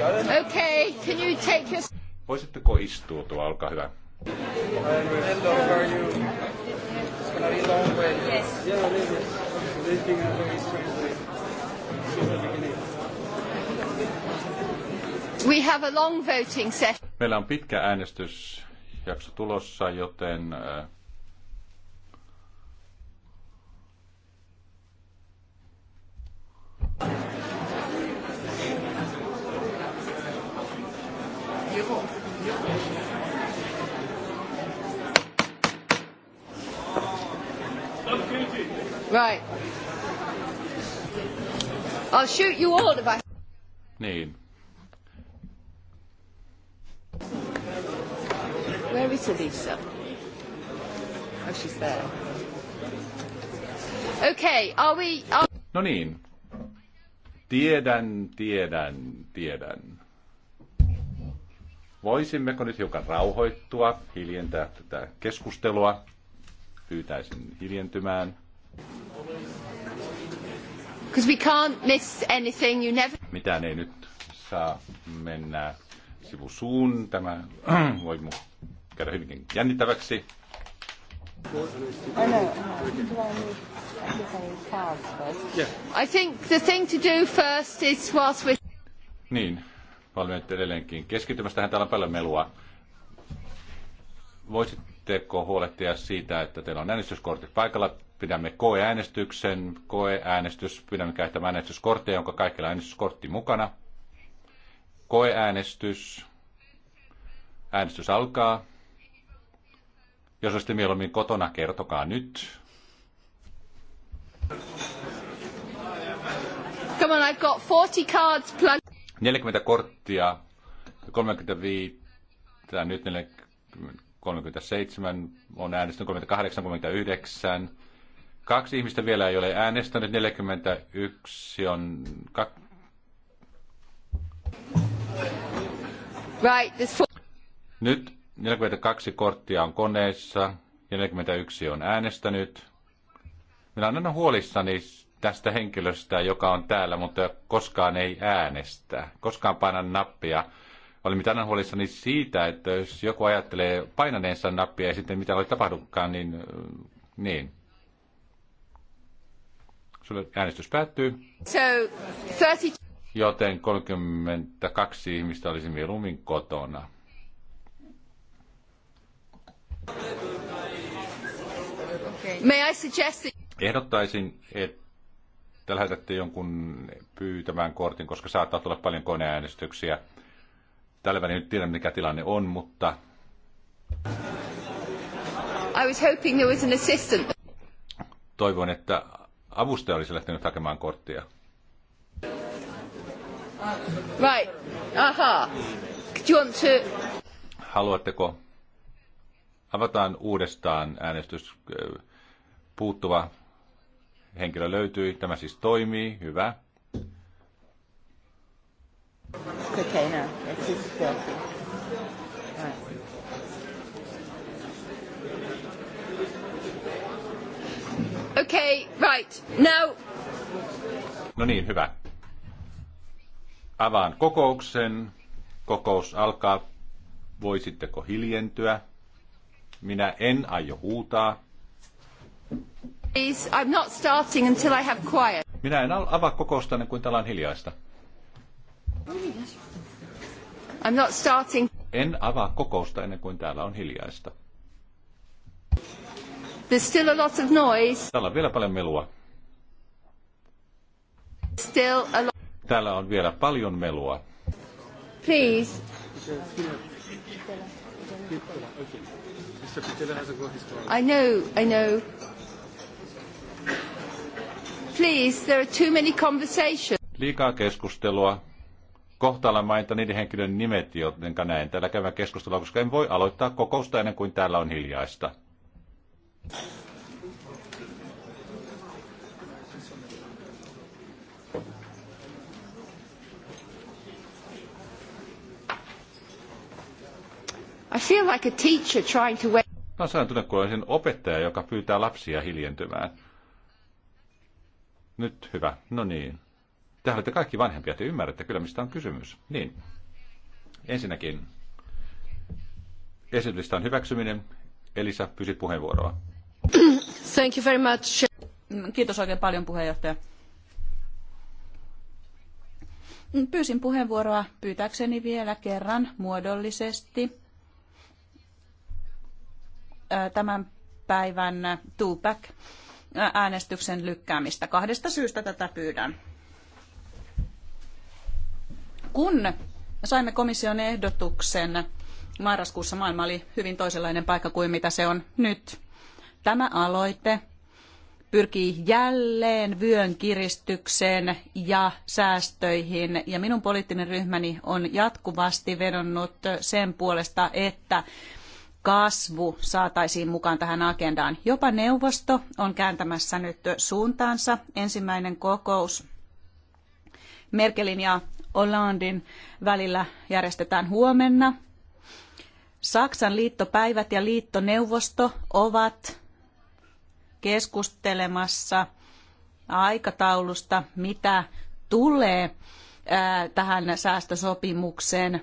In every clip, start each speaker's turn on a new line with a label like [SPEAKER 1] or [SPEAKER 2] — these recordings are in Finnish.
[SPEAKER 1] Okay, can you take your...
[SPEAKER 2] Voisitteko istua tuolla, olkaa hyvä.
[SPEAKER 1] We have a long voting session.
[SPEAKER 2] Meillä on pitkä äänestysjakso tulossa, joten äh,
[SPEAKER 1] Giro. Right. I'll shoot you all if I... Niin. Where is Elisa? Oh, she's there. Okay, are we... Are...
[SPEAKER 2] No niin. Tiedän, tiedän, tiedän. Voisimmeko nyt hiukan rauhoittua, hiljentää tätä keskustelua? Pyytäisin hiljentymään.
[SPEAKER 1] We can't miss anything. You never...
[SPEAKER 2] Mitään ei nyt saa mennä sivusuun. Tämä voi mu käydä hyvinkin jännittäväksi.
[SPEAKER 1] I think the thing to do first is whilst we...
[SPEAKER 2] Niin, valmiit edelleenkin keskittymässä tähän. Täällä on paljon melua. Voisitteko huolehtia siitä, että teillä on äänestyskortit paikalla? Pidämme koeäänestyksen, koeäänestys, pidämme käyttämään äänestyskortteja, jonka kaikilla äänestyskortti mukana. Koeäänestys, äänestys alkaa. Jos olisitte mieluummin kotona, kertokaa nyt.
[SPEAKER 1] Come on, I've got 40 cards plugged.
[SPEAKER 2] 40 korttia, 35, tai nyt 37, on äänestänyt 38, 39. Kaksi ihmistä vielä ei ole äänestänyt, 41 on... Kak...
[SPEAKER 1] Right, this...
[SPEAKER 2] Nyt 42 korttia on koneessa, 41 on äänestänyt. Minä olen aina huolissani tästä henkilöstä, joka on täällä, mutta koskaan ei äänestä, koskaan painan nappia. Olin mitään huolissani siitä, että jos joku ajattelee painaneensa nappia ja sitten mitä voi tapahdukaan, niin, äh, niin. Sulle äänestys päättyy.
[SPEAKER 1] So, 30...
[SPEAKER 2] Joten 32 ihmistä olisi mieluummin kotona.
[SPEAKER 1] May I suggest
[SPEAKER 2] Ehdottaisin, että sitten lähetettiin jonkun pyytämään kortin, koska saattaa tulla paljon koneäänestyksiä. Tällä välin nyt tiedä, mikä tilanne on, mutta...
[SPEAKER 1] I was hoping there was an assistant.
[SPEAKER 2] Toivon, että avustaja olisi lähtenyt hakemaan korttia.
[SPEAKER 1] Right. Aha. Do you want to...
[SPEAKER 2] Haluatteko? Avataan uudestaan äänestys. Äh, puuttuva henkilö löytyi. Tämä siis toimii. Hyvä.
[SPEAKER 1] Okay, right. Now.
[SPEAKER 2] No niin, hyvä. Avaan kokouksen. Kokous alkaa. Voisitteko hiljentyä? Minä en aio huutaa.
[SPEAKER 1] Please, I'm not starting until I have quiet.
[SPEAKER 2] Minä en avaa kokousta ennen kuin tällä on hiljaista.
[SPEAKER 1] I'm not starting.
[SPEAKER 2] En avaa kokousta ennen kuin täällä on hiljaista.
[SPEAKER 1] There's still a lot of noise.
[SPEAKER 2] Täällä on vielä paljon melua.
[SPEAKER 1] Still a lot.
[SPEAKER 2] Täällä on vielä paljon melua. Please. I
[SPEAKER 1] know, I know. Please, there are too many conversations.
[SPEAKER 2] Liikaa keskustelua. Kohtaalla mainita niiden henkilön nimet, joten näen täällä käydään keskustelua, koska en voi aloittaa kokousta ennen kuin täällä on hiljaista.
[SPEAKER 1] I feel like a teacher trying to wait.
[SPEAKER 2] Mä tunne, kun olisin opettaja, joka pyytää lapsia hiljentymään. Nyt hyvä. No niin. Te olette kaikki vanhempia, te ymmärrätte kyllä, mistä on kysymys. Niin. Ensinnäkin esityslistan hyväksyminen. Elisa, pysy puheenvuoroa.
[SPEAKER 1] Thank you very
[SPEAKER 3] much. Kiitos oikein paljon puheenjohtaja. Pyysin puheenvuoroa pyytäkseni vielä kerran muodollisesti tämän päivän Tupac äänestyksen lykkäämistä. Kahdesta syystä tätä pyydän. Kun saimme komission ehdotuksen, marraskuussa maailma oli hyvin toisenlainen paikka kuin mitä se on nyt. Tämä aloite pyrkii jälleen vyön kiristykseen ja säästöihin. Ja minun poliittinen ryhmäni on jatkuvasti vedonnut sen puolesta, että kasvu saataisiin mukaan tähän agendaan. Jopa neuvosto on kääntämässä nyt suuntaansa. Ensimmäinen kokous Merkelin ja Hollandin välillä järjestetään huomenna. Saksan liittopäivät ja liittoneuvosto ovat keskustelemassa aikataulusta, mitä tulee tähän säästösopimukseen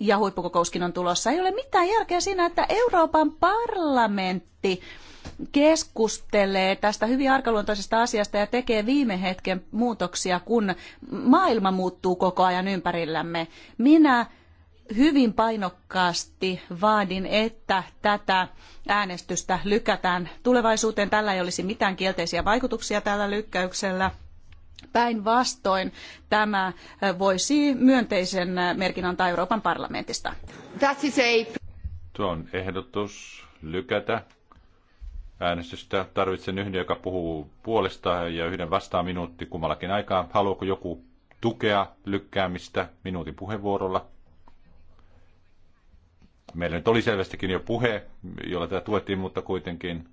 [SPEAKER 3] ja huippukokouskin on tulossa. Ei ole mitään järkeä siinä, että Euroopan parlamentti keskustelee tästä hyvin arkaluontoisesta asiasta ja tekee viime hetken muutoksia, kun maailma muuttuu koko ajan ympärillämme. Minä hyvin painokkaasti vaadin, että tätä äänestystä lykätään tulevaisuuteen. Tällä ei olisi mitään kielteisiä vaikutuksia tällä lykkäyksellä – Päinvastoin tämä äh, voisi myönteisen äh, merkin antaa Euroopan parlamentista. That is a...
[SPEAKER 2] Tuo on ehdotus lykätä äänestystä. Tarvitsen yhden, joka puhuu puolesta ja yhden vastaan minuutti kummallakin aikaa. Haluaako joku tukea lykkäämistä minuutin puheenvuorolla? Meillä nyt oli selvästikin jo puhe, jolla tätä tuettiin, mutta kuitenkin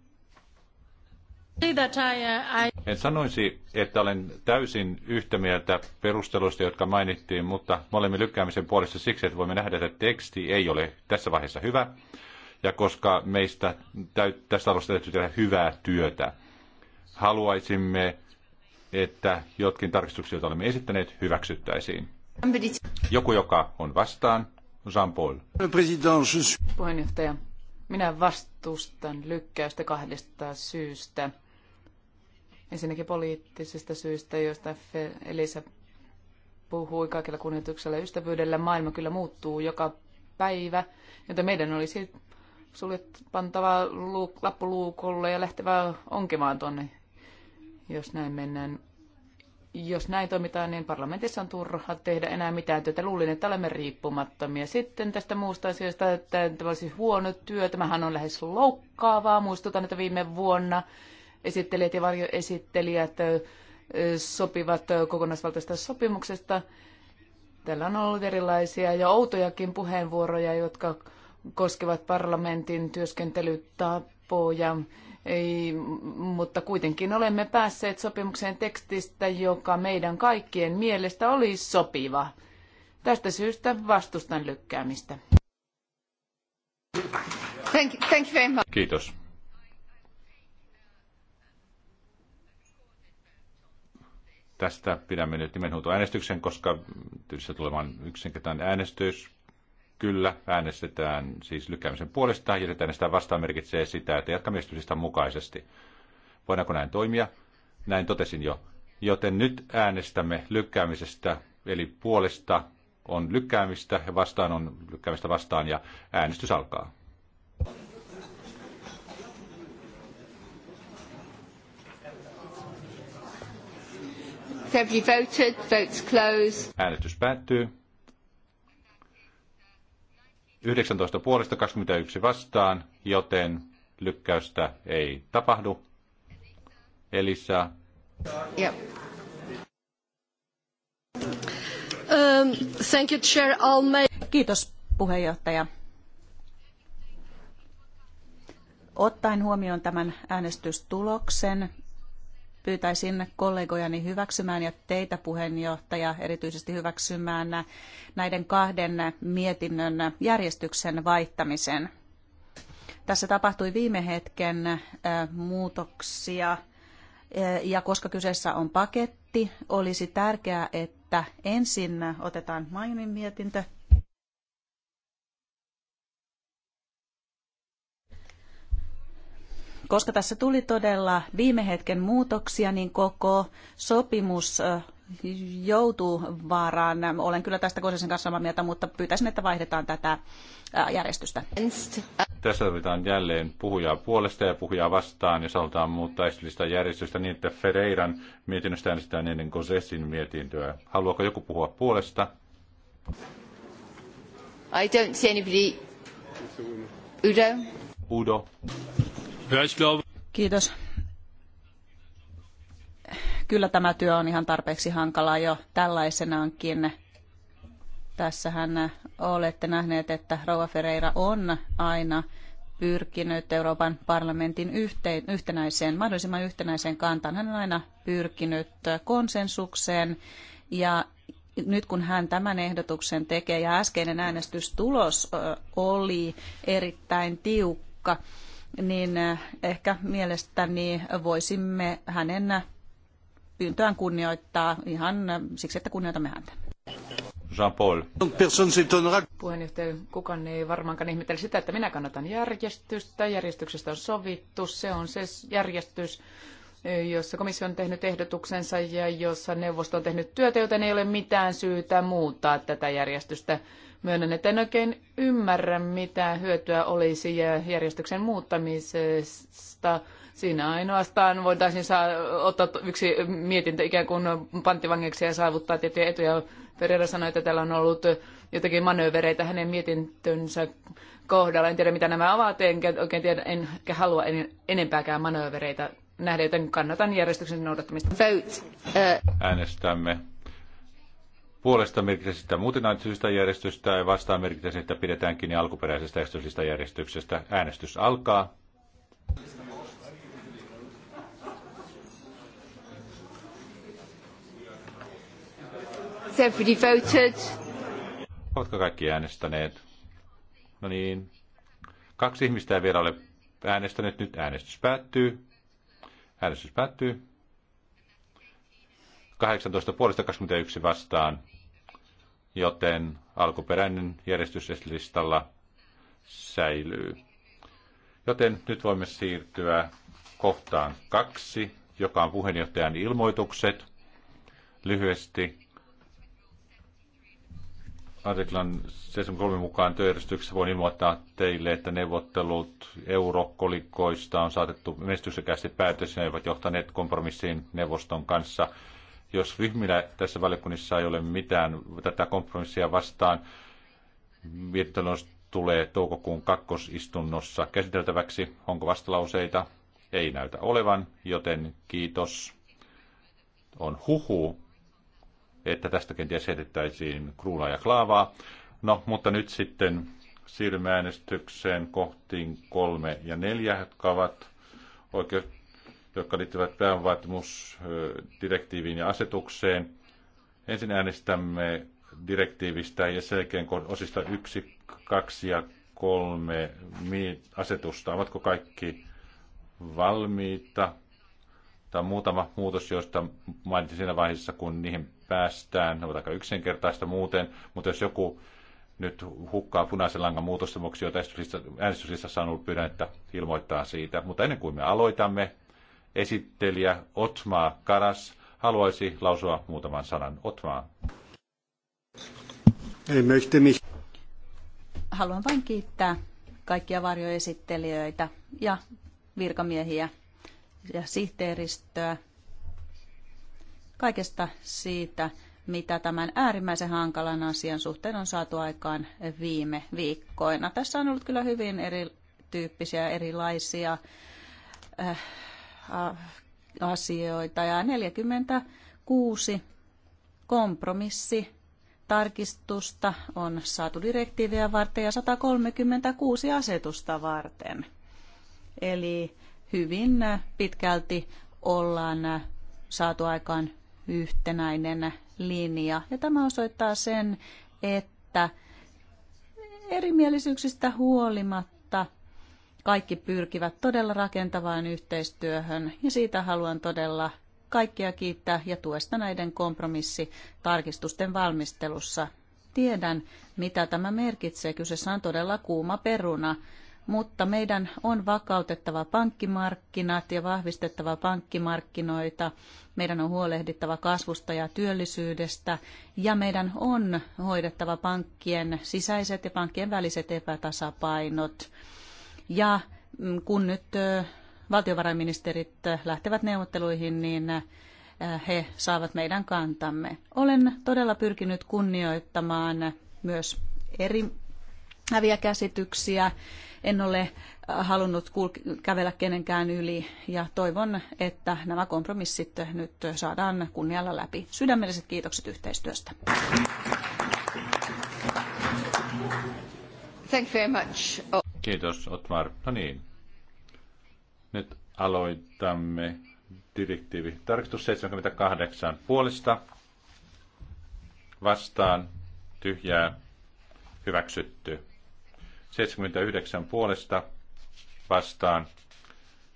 [SPEAKER 2] en sanoisi, että olen täysin yhtä mieltä perusteluista, jotka mainittiin, mutta me olemme lykkäämisen puolesta siksi, että voimme nähdä, että teksti ei ole tässä vaiheessa hyvä, ja koska meistä tästä alusta täytyy tehdä hyvää työtä. Haluaisimme, että jotkin tarkistukset, joita olemme esittäneet, hyväksyttäisiin. Joku, joka on vastaan, Jean-Paul.
[SPEAKER 4] Puheenjohtaja, minä vastustan lykkäystä kahdesta syystä. Ensinnäkin poliittisista syistä, joista Elisa puhui kaikilla kunnioituksella ja ystävyydellä. Maailma kyllä muuttuu joka päivä, joten meidän olisi suljet pantava luuk, lappuluukolle ja lähtevä onkemaan tuonne, jos näin mennään. Jos näin toimitaan, niin parlamentissa on turha tehdä enää mitään työtä. Luulin, että olemme riippumattomia. Sitten tästä muusta asiasta, että tämä olisi huono työ. Tämähän on lähes loukkaavaa. Muistutan, että viime vuonna esittelijät ja varjoesittelijät sopivat kokonaisvaltaisesta sopimuksesta. Täällä on ollut erilaisia ja outojakin puheenvuoroja, jotka koskevat parlamentin työskentelytapoja, ei, mutta kuitenkin olemme päässeet sopimukseen tekstistä, joka meidän kaikkien mielestä oli sopiva. Tästä syystä vastustan lykkäämistä.
[SPEAKER 1] Thank you, thank you very much.
[SPEAKER 2] Kiitos. Tästä pidämme nyt nimenhuutoäänestyksen, koska tietysti tulevan yksinkertainen äänestys. Kyllä, äänestetään siis lykkäämisen puolesta ja sitten äänestetään vastaan merkitsee sitä, että jatkamme mukaisesti. Voidaanko näin toimia? Näin totesin jo. Joten nyt äänestämme lykkäämisestä, eli puolesta on lykkäämistä ja vastaan on lykkäämistä vastaan ja äänestys alkaa.
[SPEAKER 1] Has everybody voted? Votes closed.
[SPEAKER 2] Äänestys päättyy. 19 puolesta 21 vastaan, joten lykkäystä ei tapahdu. Elisa.
[SPEAKER 1] Yep.
[SPEAKER 3] Um, thank you, Chair. I'll make... Kiitos puheenjohtaja. Ottaen huomioon tämän äänestystuloksen, pyytäisin kollegojani hyväksymään ja teitä puheenjohtaja erityisesti hyväksymään näiden kahden mietinnön järjestyksen vaihtamisen. Tässä tapahtui viime hetken muutoksia ja koska kyseessä on paketti, olisi tärkeää, että ensin otetaan Majunin mietintö koska tässä tuli todella viime hetken muutoksia, niin koko sopimus joutuu vaaraan. Olen kyllä tästä Kosisen kanssa samaa mieltä, mutta pyytäisin, että vaihdetaan tätä järjestystä.
[SPEAKER 2] Tässä tarvitaan jälleen puhujaa puolesta ja puhujaa vastaan, jos halutaan muuttaa esillistä järjestystä niin, että Ferreiran mietinnöstä äänestetään ennen Kosesin mietintöä. Haluaako joku puhua puolesta?
[SPEAKER 1] I don't see anybody. Udo. Udo. Kiitos.
[SPEAKER 3] Kyllä tämä työ on ihan tarpeeksi hankalaa jo tällaisenaankin. Tässähän olette nähneet, että Rova Ferreira on aina pyrkinyt Euroopan parlamentin yhteen, yhtenäiseen, mahdollisimman yhtenäiseen kantaan. Hän on aina pyrkinyt konsensukseen ja nyt kun hän tämän ehdotuksen tekee ja äskeinen äänestystulos oli erittäin tiukka, niin eh, ehkä mielestäni voisimme hänen pyyntöään kunnioittaa ihan eh, siksi, että kunnioitamme häntä. Jean-Paul. Puheenjohtaja, kukaan ei varmaankaan
[SPEAKER 4] ihmetellä sitä, että minä kannatan järjestystä. Järjestyksestä on sovittu. Se on se järjestys, eh, jossa komissio on tehnyt ehdotuksensa ja jossa neuvosto on tehnyt työtä, joten ei ole mitään syytä muuttaa tätä järjestystä. Myönnän, että en oikein ymmärrä, mitä hyötyä olisi järjestyksen muuttamisesta. Siinä ainoastaan voitaisiin saa, ottaa yksi mietintö ikään kuin panttivangeksi ja saavuttaa tiettyjä etuja. Ferreira sanoi, että täällä on ollut jotakin manöövereitä hänen mietintönsä kohdalla. En tiedä, mitä nämä ovat, enkä oikein tiedä, enkä halua en, enempääkään manöövereitä nähdä, joten kannatan järjestyksen noudattamista. Vote. Uh.
[SPEAKER 2] Äänestämme puolesta merkitsestä muuten syystä järjestystä ja vastaan merkitsestä, että pidetään kiinni alkuperäisestä esityksestä järjestyksestä. Äänestys alkaa. Everybody Ovatko kaikki äänestäneet? No niin. Kaksi ihmistä ei vielä ole äänestänyt. Nyt äänestys päättyy. Äänestys päättyy. 18 puolesta 21 vastaan joten alkuperäinen järjestyslistalla säilyy. Joten nyt voimme siirtyä kohtaan kaksi, joka on puheenjohtajan ilmoitukset. Lyhyesti artiklan 73 mukaan työjärjestyksessä voin ilmoittaa teille, että neuvottelut eurokolikkoista on saatettu menestyksekästi päätös ja ne ovat johtaneet kompromissiin neuvoston kanssa – jos ryhmillä tässä valiokunnissa ei ole mitään tätä kompromissia vastaan, mietintöluonnos tulee toukokuun kakkosistunnossa käsiteltäväksi. Onko vastalauseita? Ei näytä olevan, joten kiitos. On huhu, että tästä kenties heitettäisiin kruunaa ja klaavaa. No, mutta nyt sitten siirrymme äänestykseen kohtiin kolme ja neljä, jotka ovat oikeus jotka liittyvät pääomavaatimusdirektiiviin ja asetukseen. Ensin äänestämme direktiivistä ja sen jälkeen osista 1, 2 ja 3 asetusta. Ovatko kaikki valmiita? Tämä on muutama muutos, joista mainitsin siinä vaiheessa, kun niihin päästään. Ne ovat aika yksinkertaista muuten, mutta jos joku nyt hukkaa punaisen langan muutosten vuoksi, joita äänestyslistassa on ollut, pyydän, että ilmoittaa siitä. Mutta ennen kuin me aloitamme, esittelijä Otma Karas haluaisi lausua muutaman sanan. Otmaa.
[SPEAKER 3] Haluan vain kiittää kaikkia varjoesittelijöitä ja virkamiehiä ja sihteeristöä kaikesta siitä, mitä tämän äärimmäisen hankalan asian suhteen on saatu aikaan viime viikkoina. Tässä on ollut kyllä hyvin erityyppisiä erilaisia äh, Äh, asioita ja 46 kompromissi tarkistusta on saatu direktiiviä varten ja 136 asetusta varten. Eli hyvin pitkälti ollaan saatu aikaan yhtenäinen linja. Ja tämä osoittaa sen, että erimielisyyksistä huolimatta kaikki pyrkivät todella rakentavaan yhteistyöhön ja siitä haluan todella kaikkia kiittää ja tuesta näiden kompromissitarkistusten valmistelussa. Tiedän, mitä tämä merkitsee. Kyseessä on todella kuuma peruna, mutta meidän on vakautettava pankkimarkkinat ja vahvistettava pankkimarkkinoita. Meidän on huolehdittava kasvusta ja työllisyydestä ja meidän on hoidettava pankkien sisäiset ja pankkien väliset epätasapainot. Ja mm, kun nyt valtiovarainministerit lähtevät neuvotteluihin, niin he saavat meidän kantamme. Olen todella pyrkinyt kunnioittamaan myös eri käsityksiä. En ole halunnut kävellä kenenkään yli ja toivon, että nämä kompromissit nyt saadaan kunnialla läpi. Sydämelliset kiitokset yhteistyöstä.
[SPEAKER 1] Thank very much.
[SPEAKER 2] Kiitos Otmar. No niin. Nyt aloitamme direktiivi. Tarkistus 78 puolesta. Vastaan tyhjää hyväksytty. 79 puolesta vastaan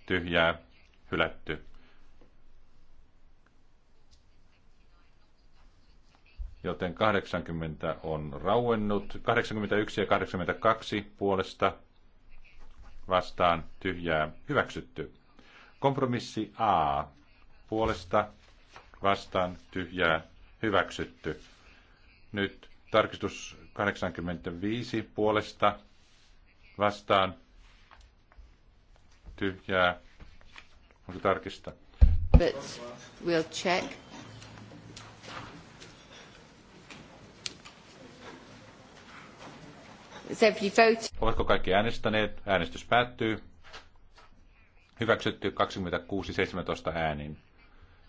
[SPEAKER 2] tyhjää hylätty. joten 80 on rauennut. 81 ja 82 puolesta vastaan tyhjää hyväksytty. Kompromissi A puolesta vastaan tyhjää hyväksytty. Nyt tarkistus 85 puolesta vastaan tyhjää. Onko tarkista?
[SPEAKER 1] But we'll check.
[SPEAKER 2] Ovatko kaikki äänestäneet? Äänestys päättyy. Hyväksytty 26-17 äänin.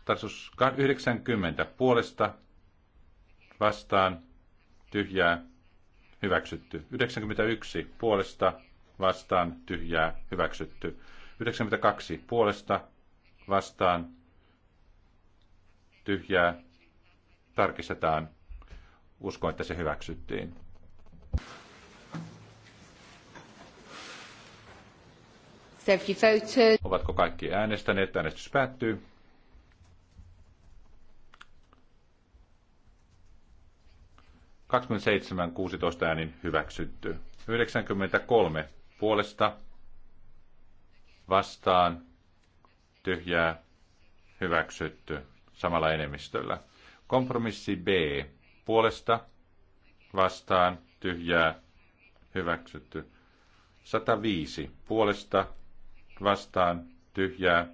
[SPEAKER 2] Tarsus 90 puolesta vastaan tyhjää hyväksytty. 91 puolesta vastaan tyhjää hyväksytty. 92 puolesta vastaan tyhjää tarkistetaan. Uskon, että se hyväksyttiin. Ovatko kaikki äänestäneet? Äänestys päättyy. Kaksikymmentäseitsemän 16 äänin hyväksytty. 93 puolesta vastaan tyhjää hyväksytty samalla enemmistöllä. Kompromissi B puolesta vastaan tyhjää hyväksytty. 105 puolesta vastaan, tyhjää,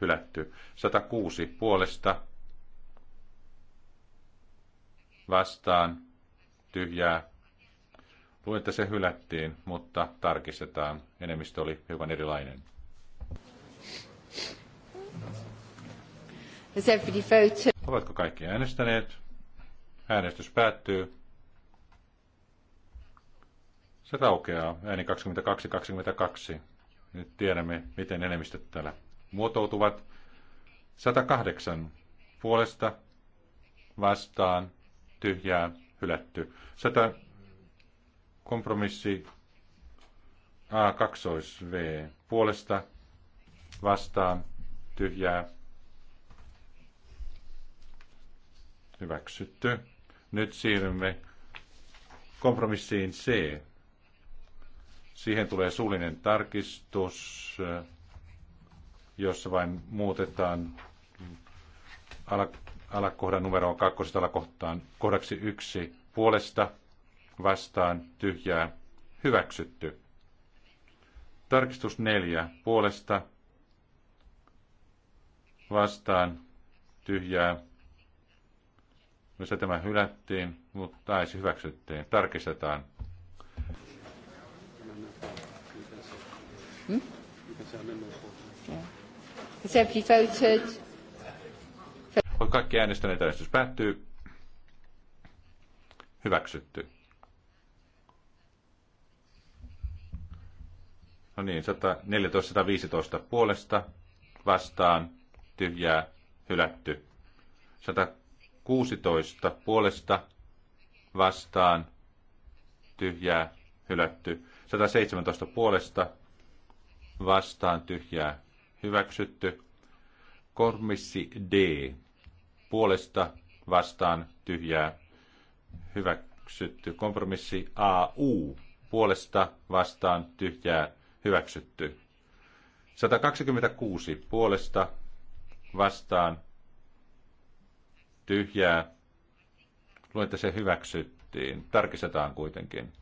[SPEAKER 2] hylätty. 106 puolesta, vastaan, tyhjää. Luin, että se hylättiin, mutta tarkistetaan. Enemmistö oli hiukan erilainen. Ovatko kaikki äänestäneet? Äänestys päättyy. Se raukeaa. Ääni 22-22. Nyt tiedämme, miten enemmistöt täällä muotoutuvat. 108 puolesta vastaan tyhjää hylätty. 100 kompromissi A2V puolesta vastaan tyhjää hyväksytty. Nyt siirrymme kompromissiin C Siihen tulee suullinen tarkistus, jossa vain muutetaan alakohdan numeroon kakkosesta alakohtaan kohdaksi yksi puolesta vastaan tyhjää hyväksytty. Tarkistus neljä puolesta vastaan tyhjää. Missä tämä hylättiin, mutta tai se hyväksyttiin. Tarkistetaan Hmm?
[SPEAKER 1] voted?
[SPEAKER 2] kaikki äänestäneet, äänestys päättyy. Hyväksytty. No niin, 114, puolesta vastaan, tyhjää, hylätty. 116 puolesta vastaan, tyhjää, hylätty. 117 puolesta vastaan tyhjää hyväksytty. Kompromissi D puolesta vastaan tyhjää hyväksytty. Kompromissi AU puolesta vastaan tyhjää hyväksytty. 126 puolesta vastaan tyhjää. Luulen, että se hyväksyttiin. Tarkistetaan kuitenkin.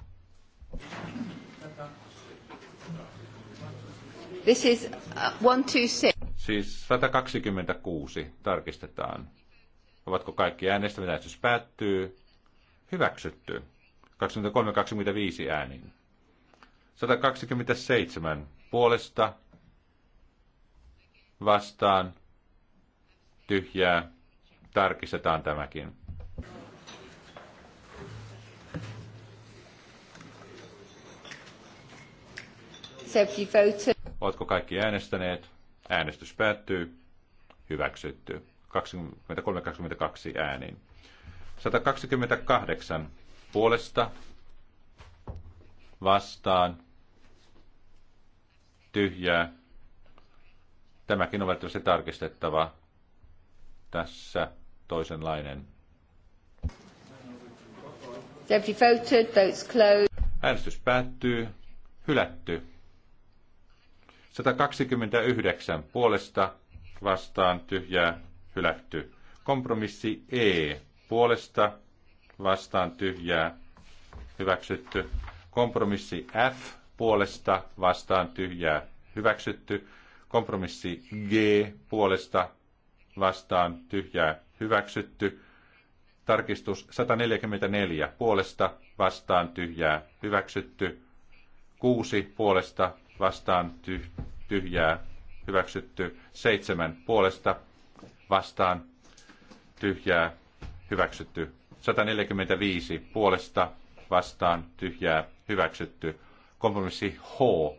[SPEAKER 1] This is uh, one, two, six.
[SPEAKER 2] Siis 126 tarkistetaan. Ovatko kaikki äänestämät? Äänestys päättyy. Hyväksytty. 23-25 äänin. 127 puolesta vastaan tyhjää. Tarkistetaan tämäkin.
[SPEAKER 1] So if you voted...
[SPEAKER 2] Oletko kaikki äänestäneet? Äänestys päättyy. Hyväksytty. 23-22 ääniin. 128 puolesta vastaan tyhjää. Tämäkin on välttämättä tarkistettava. Tässä toisenlainen.
[SPEAKER 1] voted, votes
[SPEAKER 2] Äänestys päättyy. Hylätty. 129 puolesta vastaan tyhjää hylätty. Kompromissi E puolesta vastaan tyhjää hyväksytty. Kompromissi F puolesta vastaan tyhjää hyväksytty. Kompromissi G puolesta vastaan tyhjää hyväksytty. Tarkistus 144 puolesta vastaan tyhjää hyväksytty. 6 puolesta vastaan tyhjää hyväksytty. Seitsemän puolesta vastaan tyhjää hyväksytty. 145 puolesta vastaan tyhjää hyväksytty. Kompromissi H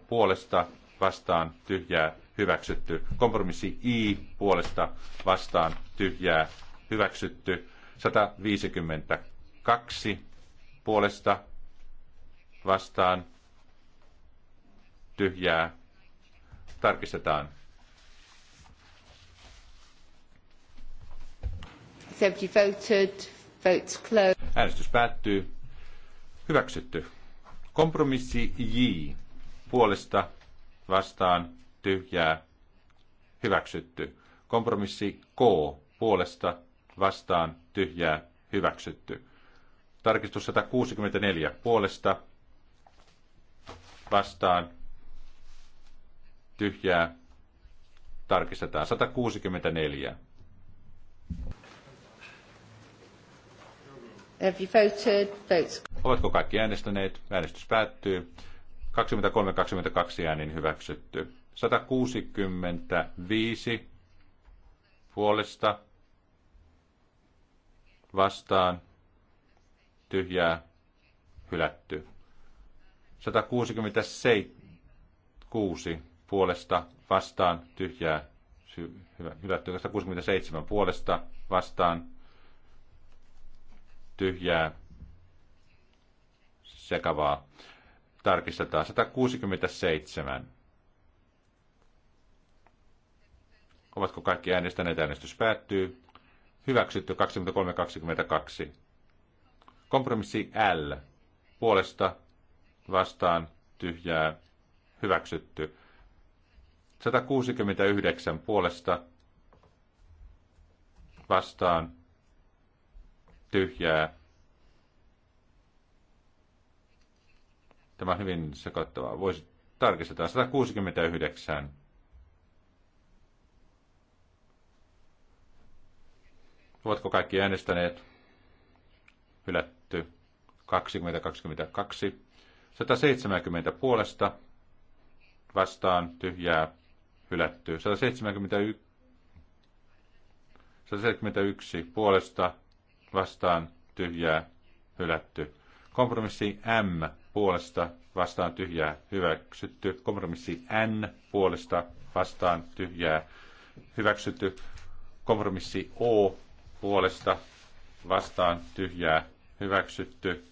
[SPEAKER 2] puolesta vastaan tyhjää hyväksytty. Kompromissi I puolesta vastaan tyhjää hyväksytty. 152 puolesta vastaan tyhjää, tarkistetaan.
[SPEAKER 1] 70 voted, votes closed.
[SPEAKER 2] Äänestys päättyy. Hyväksytty. Kompromissi J. Puolesta vastaan tyhjää. Hyväksytty. Kompromissi K. Puolesta vastaan tyhjää. Hyväksytty. Tarkistus 164. Puolesta vastaan tyhjää. Tarkistetaan 164.
[SPEAKER 1] Have you voted? Votes.
[SPEAKER 2] Ovatko kaikki äänestäneet? Äänestys päättyy. 23-22 äänin hyväksytty. 165 puolesta vastaan tyhjää hylätty. 166 puolesta vastaan tyhjää hyvä hyvä, 167 puolesta vastaan tyhjää sekavaa. Tarkistetaan 167. Ovatko kaikki äänestäneet? Äänestys päättyy. Hyväksytty 23.22. Kompromissi L. Puolesta vastaan tyhjää hyväksytty. 169 puolesta vastaan tyhjää. Tämä on hyvin sekoittavaa. Voisi tarkistaa 169. Ovatko kaikki äänestäneet? Hylätty 20-22. 170 puolesta vastaan tyhjää hylätty. 171, 171 puolesta vastaan tyhjää hylätty. Kompromissi M puolesta vastaan tyhjää hyväksytty. Kompromissi N puolesta vastaan tyhjää hyväksytty. Kompromissi O puolesta vastaan tyhjää hyväksytty.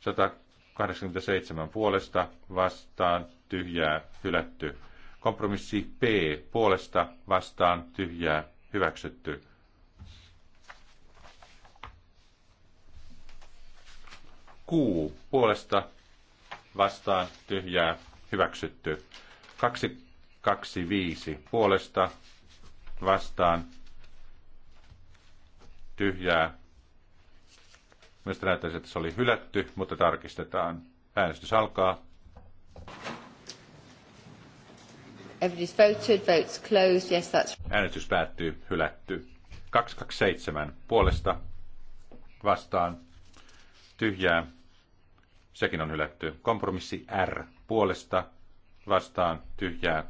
[SPEAKER 2] 187 puolesta vastaan tyhjää hylätty. Kompromissi P puolesta vastaan tyhjää hyväksytty. Q puolesta vastaan tyhjää hyväksytty. 225 puolesta vastaan tyhjää. Mielestäni näyttäisi, että se oli hylätty, mutta tarkistetaan. Äänestys alkaa.
[SPEAKER 1] Everybody's voted, votes closed. Yes, that's...
[SPEAKER 2] Äänestys päättyy, hylätty. 227 puolesta vastaan tyhjää. Sekin on hylätty. Kompromissi R puolesta vastaan tyhjää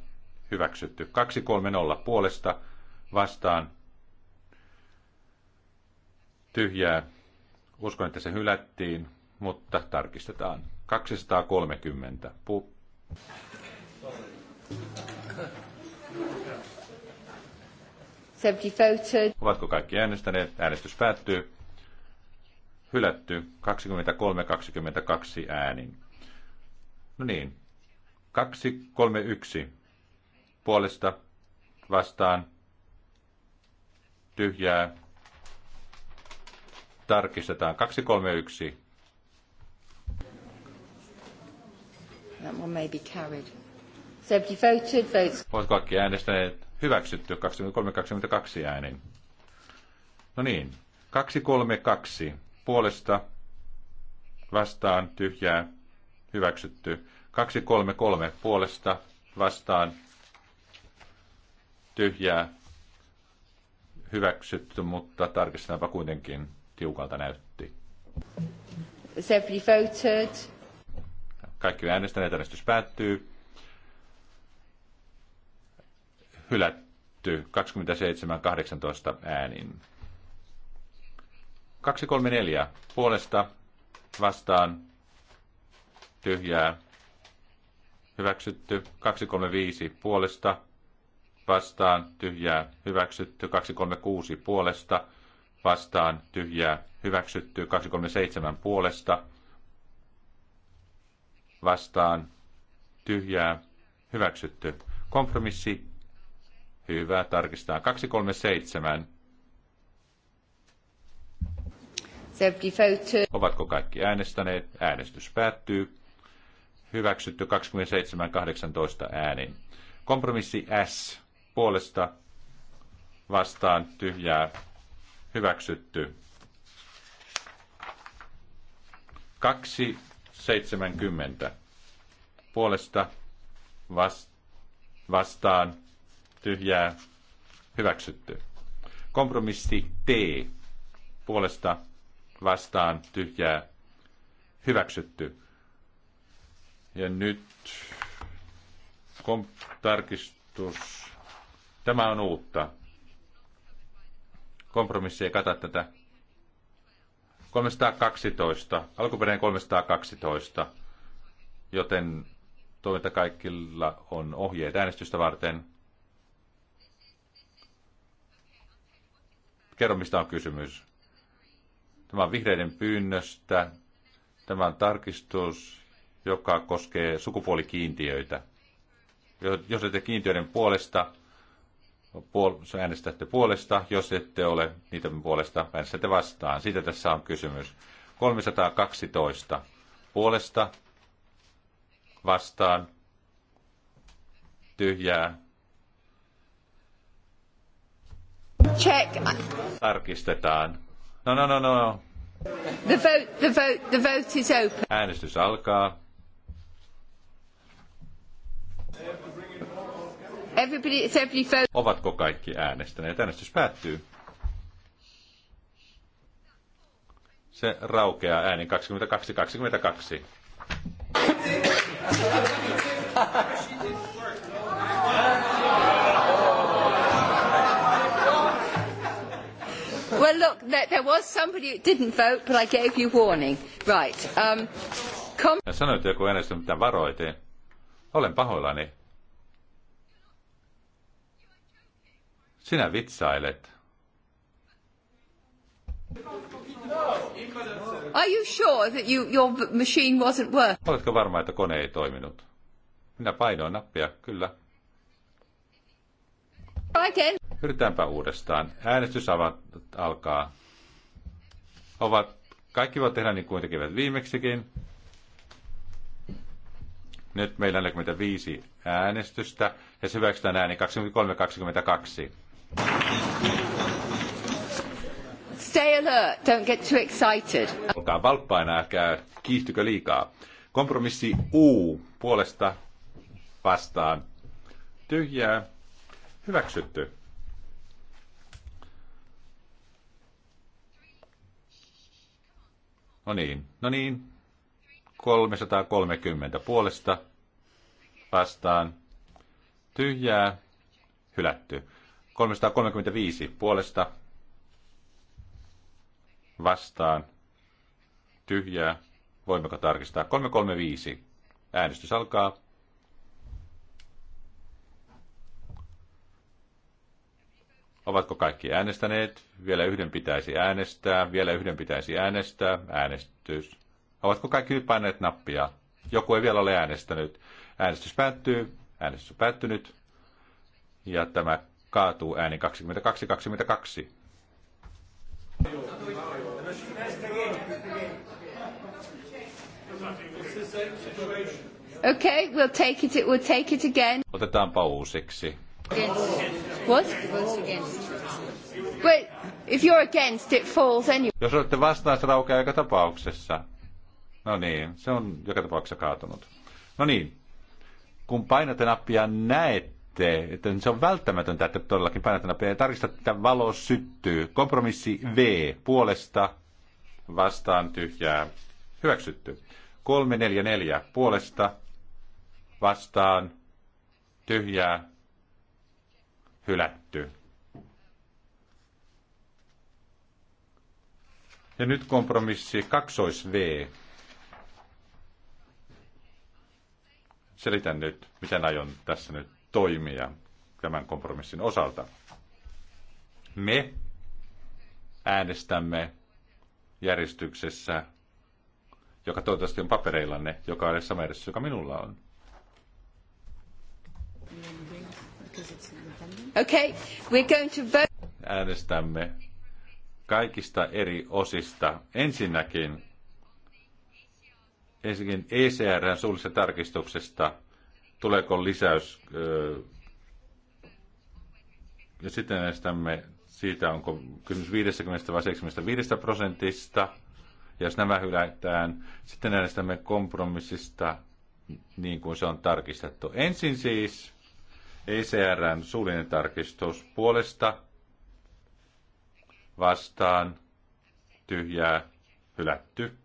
[SPEAKER 2] hyväksytty. 230 puolesta vastaan tyhjää. Uskon, että se hylättiin, mutta tarkistetaan. 230. Pu- Ovatko kaikki äänestäneet? Äänestys päättyy. Hylätty 23-22 äänin. No niin. 231 puolesta vastaan tyhjää. Tarkistetaan 231.
[SPEAKER 1] That one may be carried. Voted, votes.
[SPEAKER 2] Ovat kaikki äänestäneet hyväksytty 23-22 äänen. No niin, 232 puolesta vastaan tyhjää hyväksytty. 233 puolesta vastaan tyhjää hyväksytty, mutta tarkistetaanpa kuitenkin tiukalta näytti.
[SPEAKER 1] Every voted.
[SPEAKER 2] Kaikki äänestäneet, äänestys päättyy. hylätty 27-18 äänin. 234 puolesta vastaan tyhjää hyväksytty 235 puolesta vastaan tyhjää hyväksytty 236 puolesta vastaan tyhjää hyväksytty 237 puolesta vastaan tyhjää hyväksytty kompromissi Hyvä, tarkistetaan. 237. Ovatko kaikki äänestäneet? Äänestys päättyy. Hyväksytty 27.18 äänin. Kompromissi S puolesta vastaan tyhjää hyväksytty. 270 puolesta vastaan tyhjää, hyväksytty. Kompromissi T puolesta vastaan tyhjää, hyväksytty. Ja nyt kom- tarkistus. Tämä on uutta. Kompromissi ei kata tätä. 312, alkuperäinen 312, joten toiminta kaikilla on ohjeet äänestystä varten. Kerro, mistä on kysymys. Tämä on vihreiden pyynnöstä. Tämä on tarkistus, joka koskee sukupuolikiintiöitä. Jos ette kiintiöiden puolesta, puol- äänestätte puolesta. Jos ette ole niitä puolesta, äänestätte vastaan. Siitä tässä on kysymys. 312 puolesta vastaan tyhjää Check. Tarkistetaan. No, no, no, no.
[SPEAKER 1] The vote, the vote, the vote is open.
[SPEAKER 2] Äänestys alkaa. Everybody, everybody vote. Ovatko kaikki äänestäneet? Äänestys päättyy. Se raukeaa ääni 22-22.
[SPEAKER 1] Well, look, there, was somebody who didn't vote, but I gave you warning. Right. Um, com-
[SPEAKER 2] Sanoit joku äänestä, mitä varoitin. Olen pahoillani. Sinä vitsailet.
[SPEAKER 1] Are you sure that you, your machine wasn't working?
[SPEAKER 2] Oletko varma, että kone ei toiminut? Minä painoin nappia, kyllä. Again. Yritetäänpä uudestaan. Äänestys alkaa. Ovat, kaikki voivat tehdä niin kuin tekivät viimeksikin. Nyt meillä on 45 äänestystä ja se hyväksytään ääni 23-22.
[SPEAKER 1] Stay alert, don't get too excited.
[SPEAKER 2] Olkaa valppaina, älkää kiihtykö liikaa. Kompromissi U puolesta vastaan. Tyhjää, Hyväksytty. No niin, no niin. 330 puolesta vastaan. Tyhjää, hylätty. 335 puolesta vastaan. Tyhjää, voimmeko tarkistaa? 335. Äänestys alkaa. Ovatko kaikki äänestäneet? Vielä yhden pitäisi äänestää, vielä yhden pitäisi äänestää, äänestys. Ovatko kaikki nyt paineet nappia? Joku ei vielä ole äänestänyt. Äänestys päättyy, äänestys on päättynyt. Ja tämä kaatuu ääni 22-22.
[SPEAKER 1] Okay, we'll take it, we'll take it again.
[SPEAKER 2] Otetaanpa uusiksi.
[SPEAKER 1] Yes if you're against, it falls anyway.
[SPEAKER 2] Jos olette vastaan, se raukeaa joka tapauksessa. No niin, se on joka tapauksessa kaatunut. No niin, kun painatte nappia näette, että se on välttämätöntä, että todellakin painatte nappia ja tarkistatte, että valo syttyy. Kompromissi V puolesta vastaan tyhjää. Hyväksytty. 344 puolesta vastaan tyhjää hylätty. Ja nyt kompromissi kaksois V. Selitän nyt, miten aion tässä nyt toimia tämän kompromissin osalta. Me äänestämme järjestyksessä, joka toivottavasti on papereillanne, joka on sama järjestys, joka minulla on.
[SPEAKER 1] Okay, we're going to vote.
[SPEAKER 2] Äänestämme kaikista eri osista. Ensinnäkin, ensinnäkin ECRn suullisesta tarkistuksesta. Tuleeko lisäys? Ja sitten äänestämme siitä, onko kysymys 50 vai 75 prosentista. Ja jos nämä hylätään, sitten äänestämme kompromissista niin kuin se on tarkistettu. Ensin siis ECRn suullinen tarkistus puolesta vastaan tyhjää hylätty.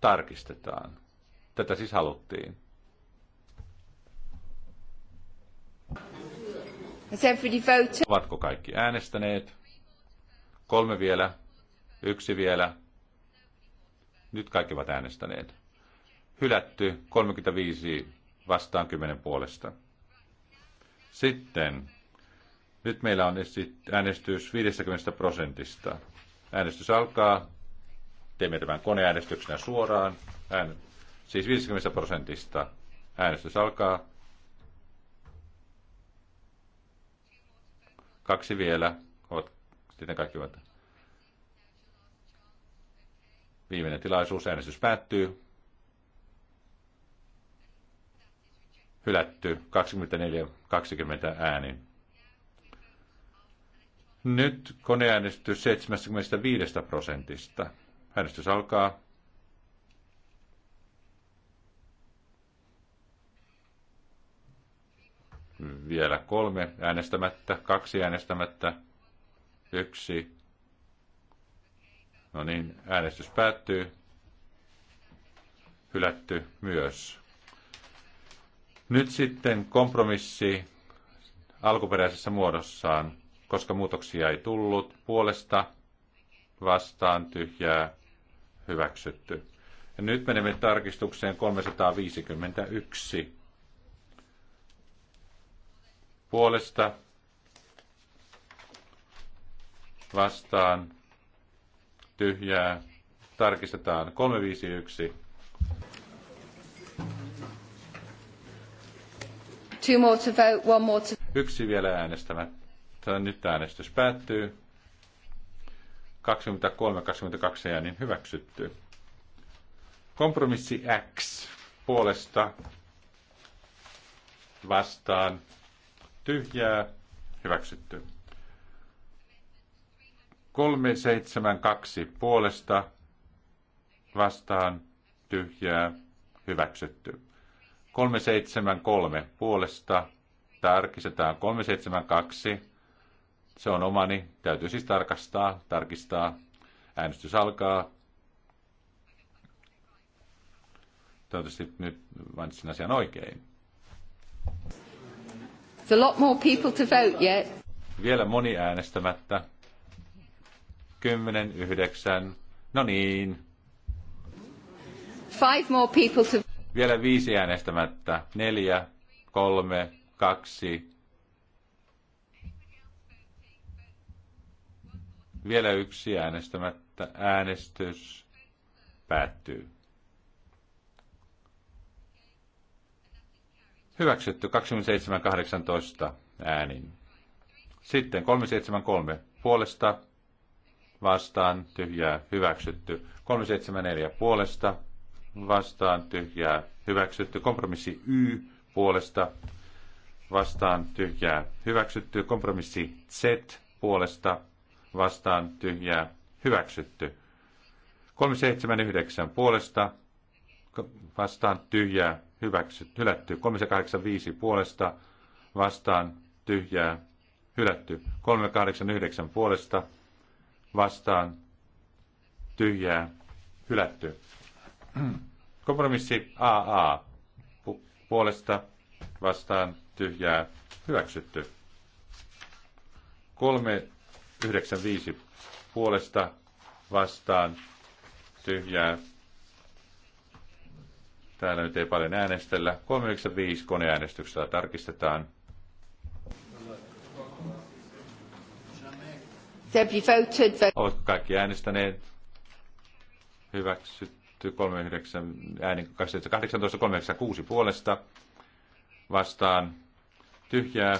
[SPEAKER 2] Tarkistetaan. Tätä siis haluttiin. Ovatko kaikki äänestäneet? Kolme vielä. Yksi vielä. Nyt kaikki ovat äänestäneet. Hylätty 35 vastaan kymmenen puolesta. Sitten, nyt meillä on äänestys 50 prosentista. Äänestys alkaa, teemme tämän koneäänestyksenä suoraan, Ään, siis 50 prosentista. Äänestys alkaa. Kaksi vielä. Oot, sitten kaikki ovat. Viimeinen tilaisuus. Äänestys päättyy. hylätty 24-20 äänin. Nyt koneäänestys 75 prosentista. Äänestys alkaa. Vielä kolme äänestämättä, kaksi äänestämättä, yksi. No niin, äänestys päättyy. Hylätty myös nyt sitten kompromissi alkuperäisessä muodossaan, koska muutoksia ei tullut, puolesta vastaan tyhjää hyväksytty. Ja nyt menemme tarkistukseen 351. Puolesta vastaan tyhjää tarkistetaan 351.
[SPEAKER 1] Two more to vote, one more
[SPEAKER 2] to... Yksi vielä äänestämättä. Nyt äänestys päättyy. 23-22 äänin niin hyväksytty. Kompromissi X puolesta vastaan tyhjää hyväksytty. 372 puolesta vastaan tyhjää hyväksytty. 373 puolesta. Tarkistetaan 372. Se on omani. Täytyy siis tarkastaa, tarkistaa. Äänestys alkaa. Toivottavasti nyt mainitsin asian oikein.
[SPEAKER 1] a lot more people to vote yet.
[SPEAKER 2] Vielä moni äänestämättä. 10, 9. No niin.
[SPEAKER 1] Five more people to... vote.
[SPEAKER 2] Vielä viisi äänestämättä. Neljä, kolme, kaksi. Vielä yksi äänestämättä. Äänestys päättyy. Hyväksytty 27.18 äänin. Sitten 373 puolesta vastaan tyhjää hyväksytty. 374 puolesta vastaan tyhjää hyväksytty. Kompromissi Y puolesta vastaan tyhjää hyväksytty. Kompromissi Z puolesta vastaan tyhjää hyväksytty. 379 puolesta vastaan tyhjää hyväksytty, hylätty. 385 puolesta vastaan tyhjää hylätty. 389 puolesta vastaan tyhjää hylätty. Kompromissi AA puolesta vastaan tyhjää hyväksytty. 395 puolesta vastaan tyhjää. Täällä nyt ei paljon äänestellä. 395 koneäänestyksellä tarkistetaan. Oletko kaikki äänestäneet? Hyväksytty hylätty 39, puolesta vastaan tyhjää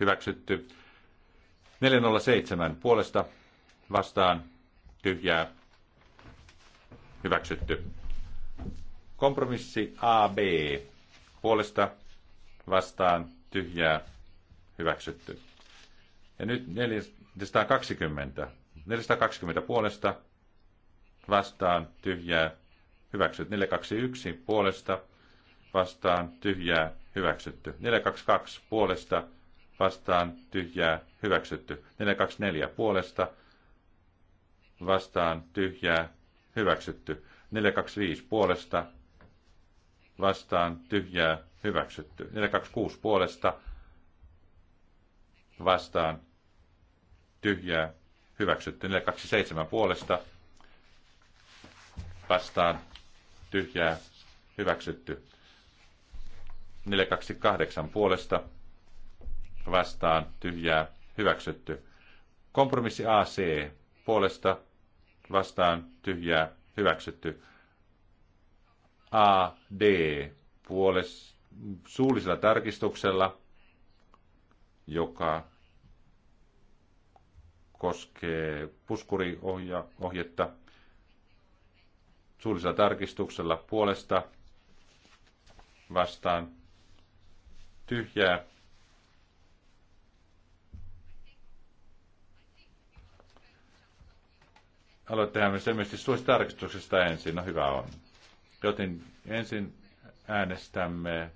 [SPEAKER 2] hyväksytty 407 puolesta vastaan tyhjää hyväksytty. Kompromissi AB puolesta vastaan tyhjää hyväksytty. Ja nyt 420, 420 puolesta vastaan tyhjää hyväksytty. 421 puolesta vastaan tyhjää hyväksytty. 422 puolesta vastaan tyhjää hyväksytty. 424 puolesta vastaan tyhjää hyväksytty. 425 puolesta vastaan tyhjää hyväksytty. 426 puolesta vastaan tyhjää hyväksytty. 427 puolesta vastaan tyhjää hyväksytty. 428 puolesta vastaan tyhjää hyväksytty. Kompromissi AC puolesta vastaan tyhjää hyväksytty. AD puolesta suullisella tarkistuksella, joka koskee puskuriohjetta suullisella tarkistuksella puolesta vastaan tyhjää. aloitetaan myös ilmeisesti tarkistuksesta ensin. No hyvä on. Joten ensin äänestämme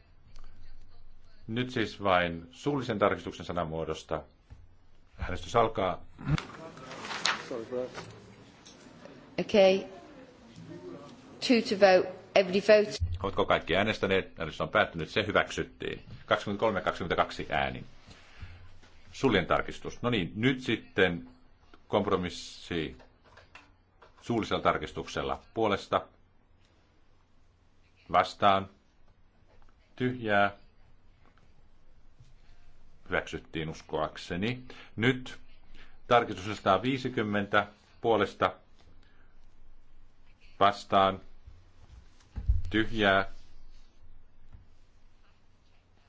[SPEAKER 2] nyt siis vain suullisen tarkistuksen sanamuodosta. Äänestys alkaa.
[SPEAKER 1] Okay two to vote. Every vote.
[SPEAKER 2] kaikki äänestäneet? Äänestys on päättynyt. Se hyväksyttiin. 23-22 ääni. Suljen tarkistus. No niin, nyt sitten kompromissi suullisella tarkistuksella puolesta. Vastaan. Tyhjää. Hyväksyttiin uskoakseni. Nyt tarkistus 150 puolesta vastaan tyhjää.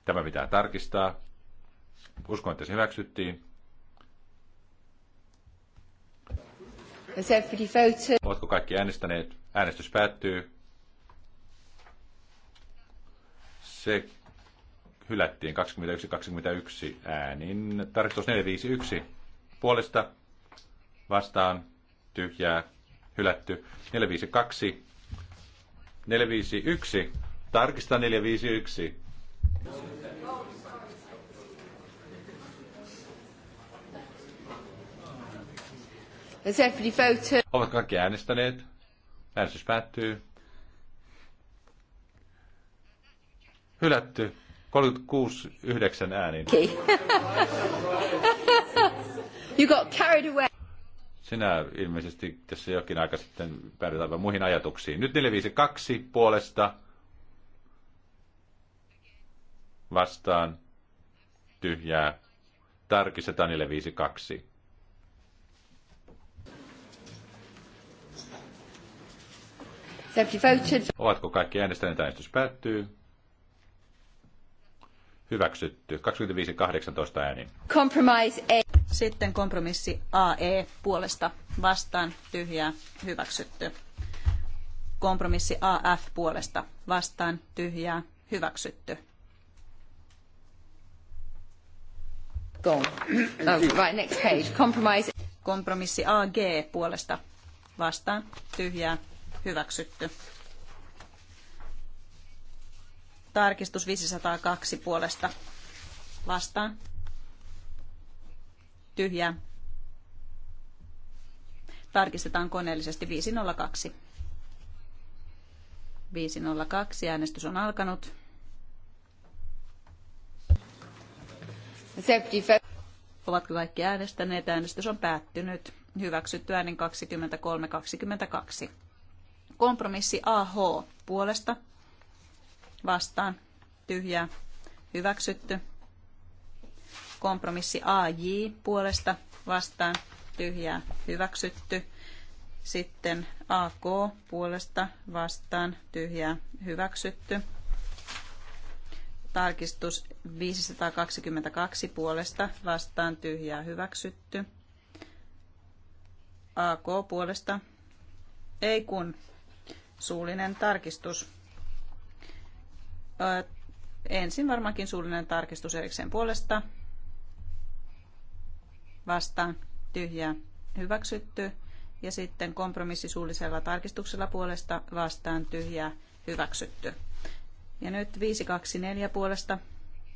[SPEAKER 2] Tämä pitää tarkistaa. Uskon, että se hyväksyttiin. Oletko kaikki äänestäneet? Äänestys päättyy. Se hylättiin 21-21 äänin. Tarkistus 451 puolesta vastaan tyhjää hylätty. 452 451. Tarkista 451. Ovat kaikki äänestäneet. Äänestys päättyy. Hylätty. 36 9 ääniin. Okay.
[SPEAKER 1] you got carried away.
[SPEAKER 2] Sinä ilmeisesti tässä jokin aika sitten päädyt aivan muihin ajatuksiin. Nyt 452 puolesta vastaan tyhjää. Tarkistetaan 452. Ovatko kaikki äänestäneet? Äänestys päättyy. Hyväksytty. 25-18 äänin.
[SPEAKER 3] Compromise A. Sitten kompromissi AE puolesta vastaan tyhjää hyväksytty. Kompromissi AF puolesta vastaan tyhjää hyväksytty.
[SPEAKER 1] Go. Oh, right,
[SPEAKER 3] next page. Compromise. Kompromissi AG puolesta vastaan tyhjää hyväksytty. Tarkistus 502 puolesta. Vastaan. Tyhjää. Tarkistetaan koneellisesti 502. 502. Äänestys on alkanut. Ovatko kaikki äänestäneet? Äänestys on päättynyt. Hyväksytty äänen 23.22. Kompromissi AH puolesta vastaan tyhjää hyväksytty. Kompromissi AJ puolesta vastaan tyhjää hyväksytty. Sitten AK puolesta vastaan tyhjää hyväksytty. Tarkistus 522 puolesta vastaan tyhjää hyväksytty. AK puolesta ei kun suullinen tarkistus ensin varmaankin suullinen tarkistus erikseen puolesta. Vastaan tyhjä hyväksytty. Ja sitten kompromissi suullisella tarkistuksella puolesta vastaan tyhjä hyväksytty. Ja nyt 524 puolesta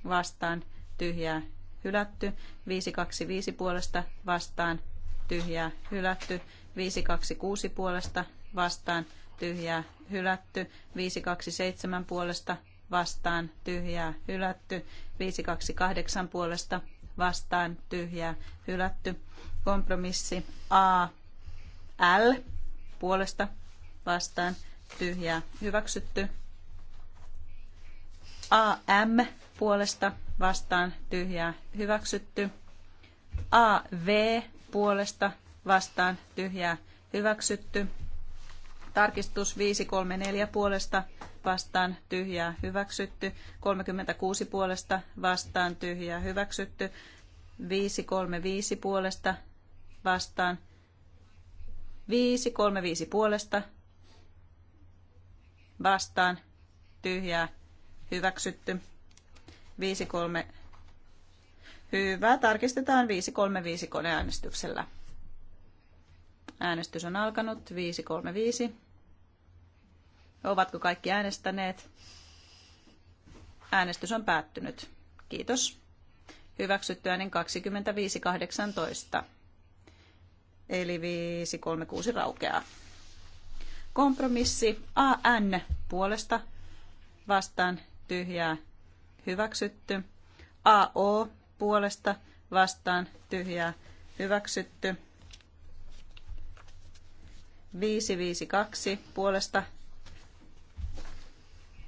[SPEAKER 3] vastaan tyhjä hylätty. 525 puolesta vastaan tyhjä hylätty. 526 puolesta vastaan tyhjä hylätty. 527 puolesta vastaan tyhjää hylätty. 528 puolesta vastaan tyhjää hylätty. Kompromissi A L puolesta vastaan tyhjää hyväksytty. AM puolesta vastaan tyhjää hyväksytty. AV puolesta vastaan tyhjää hyväksytty. Tarkistus 534 puolesta vastaan tyhjää hyväksytty. 36 puolesta vastaan tyhjää hyväksytty. 535 puolesta vastaan. 535 puolesta vastaan tyhjää hyväksytty. 53 Hyvä, tarkistetaan 535 koneäänestyksellä. Äänestys on alkanut. 535. Ovatko kaikki äänestäneet? Äänestys on päättynyt. Kiitos. Hyväksytty äänen 2518. Eli 536 raukeaa. Kompromissi AN puolesta vastaan tyhjää hyväksytty. AO puolesta vastaan tyhjää hyväksytty. 552 puolesta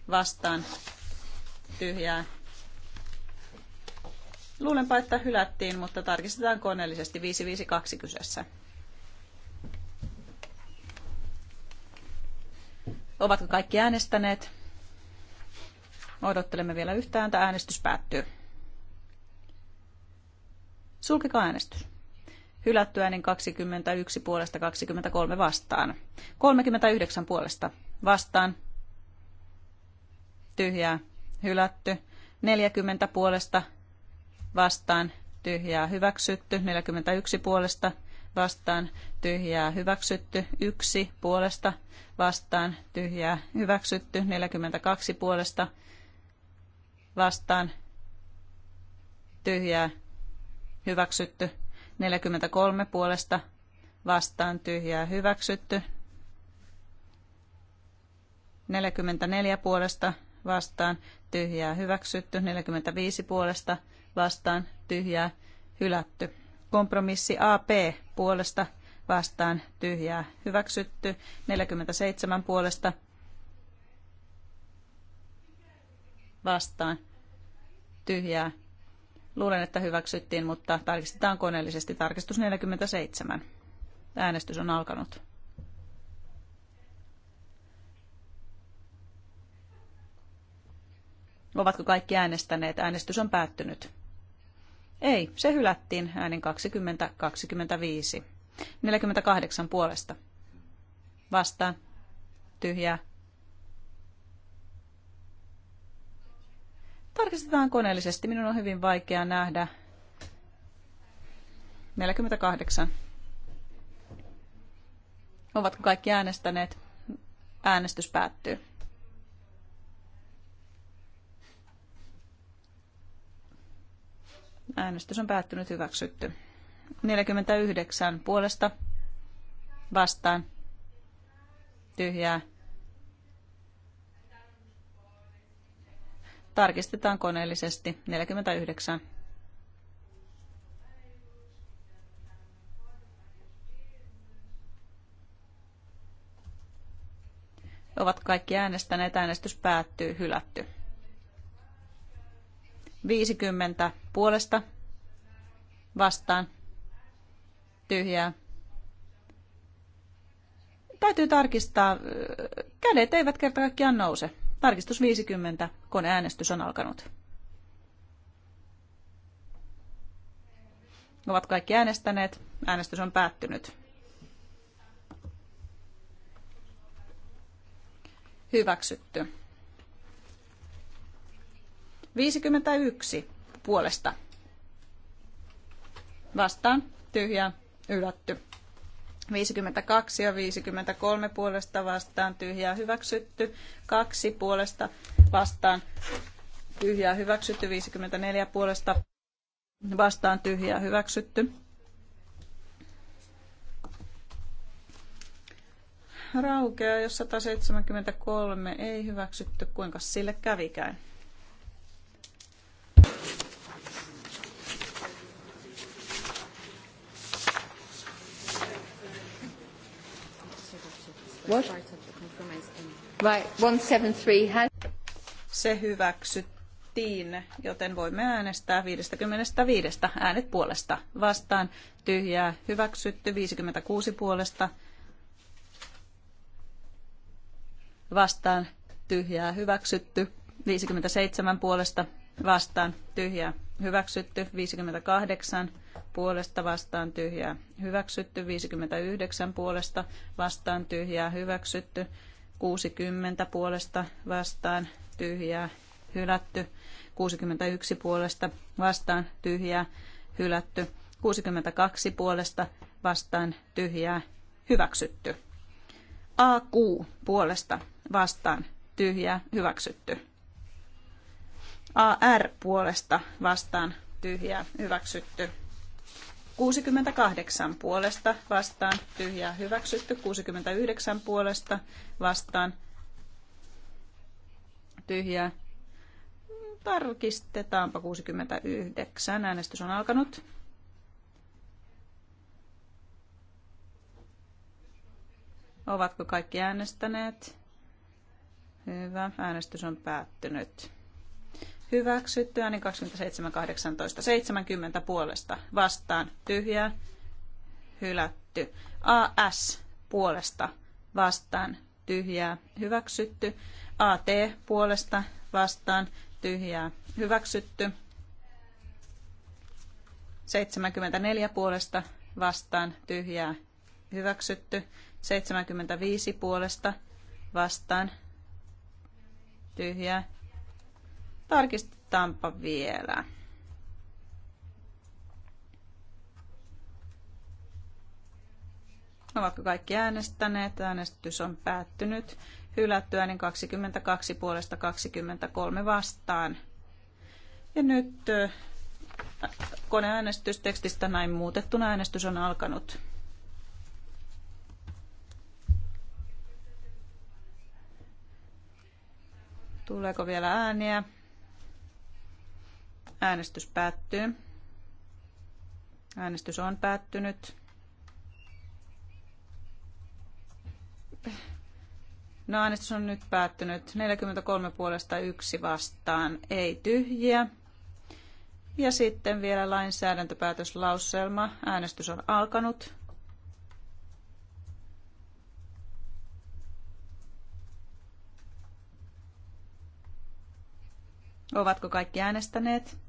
[SPEAKER 3] vastaan tyhjää. Luulenpa, että hylättiin, mutta tarkistetaan koneellisesti 552 kyseessä. Ovatko kaikki äänestäneet? Odottelemme vielä yhtään, ääntä äänestys päättyy. Sulkekaa äänestys hylättyä, niin 21 puolesta 23 vastaan. 39 puolesta vastaan. Tyhjää hylätty. 40 puolesta vastaan. Tyhjää hyväksytty. 41 puolesta vastaan. Tyhjää hyväksytty. 1 puolesta vastaan. Tyhjää hyväksytty. 42 puolesta vastaan. Tyhjää hyväksytty. 43 puolesta vastaan tyhjää hyväksytty. 44 puolesta vastaan tyhjää hyväksytty. 45 puolesta vastaan tyhjää hylätty. Kompromissi AP puolesta vastaan tyhjää hyväksytty. 47 puolesta vastaan tyhjää Luulen, että hyväksyttiin, mutta tarkistetaan koneellisesti. Tarkistus 47. Äänestys on alkanut. Ovatko kaikki äänestäneet? Äänestys on päättynyt. Ei, se hylättiin äänin 20-25. 48 puolesta. Vastaan. Tyhjää. Tarkistetaan koneellisesti. Minun on hyvin vaikea nähdä. 48. Ovatko kaikki äänestäneet? Äänestys päättyy. Äänestys on päättynyt hyväksytty. 49 puolesta vastaan tyhjää Tarkistetaan koneellisesti 49. Ovat kaikki äänestäneet. Äänestys päättyy. Hylätty. 50 puolesta vastaan. Tyhjää. Täytyy tarkistaa. Kädet eivät kerta kaikkiaan nouse. Tarkistus 50. Koneäänestys on alkanut. Ovat kaikki äänestäneet. Äänestys on päättynyt. Hyväksytty. 51 puolesta. Vastaan. Tyhjä. Ylätty. 52 ja 53 puolesta vastaan tyhjää hyväksytty, 2 puolesta vastaan tyhjää hyväksytty, 54 puolesta vastaan tyhjää hyväksytty. Raukea, jos 173 ei hyväksytty, kuinka sille kävikään.
[SPEAKER 1] What? Right, 173.
[SPEAKER 3] Se hyväksyttiin, joten voimme äänestää 55 äänet puolesta vastaan. Tyhjää hyväksytty 56 puolesta vastaan. Tyhjää hyväksytty 57 puolesta vastaan tyhjää hyväksytty 58 puolesta vastaan tyhjää hyväksytty 59 puolesta vastaan tyhjää hyväksytty 60 puolesta vastaan tyhjää hylätty 61 puolesta vastaan tyhjää hylätty 62 puolesta vastaan tyhjää hyväksytty AQ puolesta vastaan tyhjää hyväksytty AR puolesta vastaan tyhjää hyväksytty. 68 puolesta vastaan tyhjää hyväksytty. 69 puolesta vastaan tyhjää. Tarkistetaanpa 69. Äänestys on alkanut. Ovatko kaikki äänestäneet? Hyvä. Äänestys on päättynyt hyväksytty, äänin 27, 18, 70 puolesta vastaan tyhjää, hylätty. AS puolesta vastaan tyhjää, hyväksytty. AT puolesta vastaan tyhjää, hyväksytty. 74 puolesta vastaan tyhjää, hyväksytty. 75 puolesta vastaan tyhjää, Tarkistetaanpa vielä. Ovatko kaikki äänestäneet? Äänestys on päättynyt. Hylättyä niin 22 puolesta 23 vastaan. Ja nyt äh, koneäänestys tekstistä näin muutettuna äänestys on alkanut. Tuleeko vielä ääniä? Äänestys päättyy. Äänestys on päättynyt. No äänestys on nyt päättynyt. 43 puolesta yksi vastaan, ei tyhjiä. Ja sitten vielä lainsäädäntöpäätöslauselma. Äänestys on alkanut. Ovatko kaikki äänestäneet?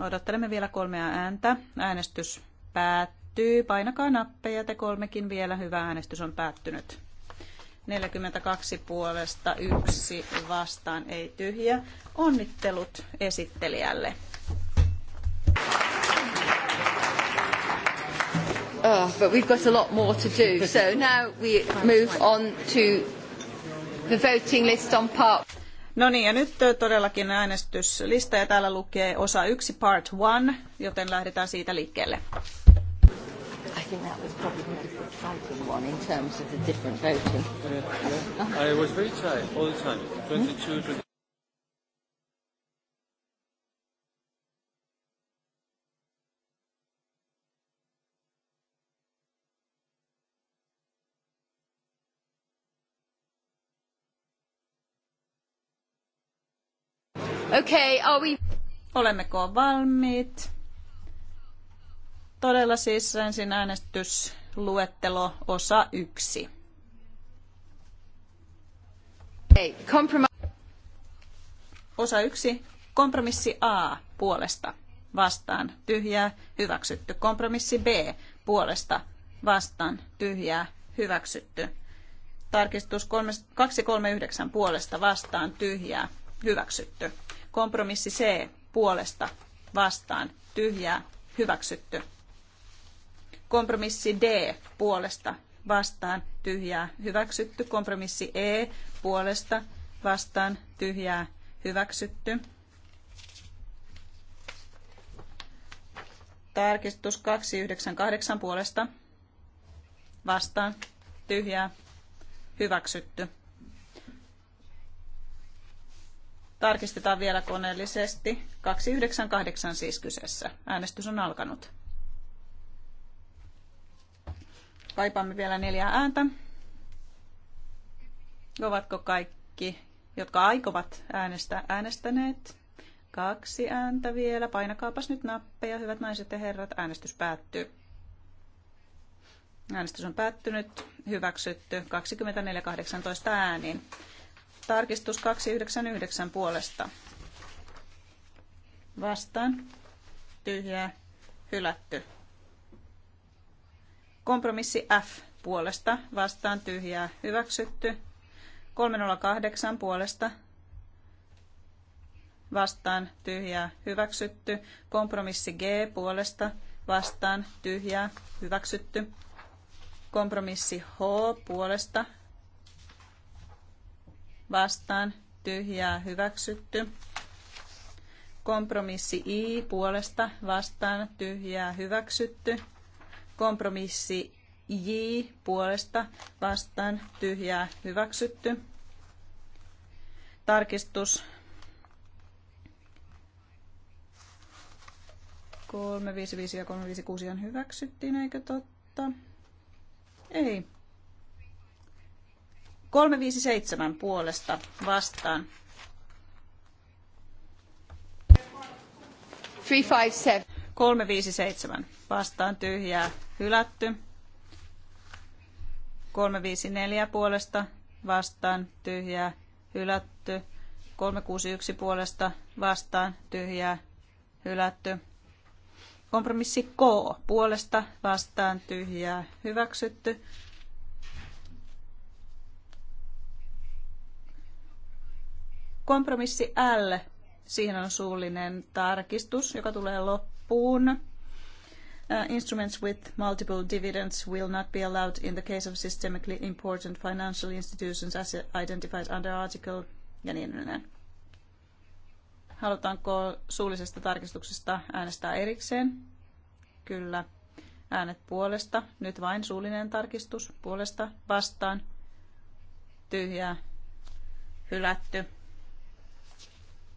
[SPEAKER 3] Odottelemme vielä kolmea ääntä. Äänestys päättyy. Painakaa nappeja te kolmekin vielä. Hyvä äänestys on päättynyt. 42 puolesta yksi vastaan ei tyhjä. Onnittelut esittelijälle.
[SPEAKER 1] Oh, but we've got a lot more to do. So now we move on to the voting list on part.
[SPEAKER 3] No niin, ja nyt todellakin äänestyslista, ja täällä lukee osa 1, part 1, joten lähdetään siitä liikkeelle.
[SPEAKER 1] I think that was probably the most exciting one in terms of the different voting. I was very tired all the time. 22, hmm? Okay,
[SPEAKER 3] are we... Olemmeko valmiit? Todella siis ensin äänestysluettelo osa yksi. Okay, komprom- Osa yksi. Kompromissi A puolesta vastaan tyhjää hyväksytty. Kompromissi B puolesta vastaan tyhjää hyväksytty. Tarkistus 239 puolesta vastaan tyhjää hyväksytty. Kompromissi C puolesta vastaan tyhjää hyväksytty. Kompromissi D puolesta vastaan tyhjää hyväksytty. Kompromissi E puolesta vastaan tyhjää hyväksytty. Tarkistus 298 puolesta vastaan tyhjää hyväksytty. Tarkistetaan vielä koneellisesti. 298 siis kyseessä. Äänestys on alkanut. Kaipaamme vielä neljää ääntä. Ovatko kaikki, jotka aikovat äänestää, äänestäneet? Kaksi ääntä vielä. Painakaapas nyt nappeja, hyvät naiset ja herrat. Äänestys päättyy. Äänestys on päättynyt. Hyväksytty 24.18 ääniin. Tarkistus 299 puolesta. Vastaan. Tyhjää. Hylätty. Kompromissi F puolesta. Vastaan. Tyhjää. Hyväksytty. 308 puolesta. Vastaan. Tyhjää. Hyväksytty. Kompromissi G puolesta. Vastaan. Tyhjää. Hyväksytty. Kompromissi H puolesta vastaan tyhjää hyväksytty. Kompromissi I puolesta vastaan tyhjää hyväksytty. Kompromissi J puolesta vastaan tyhjää hyväksytty. Tarkistus 355 ja 356 hyväksyttiin, eikö totta? Ei, 357 puolesta vastaan. 357. 357 vastaan tyhjää hylätty. 354 puolesta vastaan tyhjää hylätty. 361 puolesta vastaan tyhjää hylätty. Kompromissi K puolesta vastaan tyhjää hyväksytty. Kompromissi L, siihen on suullinen tarkistus, joka tulee loppuun. Uh, instruments with multiple dividends will not be allowed in the case of systemically important financial institutions as identified under article ja niin edelleen. Halutaanko suullisesta tarkistuksesta äänestää erikseen? Kyllä. Äänet puolesta. Nyt vain suullinen tarkistus. Puolesta vastaan. Tyhjää. Hylätty.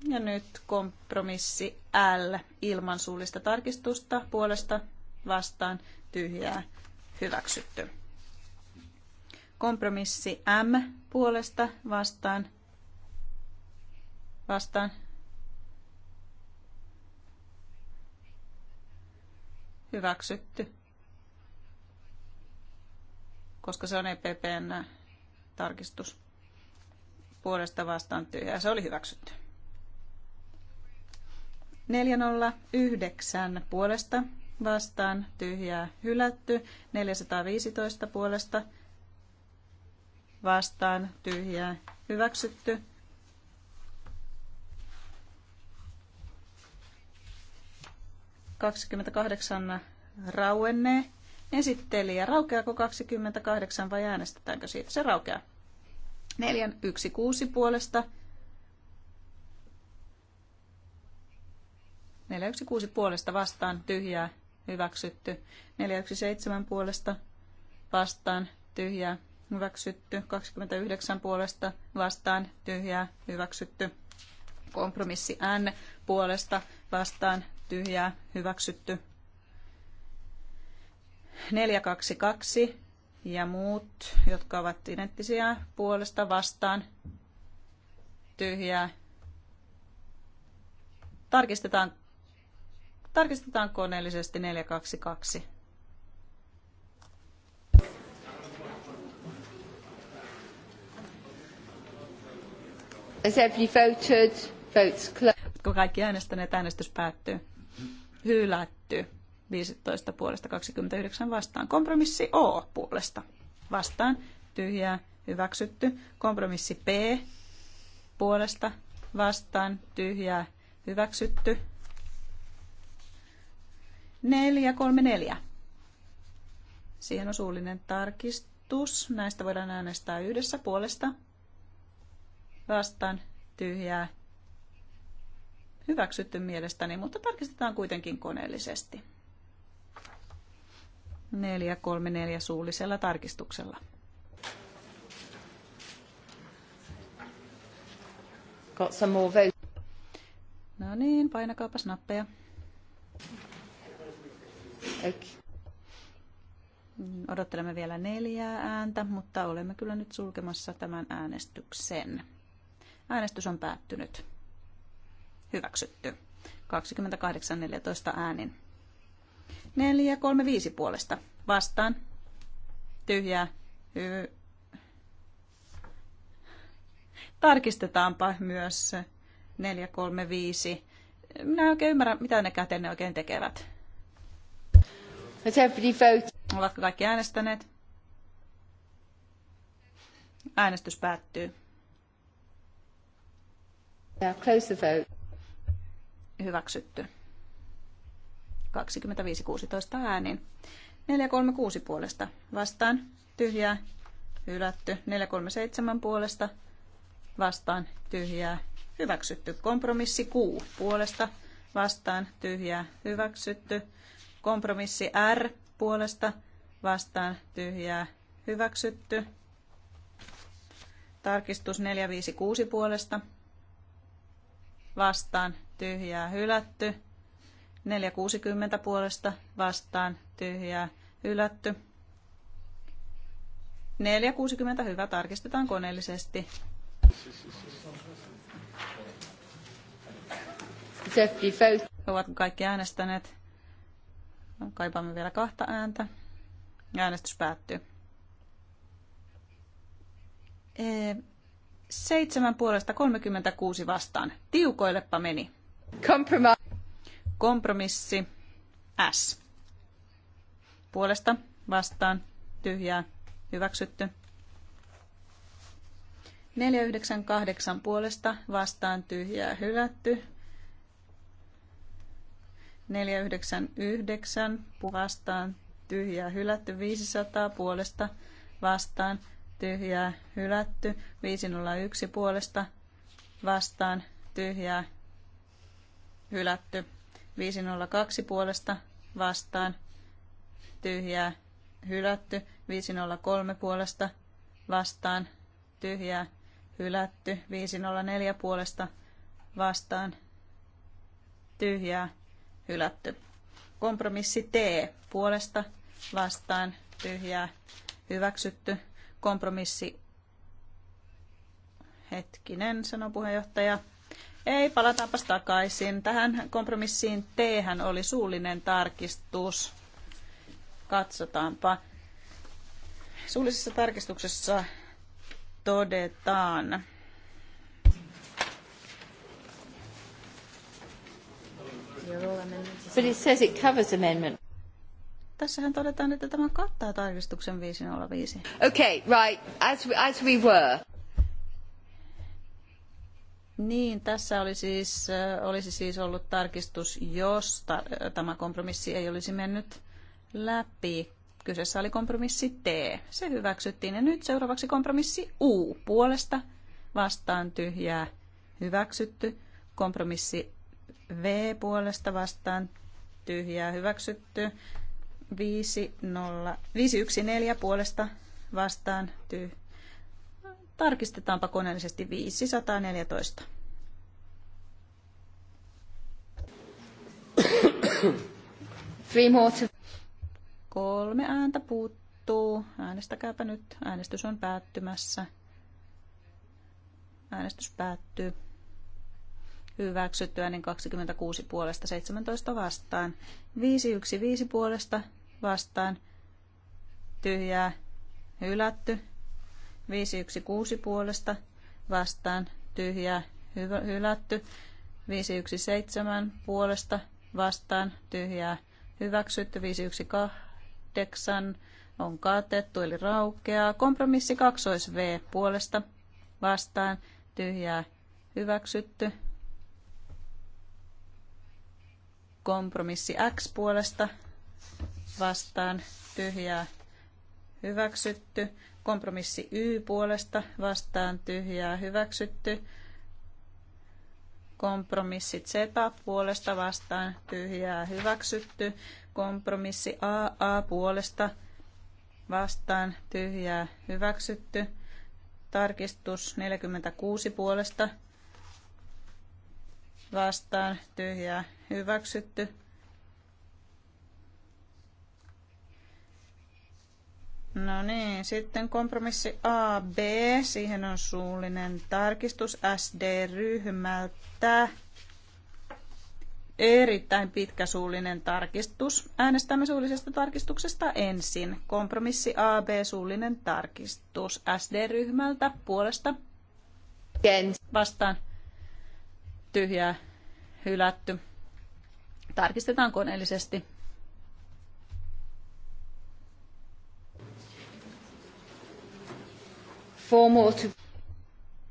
[SPEAKER 3] Ja nyt kompromissi L ilman suullista tarkistusta puolesta vastaan tyhjää hyväksytty. Kompromissi M puolesta vastaan vastaan hyväksytty, koska se on EPPn tarkistus puolesta vastaan tyhjää. Se oli hyväksytty. 409 puolesta vastaan tyhjää hylätty. 415 puolesta vastaan tyhjää hyväksytty. Kaksikymmentäkahdeksan rauennee. ja raukeako 28 vai äänestetäänkö siitä? Se raukeaa. 416 puolesta 416 puolesta vastaan tyhjää hyväksytty. 417 puolesta vastaan tyhjää hyväksytty. 29 puolesta vastaan tyhjää hyväksytty. Kompromissi N puolesta vastaan tyhjää hyväksytty. 422 ja muut, jotka ovat identtisiä puolesta vastaan tyhjää. Tarkistetaan Tarkistetaan koneellisesti 422.
[SPEAKER 1] As every voted, votes Kun kaikki
[SPEAKER 3] äänestäneet, äänestys päättyy. Hylätty. 15 puolesta 29 vastaan. Kompromissi O puolesta. Vastaan. Tyhjää. Hyväksytty. Kompromissi P puolesta. Vastaan. Tyhjää. Hyväksytty. 434. Siihen on suullinen tarkistus. Näistä voidaan äänestää yhdessä puolesta. Vastaan tyhjää. Hyväksytty mielestäni, mutta tarkistetaan kuitenkin koneellisesti. 434 suullisella tarkistuksella. Got some more votes. No niin, painakaapas nappeja. Odottelemme vielä neljää ääntä, mutta olemme kyllä nyt sulkemassa tämän äänestyksen. Äänestys on päättynyt. Hyväksytty. 28.14 äänin. 435 puolesta. Vastaan. Tyhjää. Hy- Tarkistetaanpa myös 435. Minä en oikein ymmärrä, mitä ne ne oikein tekevät. Ovatko kaikki äänestäneet? Äänestys päättyy.
[SPEAKER 1] close the vote.
[SPEAKER 3] Hyväksytty. 25-16 äänin. 436 puolesta vastaan. Tyhjää. Hylätty. 437 puolesta vastaan. Tyhjää. Hyväksytty. Kompromissi 6 puolesta vastaan. Tyhjää. Hyväksytty. Kompromissi R puolesta vastaan tyhjää hyväksytty. Tarkistus 456 puolesta vastaan tyhjää hylätty. 460 puolesta vastaan tyhjää hylätty. 460 hyvä tarkistetaan koneellisesti. Ovatko kaikki äänestäneet. Kaipaamme vielä kahta ääntä. Äänestys päättyy. E, seitsemän puolesta 36 vastaan. Tiukoillepa meni. Kompromissi. Kompromissi S. Puolesta vastaan. Tyhjää. Hyväksytty. 498 puolesta vastaan tyhjää hylätty. 499 vastaan tyhjää hylätty 500 puolesta vastaan tyhjää hylätty 501 puolesta vastaan tyhjää hylätty 502 puolesta vastaan tyhjää hylätty 503 puolesta vastaan tyhjää hylätty 504 puolesta vastaan tyhjää hylätty. Kompromissi T puolesta vastaan tyhjää hyväksytty. Kompromissi hetkinen, sanoi puheenjohtaja. Ei, palataanpas takaisin. Tähän kompromissiin T oli suullinen tarkistus. Katsotaanpa. Suullisessa tarkistuksessa todetaan.
[SPEAKER 1] But it says it
[SPEAKER 3] covers amendment.
[SPEAKER 1] Tässähän todetaan, että tämä kattaa tarkistuksen
[SPEAKER 3] 505.
[SPEAKER 1] Okay, right, as we, as we were.
[SPEAKER 3] Niin, tässä oli siis, äh, olisi siis ollut tarkistus, jos äh, tämä kompromissi ei olisi mennyt läpi. Kyseessä oli kompromissi T. Se hyväksyttiin. Ja nyt seuraavaksi kompromissi U. Puolesta vastaan tyhjää hyväksytty. Kompromissi V puolesta vastaan tyhjää hyväksytty. 514 puolesta vastaan tyy. Tarkistetaanpa koneellisesti 514. Three more to... Kolme ääntä puuttuu. Äänestäkääpä nyt. Äänestys on päättymässä. Äänestys päättyy hyväksyttyä, niin 26 puolesta 17 vastaan. 5-1-5 puolesta vastaan tyhjää hylätty. 5-1-6 puolesta vastaan tyhjää hyvä, hylätty. 7 puolesta vastaan tyhjää hyväksytty. 5-1-8 on katettu eli raukeaa. Kompromissi 2 V puolesta vastaan tyhjää hyväksytty. Kompromissi X puolesta vastaan tyhjää hyväksytty. Kompromissi Y puolesta vastaan tyhjää hyväksytty. Kompromissi Z puolesta vastaan tyhjää hyväksytty. Kompromissi AA puolesta vastaan tyhjää hyväksytty. Tarkistus 46 puolesta vastaan tyhjää hyväksytty. No niin, sitten kompromissi AB, siihen on suullinen tarkistus SD-ryhmältä. Erittäin pitkä suullinen tarkistus. Äänestämme suullisesta tarkistuksesta ensin. Kompromissi AB, suullinen tarkistus SD-ryhmältä puolesta. Vastaan tyhjää hylätty. Tarkistetaan koneellisesti.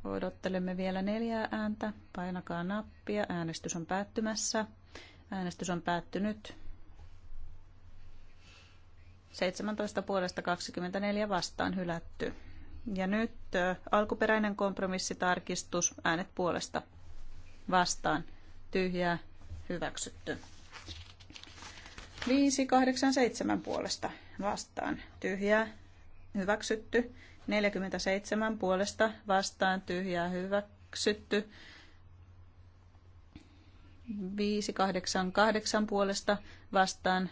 [SPEAKER 3] Odottelemme vielä neljää ääntä. Painakaa nappia. Äänestys on päättymässä. Äänestys on päättynyt. 17 puolesta 24 vastaan hylätty. Ja nyt alkuperäinen kompromissitarkistus, äänet puolesta vastaan tyhjää hyväksytty. 587 puolesta vastaan tyhjää hyväksytty. 47 puolesta vastaan tyhjää hyväksytty. 588 puolesta vastaan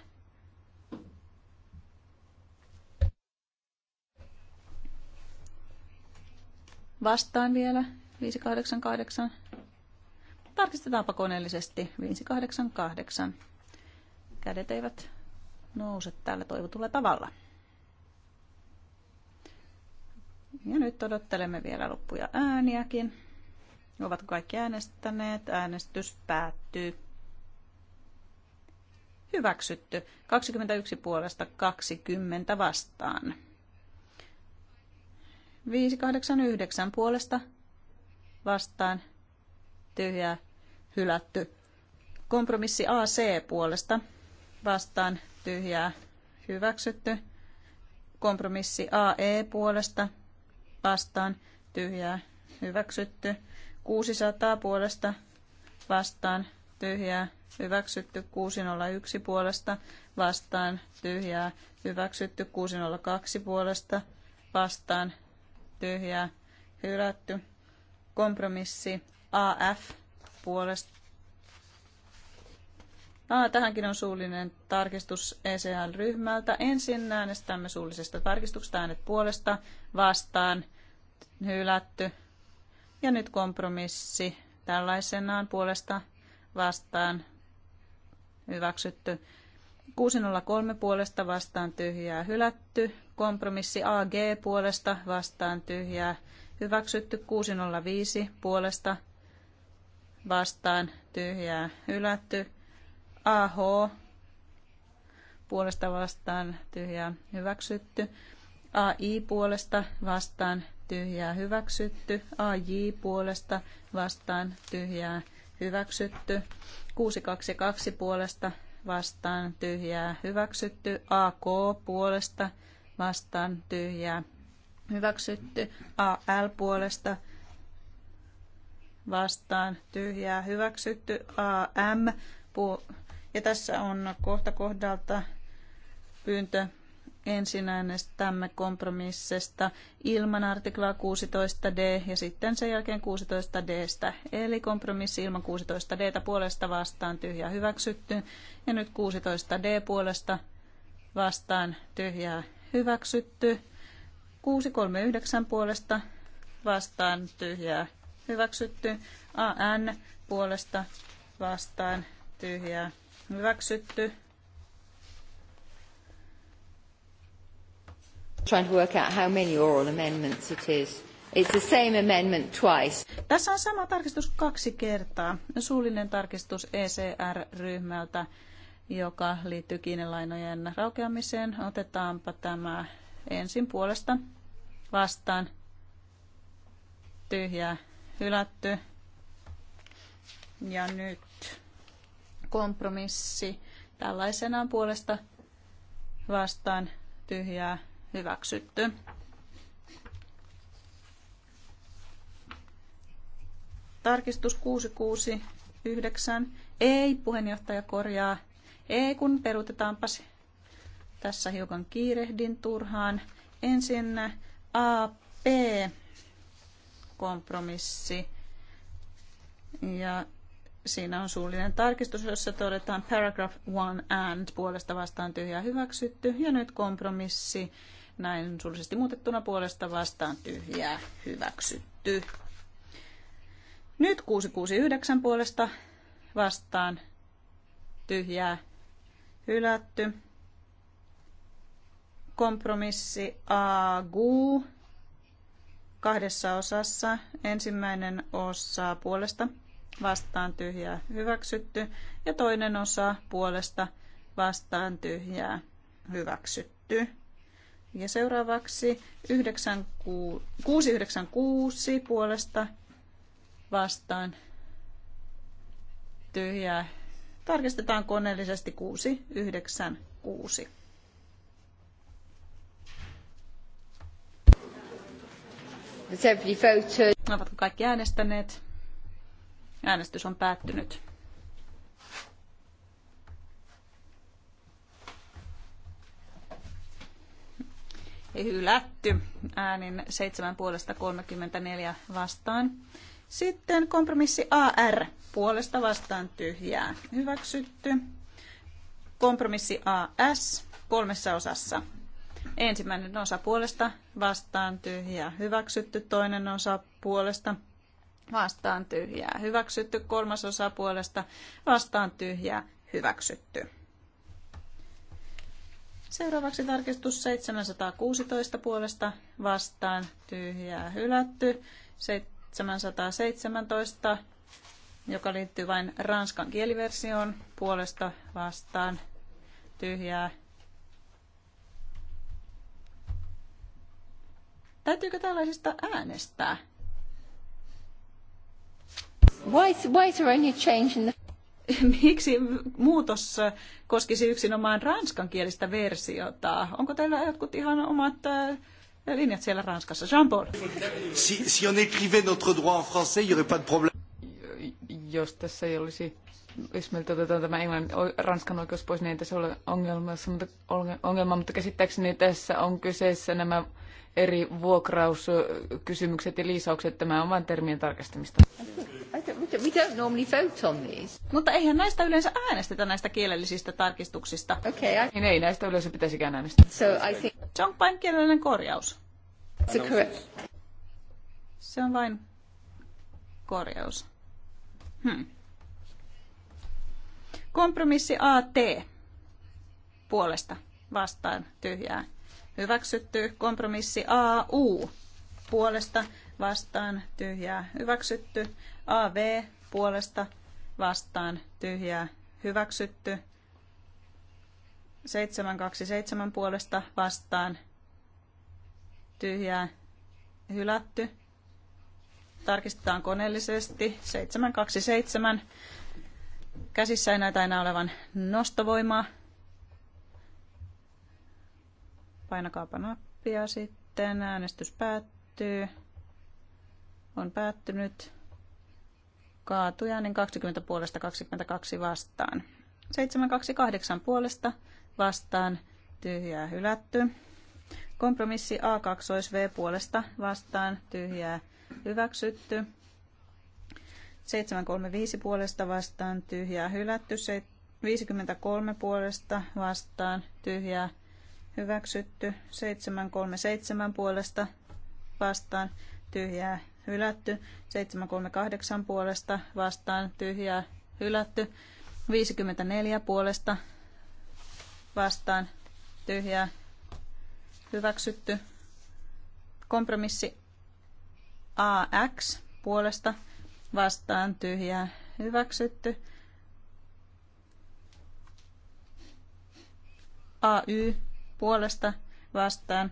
[SPEAKER 3] vastaan vielä 588 Tarkistetaanpa koneellisesti 588. Kädet eivät nouse täällä toivotulla tavalla. Ja nyt odottelemme vielä loppuja ääniäkin. Ovatko kaikki äänestäneet? Äänestys päättyy. Hyväksytty. 21 puolesta 20 vastaan. 589 puolesta vastaan tyhjää hylätty. Kompromissi AC puolesta vastaan tyhjää hyväksytty. Kompromissi AE puolesta vastaan tyhjää hyväksytty. 600 puolesta vastaan tyhjää hyväksytty. 601 puolesta vastaan tyhjää hyväksytty. 602 puolesta vastaan tyhjää hylätty. Kompromissi AF puolesta. Ah, tähänkin on suullinen tarkistus ECL-ryhmältä. Ensin äänestämme suullisesta tarkistuksesta äänet puolesta, vastaan, hylätty. Ja nyt kompromissi tällaisenaan puolesta, vastaan, hyväksytty. 603 puolesta vastaan tyhjää hylätty. Kompromissi AG puolesta vastaan tyhjää hyväksytty. 605 puolesta vastaan tyhjää hylätty. AH puolesta vastaan tyhjää hyväksytty. AI puolesta vastaan tyhjää hyväksytty. AJ puolesta vastaan tyhjää hyväksytty. 622 puolesta vastaan tyhjää hyväksytty. AK puolesta vastaan tyhjää hyväksytty. AL puolesta vastaan, tyhjää, hyväksytty vastaan tyhjää hyväksytty AM. Ja tässä on kohta kohdalta pyyntö ensin äänestämme kompromissesta ilman artiklaa 16d ja sitten sen jälkeen 16dstä. Eli kompromissi ilman 16 d puolesta vastaan tyhjää hyväksytty ja nyt 16d puolesta vastaan tyhjää hyväksytty. 639 puolesta vastaan tyhjää hyväksytty. AN puolesta vastaan tyhjää hyväksytty.
[SPEAKER 1] Trying to work out how many oral amendments it is. It's the same
[SPEAKER 3] amendment twice. Tässä on sama tarkistus kaksi kertaa. Suullinen tarkistus ECR-ryhmältä, joka liittyy kiinelainojen raukeamiseen. Otetaanpa tämä ensin puolesta vastaan. Tyhjää hylätty. Ja nyt kompromissi tällaisenaan puolesta vastaan tyhjää hyväksytty. Tarkistus 669. Ei, puheenjohtaja korjaa. Ei, kun peruutetaanpas. Tässä hiukan kiirehdin turhaan. Ensin AP kompromissi. Ja siinä on suullinen tarkistus, jossa todetaan paragraph one and puolesta vastaan tyhjä hyväksytty. Ja nyt kompromissi näin suullisesti muutettuna puolesta vastaan tyhjää hyväksytty. Nyt 669 puolesta vastaan tyhjää hylätty. Kompromissi AGU kahdessa osassa. Ensimmäinen osa puolesta vastaan tyhjää hyväksytty ja toinen osa puolesta vastaan tyhjää hyväksytty. Ja seuraavaksi 696 puolesta vastaan tyhjää. Tarkistetaan koneellisesti 696. Ovatko kaikki äänestäneet? Äänestys on päättynyt. Hylätty äänin 7 puolesta 34 vastaan. Sitten kompromissi AR puolesta vastaan tyhjää. Hyväksytty. Kompromissi AS kolmessa osassa. Ensimmäinen osa puolesta vastaan tyhjää hyväksytty, toinen osa puolesta vastaan tyhjää hyväksytty, kolmas osa puolesta vastaan tyhjää hyväksytty. Seuraavaksi tarkistus 716 puolesta vastaan tyhjää hylätty. 717, joka liittyy vain ranskan kieliversioon, puolesta vastaan tyhjää Täytyykö tällaisesta äänestää?
[SPEAKER 1] Why, why is there any change in the...
[SPEAKER 3] Miksi muutos koskisi yksinomaan ranskankielistä versiota? Onko teillä jotkut ihan omat eh, linjat siellä Ranskassa? Jean-Paul. Si, si on écrivait
[SPEAKER 4] notre droit en français, il n'y aurait pas de problème.
[SPEAKER 3] Jos tässä ei olisi jos meiltä
[SPEAKER 4] otetaan tämä englannin, ranskan oikeus pois, niin ei tässä ole ongelmassa, mutta, ongelma, mutta käsittääkseni tässä on kyseessä nämä eri vuokrauskysymykset ja liisaukset. Tämä on vain termien tarkastamista.
[SPEAKER 1] Mutta eihän näistä
[SPEAKER 3] yleensä äänestetä näistä kielellisistä tarkistuksista. Okay, I... niin ei näistä yleensä pitäisikään äänestää. So I think... Se on vain kielellinen korjaus. Se on vain korjaus. Hmm. Kompromissi AT puolesta vastaan tyhjää hyväksytty. Kompromissi AU puolesta vastaan tyhjää hyväksytty. AV puolesta vastaan tyhjää hyväksytty. 727 puolesta vastaan tyhjää hylätty. Tarkistetaan koneellisesti. 727. Käsissä ei näytä enää olevan nostovoimaa. Painakaapa nappia sitten. Äänestys päättyy. On päättynyt. Kaatuja, niin 20 puolesta 22 vastaan. 728 puolesta vastaan. Tyhjää hylätty. Kompromissi A2V puolesta vastaan. Tyhjää hyväksytty. 735 puolesta vastaan. Tyhjää hylätty. 53 puolesta vastaan. Tyhjää hyväksytty. 737 puolesta vastaan tyhjää hylätty. 738 puolesta vastaan tyhjää hylätty. 54 puolesta vastaan tyhjää hyväksytty. Kompromissi AX puolesta vastaan tyhjää hyväksytty. AY puolesta vastaan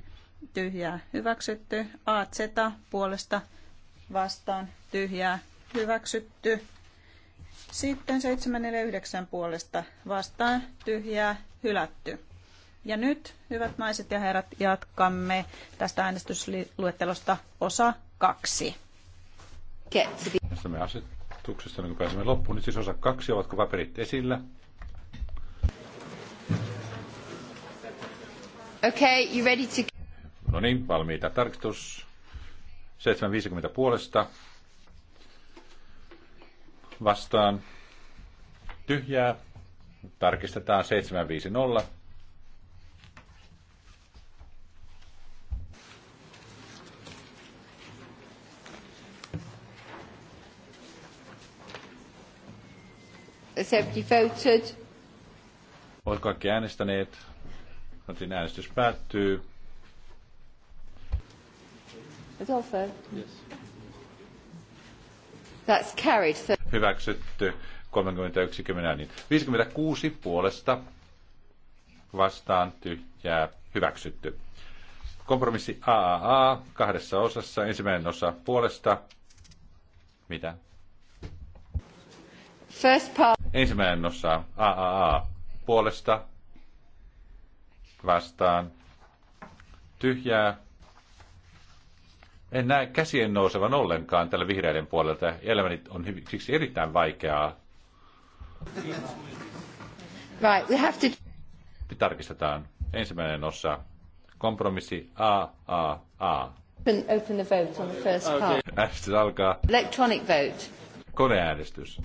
[SPEAKER 3] tyhjää hyväksytty. AZ puolesta vastaan tyhjää hyväksytty. Sitten 749 puolesta vastaan tyhjää hylätty. Ja nyt, hyvät naiset ja herrat, jatkamme tästä äänestysluettelosta osa kaksi.
[SPEAKER 2] Tässä me asetuksesta, niin kun pääsemme loppuun, niin siis osa kaksi, ovatko paperit esillä?
[SPEAKER 1] Okay, you ready to...
[SPEAKER 2] No niin, valmiita. Tarkistus 750 puolesta. Vastaan tyhjää. Tarkistetaan 750.
[SPEAKER 1] Has
[SPEAKER 2] Olet kaikki äänestäneet. Kontin äänestys päättyy.
[SPEAKER 1] It's all fair. Yes. That's carried.
[SPEAKER 2] Hyväksytty 31 niin 56 puolesta vastaan tyhjää hyväksytty. Kompromissi AAA kahdessa osassa. Ensimmäinen osa puolesta. Mitä?
[SPEAKER 1] First part.
[SPEAKER 2] Ensimmäinen osa AAA puolesta vastaan tyhjää. En näe käsien nousevan ollenkaan tällä vihreiden puolelta. Elämäni on hyvin, siksi erittäin vaikeaa.
[SPEAKER 1] Right, we have to...
[SPEAKER 2] Me tarkistetaan. Ensimmäinen osa. Kompromissi A, A, A.
[SPEAKER 1] Open, the vote on the first part.
[SPEAKER 2] Äänestys alkaa. Electronic vote. Koneäänestys.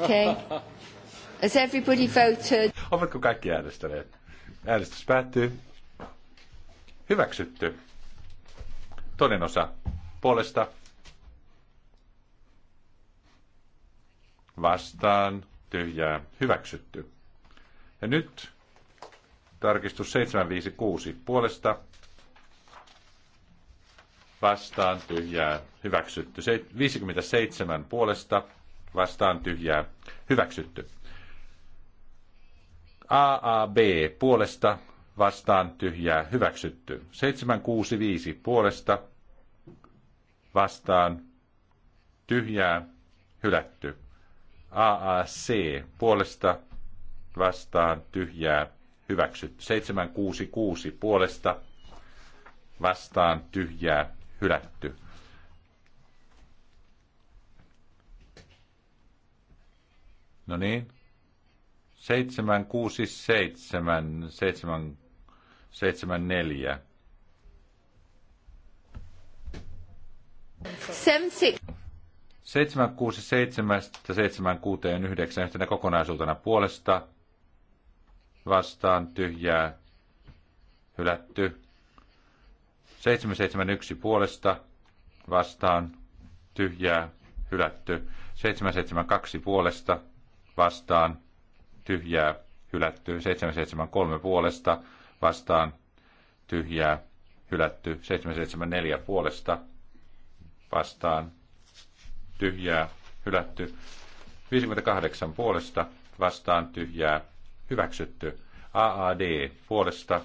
[SPEAKER 1] Okay. Has everybody voted?
[SPEAKER 2] Ovatko kaikki äänestäneet? Äänestys päättyy. Hyväksytty. Toinen osa puolesta. Vastaan. Tyhjää. Hyväksytty. Ja nyt tarkistus 756 puolesta. Vastaan tyhjää. Hyväksytty. 57 puolesta. Vastaan tyhjää. Hyväksytty. AAB puolesta vastaan tyhjää hyväksytty. 765 puolesta vastaan tyhjää hylätty. AAC puolesta vastaan tyhjää hyväksytty. 766 puolesta vastaan tyhjää hylätty. No niin, 767, 774.
[SPEAKER 1] 74.
[SPEAKER 2] 767 769 yhtenä kokonaisuutena puolesta vastaan tyhjää hylätty. 771 puolesta vastaan tyhjää hylätty. 772 puolesta vastaan tyhjää, hylätty. 773 puolesta vastaan, tyhjää, hylätty. 774 puolesta vastaan, tyhjää, hylätty. 58 puolesta vastaan, tyhjää, hyväksytty. AAD puolesta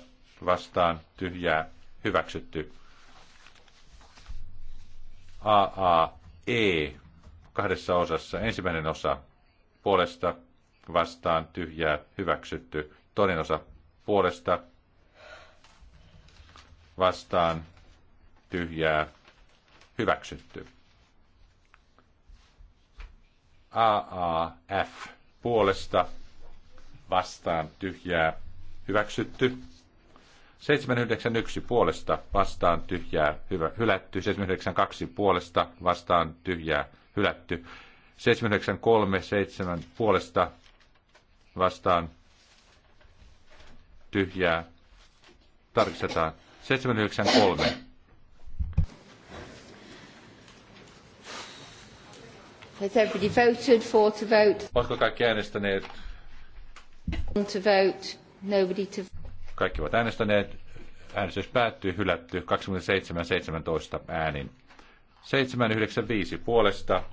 [SPEAKER 2] vastaan, tyhjää, hyväksytty. AAE kahdessa osassa. Ensimmäinen osa puolesta vastaan tyhjää hyväksytty. Toinen osa puolesta vastaan tyhjää hyväksytty. AAF puolesta vastaan tyhjää hyväksytty. 791 puolesta vastaan tyhjää hyvä, hylätty, 792 puolesta vastaan tyhjää hylätty, 793 7 puolesta vastaan tyhjää. Tarkistetaan. 793.
[SPEAKER 1] Has everybody voted for to vote?
[SPEAKER 2] Oletko kaikki äänestäneet?
[SPEAKER 1] to vote. Nobody to...
[SPEAKER 2] Kaikki ovat äänestäneet. Äänestys päättyy, hylätty 27-17 äänin. 795 puolesta.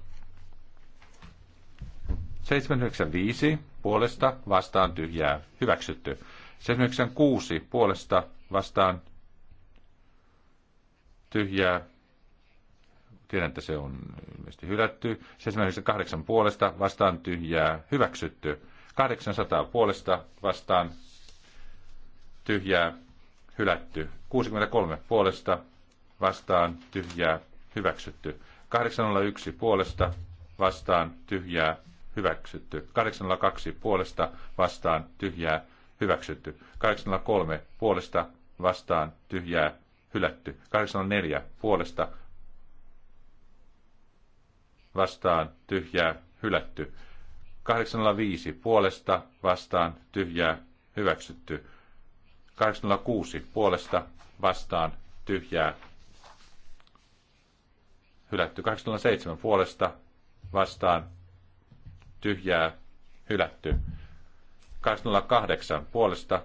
[SPEAKER 2] 795 puolesta vastaan tyhjää hyväksytty. 76 puolesta vastaan tyhjää. Tiedän, että se on ilmeisesti hylätty. 78 puolesta vastaan tyhjää hyväksytty. 800 puolesta vastaan tyhjää hylätty. 63 puolesta vastaan tyhjää hyväksytty. 801 puolesta vastaan tyhjää hyväksytty. 802 puolesta vastaan tyhjää hyväksytty. 803 puolesta vastaan tyhjää hylätty. 804 puolesta vastaan tyhjää hylätty. 805 puolesta vastaan tyhjää hyväksytty. 806 puolesta vastaan tyhjää hylätty. 807 puolesta vastaan tyhjää, hylätty. 208 puolesta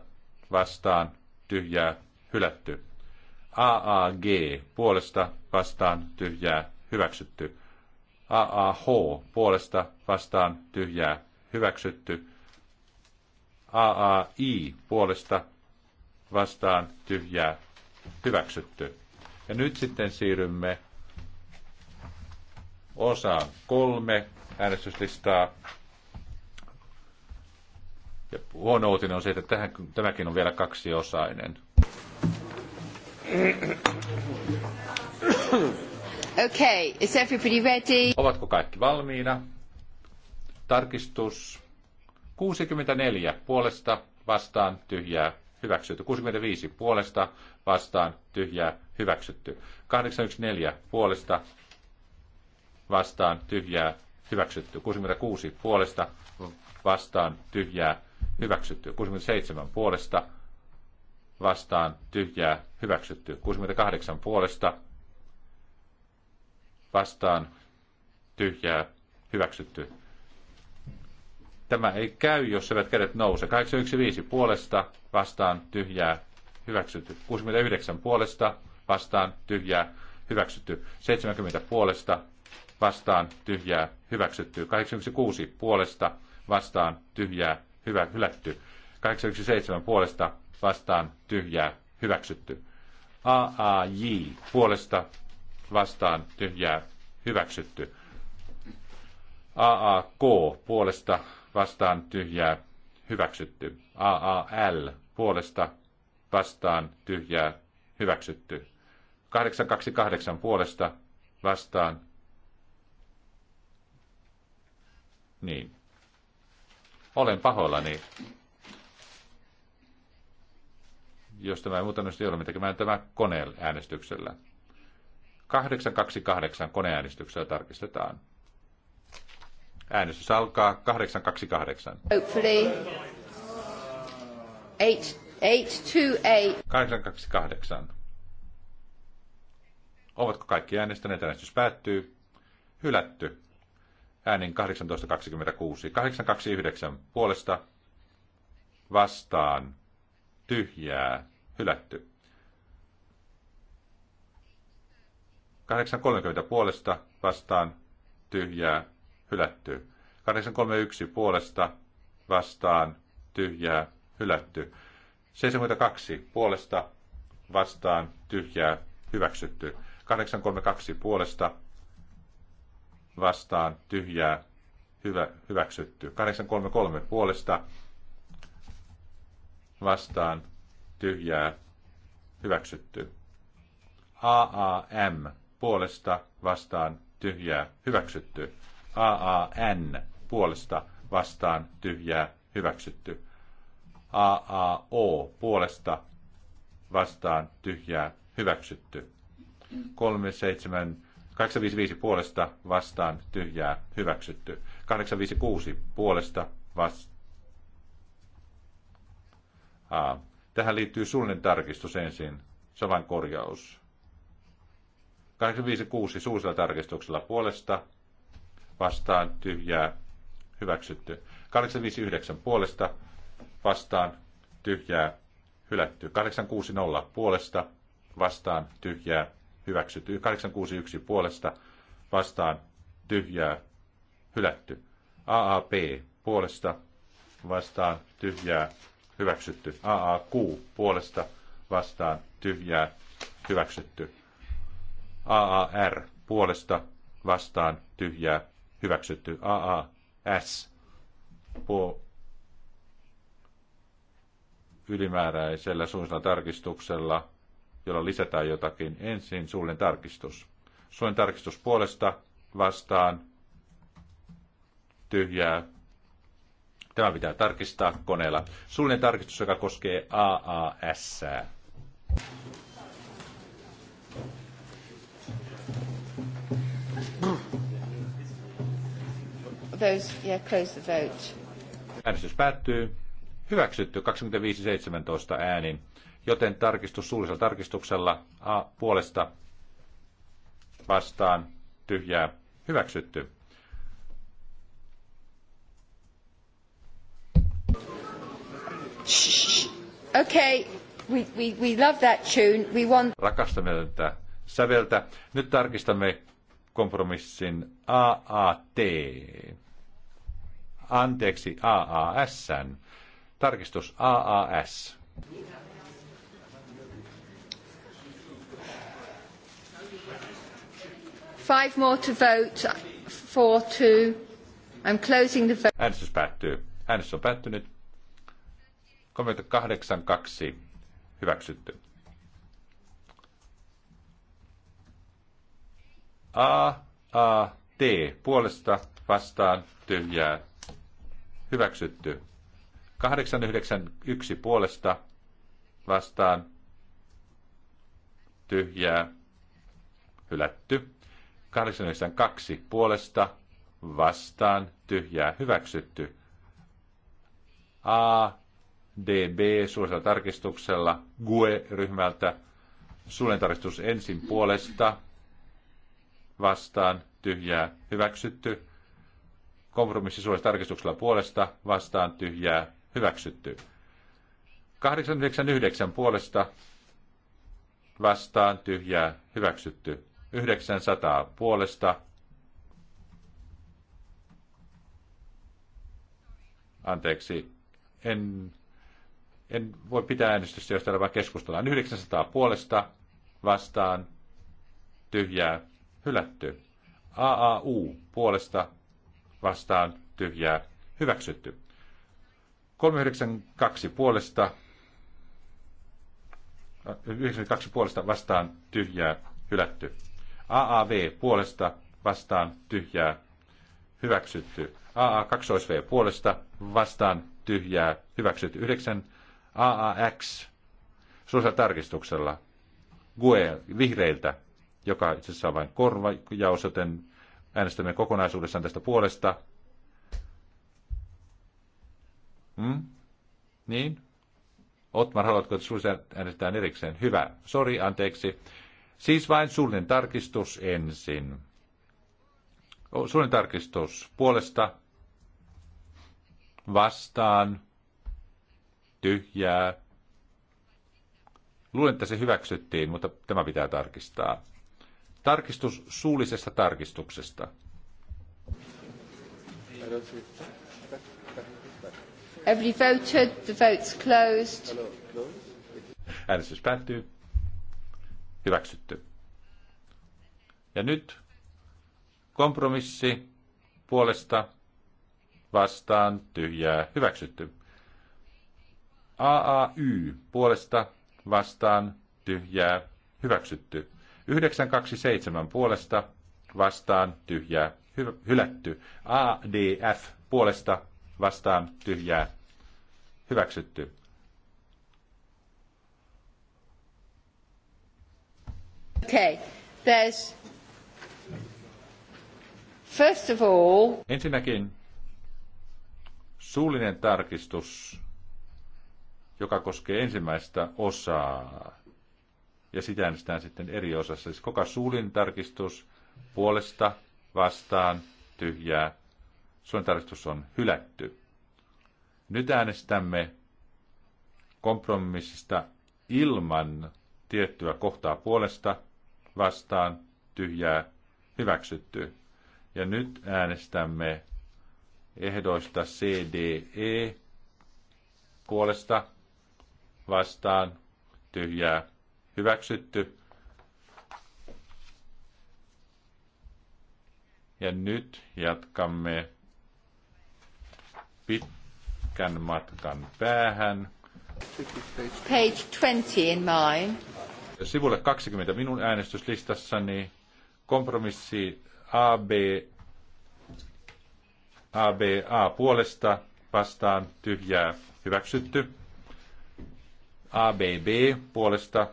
[SPEAKER 2] vastaan, tyhjää, hylätty. AAG puolesta vastaan, tyhjää, hyväksytty. AAH puolesta vastaan, tyhjää, hyväksytty. AAI puolesta vastaan, tyhjää, hyväksytty. Ja nyt sitten siirrymme osaan kolme äänestyslistaa. Ja huono uutinen on se, että tähän, tämäkin on vielä kaksiosainen.
[SPEAKER 1] Okay, is everybody ready?
[SPEAKER 2] Ovatko kaikki valmiina? Tarkistus 64 puolesta vastaan tyhjää hyväksytty. 65 puolesta vastaan tyhjää hyväksytty. 814 puolesta vastaan tyhjää hyväksytty. 66 puolesta vastaan tyhjää hyväksytty. 67 puolesta vastaan tyhjää hyväksytty. 68 puolesta vastaan tyhjää hyväksytty. Tämä ei käy, jos eivät kädet nouse. 815 puolesta vastaan tyhjää hyväksytty. 69 puolesta vastaan tyhjää hyväksytty. 70 puolesta vastaan tyhjää hyväksytty. 86 puolesta vastaan tyhjää hyvä, hylätty. 87 puolesta vastaan tyhjää hyväksytty. AAJ puolesta vastaan tyhjää hyväksytty. AAK puolesta vastaan tyhjää hyväksytty. AAL puolesta vastaan tyhjää hyväksytty. 828 puolesta vastaan Niin. Olen pahoillani. Jos tämä ei muuta ei ole, tekemään tämä koneen äänestyksellä. 828 koneäänestyksellä tarkistetaan. Äänestys alkaa 828.
[SPEAKER 1] Hopefully.
[SPEAKER 2] 828. 828. Ovatko kaikki äänestäneet? Äänestys päättyy. Hylätty äänin 1826. 829 puolesta vastaan tyhjää hylätty. 830 puolesta vastaan tyhjää hylätty. 831 puolesta vastaan tyhjää hylätty. 72 puolesta vastaan tyhjää hyväksytty. 832 puolesta vastaan tyhjää hyvä, hyväksytty. 833 puolesta vastaan tyhjää hyväksytty. AAM puolesta vastaan tyhjää hyväksytty. AAN puolesta vastaan tyhjää hyväksytty. AAO puolesta vastaan tyhjää hyväksytty. 37 855 puolesta vastaan tyhjää hyväksytty. 856 puolesta vastaan. Tähän liittyy suullinen tarkistus ensin. Se on vain korjaus. 856 suusella tarkistuksella puolesta vastaan tyhjää hyväksytty. 859 puolesta vastaan tyhjää hylätty. 860 puolesta vastaan tyhjää hyväksytty. 861 puolesta vastaan tyhjää hylätty. AAP puolesta vastaan tyhjää hyväksytty. AAQ puolesta vastaan tyhjää hyväksytty. AAR puolesta vastaan tyhjää hyväksytty. AAS ylimääräisellä suunnisella tarkistuksella jolla lisätään jotakin. Ensin suullinen tarkistus. Suullinen tarkistus puolesta vastaan tyhjää. Tämä pitää tarkistaa koneella. Suullinen tarkistus, joka koskee AAS.
[SPEAKER 1] Those, yeah, close the vote.
[SPEAKER 2] Äänestys päättyy. Hyväksytty 25.17 äänin joten tarkistus suullisella tarkistuksella A puolesta vastaan tyhjää hyväksytty.
[SPEAKER 1] Okay, we, we, we love that tune. We want...
[SPEAKER 2] Rakastamme tätä säveltä. Nyt tarkistamme kompromissin AAT. Anteeksi, AAS. Tarkistus AAS.
[SPEAKER 1] Five more to vote. Four to.
[SPEAKER 2] I'm closing the vote. Äänestys päättyy. Äänestys on päättynyt. 38.2. Hyväksytty. A, A, T. Puolesta vastaan tyhjää. Hyväksytty. 891 puolesta vastaan tyhjää. Hylätty. 82 puolesta vastaan tyhjää hyväksytty. A, D, B suosilla tarkistuksella GUE-ryhmältä sulentarkistus ensin puolesta vastaan tyhjää hyväksytty. Kompromissi suosilla tarkistuksella puolesta vastaan tyhjää hyväksytty. 899 puolesta vastaan tyhjää hyväksytty. 900 puolesta. Anteeksi, en, en voi pitää äänestystä, jos täällä vaan keskustellaan. 900 puolesta vastaan tyhjää hylätty. AAU puolesta vastaan tyhjää hyväksytty. 392 puolesta 92 puolesta vastaan tyhjää hylätty. AAV puolesta vastaan tyhjää hyväksytty. AA 2 V puolesta vastaan tyhjää hyväksytty. 9 AAX suosia tarkistuksella GUE vihreiltä, joka itse asiassa on vain korvajaos, joten äänestämme kokonaisuudessaan tästä puolesta. Hmm? Niin? Otmar, haluatko, että äänestetään erikseen? Hyvä. Sori, anteeksi. Siis vain suullinen tarkistus ensin. Suullinen tarkistus puolesta vastaan tyhjää. Luulen, että se hyväksyttiin, mutta tämä pitää tarkistaa. Tarkistus suullisesta tarkistuksesta. Every
[SPEAKER 1] voted, the vote's closed.
[SPEAKER 2] Äänestys päättyy. Hyväksytty. Ja nyt kompromissi puolesta vastaan tyhjää hyväksytty. AAY puolesta vastaan tyhjää hyväksytty. 927 puolesta vastaan tyhjää hy- hylätty. ADF puolesta vastaan tyhjää hyväksytty. Ensinnäkin suullinen tarkistus, joka koskee ensimmäistä osaa. Ja sitä äänestetään sitten eri osassa. Siis koko suullinen tarkistus puolesta, vastaan, tyhjää. Suullinen tarkistus on hylätty. Nyt äänestämme kompromissista ilman tiettyä kohtaa puolesta, vastaan tyhjää hyväksytty. Ja nyt äänestämme ehdoista CDE puolesta vastaan tyhjää hyväksytty. Ja nyt jatkamme pitkän matkan päähän.
[SPEAKER 1] Page 20 in mine
[SPEAKER 2] sivulle 20 minun äänestyslistassani kompromissi AB, ABA puolesta vastaan tyhjää hyväksytty. ABB puolesta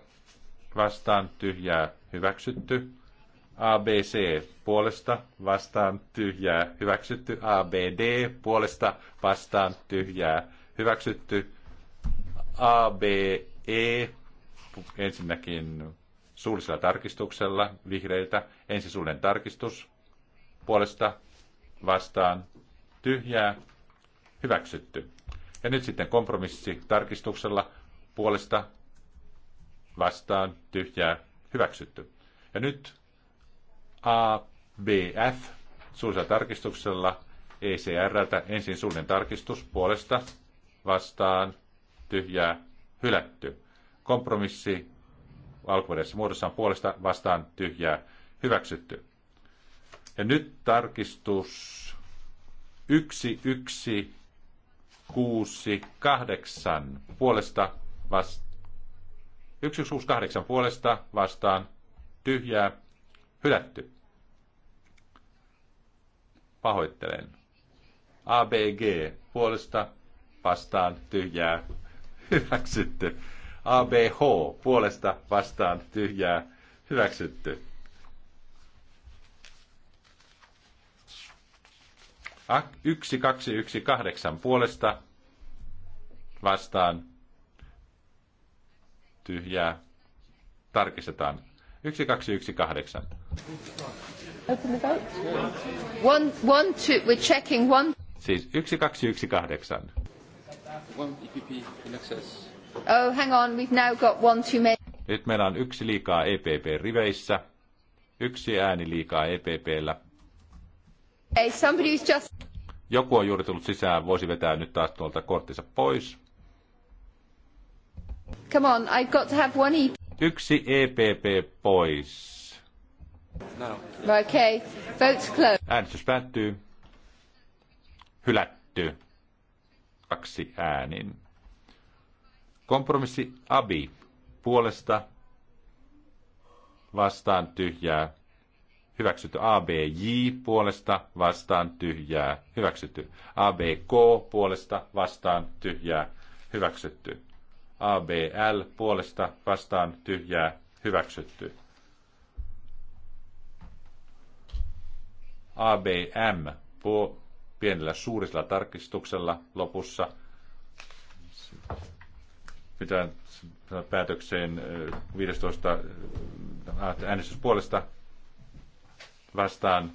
[SPEAKER 2] vastaan tyhjää hyväksytty. ABC puolesta vastaan tyhjää hyväksytty. ABD puolesta vastaan tyhjää hyväksytty. ABE ensinnäkin suullisella tarkistuksella vihreiltä. Ensin suullinen tarkistus puolesta vastaan tyhjää hyväksytty. Ja nyt sitten kompromissi tarkistuksella puolesta vastaan tyhjää hyväksytty. Ja nyt ABF suullisella tarkistuksella ECR ensin suullinen tarkistus puolesta vastaan tyhjää hylätty. Kompromissi alkuperäisessä muodossaan puolesta vastaan tyhjää hyväksytty. Ja nyt tarkistus 1168 puolesta vastaan. 1168 puolesta vastaan tyhjää hylätty. Pahoittelen. ABG puolesta vastaan tyhjää hyväksytty. ABH puolesta vastaan tyhjää hyväksytty. A, 1218 puolesta vastaan tyhjää tarkistetaan. 1218.
[SPEAKER 1] One, one, two, we're checking one.
[SPEAKER 2] Siis 1218.
[SPEAKER 4] One EPP in access.
[SPEAKER 1] Oh, hang on, we've now got one too many.
[SPEAKER 2] Nyt meillä on yksi liikaa EPP-riveissä. Yksi ääni liikaa EPPllä.
[SPEAKER 1] Hey, somebody's just...
[SPEAKER 2] Joku on juuri tullut sisään, voisi vetää nyt taas tuolta korttinsa pois.
[SPEAKER 1] Come on, I've got to have one EP.
[SPEAKER 2] Yksi EPP pois. No, no.
[SPEAKER 1] Okay, votes closed.
[SPEAKER 2] Äänestys päättyy. Hylätty. Kaksi äänin. Kompromissi Abi puolesta vastaan tyhjää. Hyväksytty ABJ puolesta vastaan tyhjää. Hyväksytty ABK puolesta vastaan tyhjää. Hyväksytty ABL puolesta vastaan tyhjää. Hyväksytty. ABM pienellä suurisella tarkistuksella lopussa pitää päätökseen 15 äh, äänestyspuolesta vastaan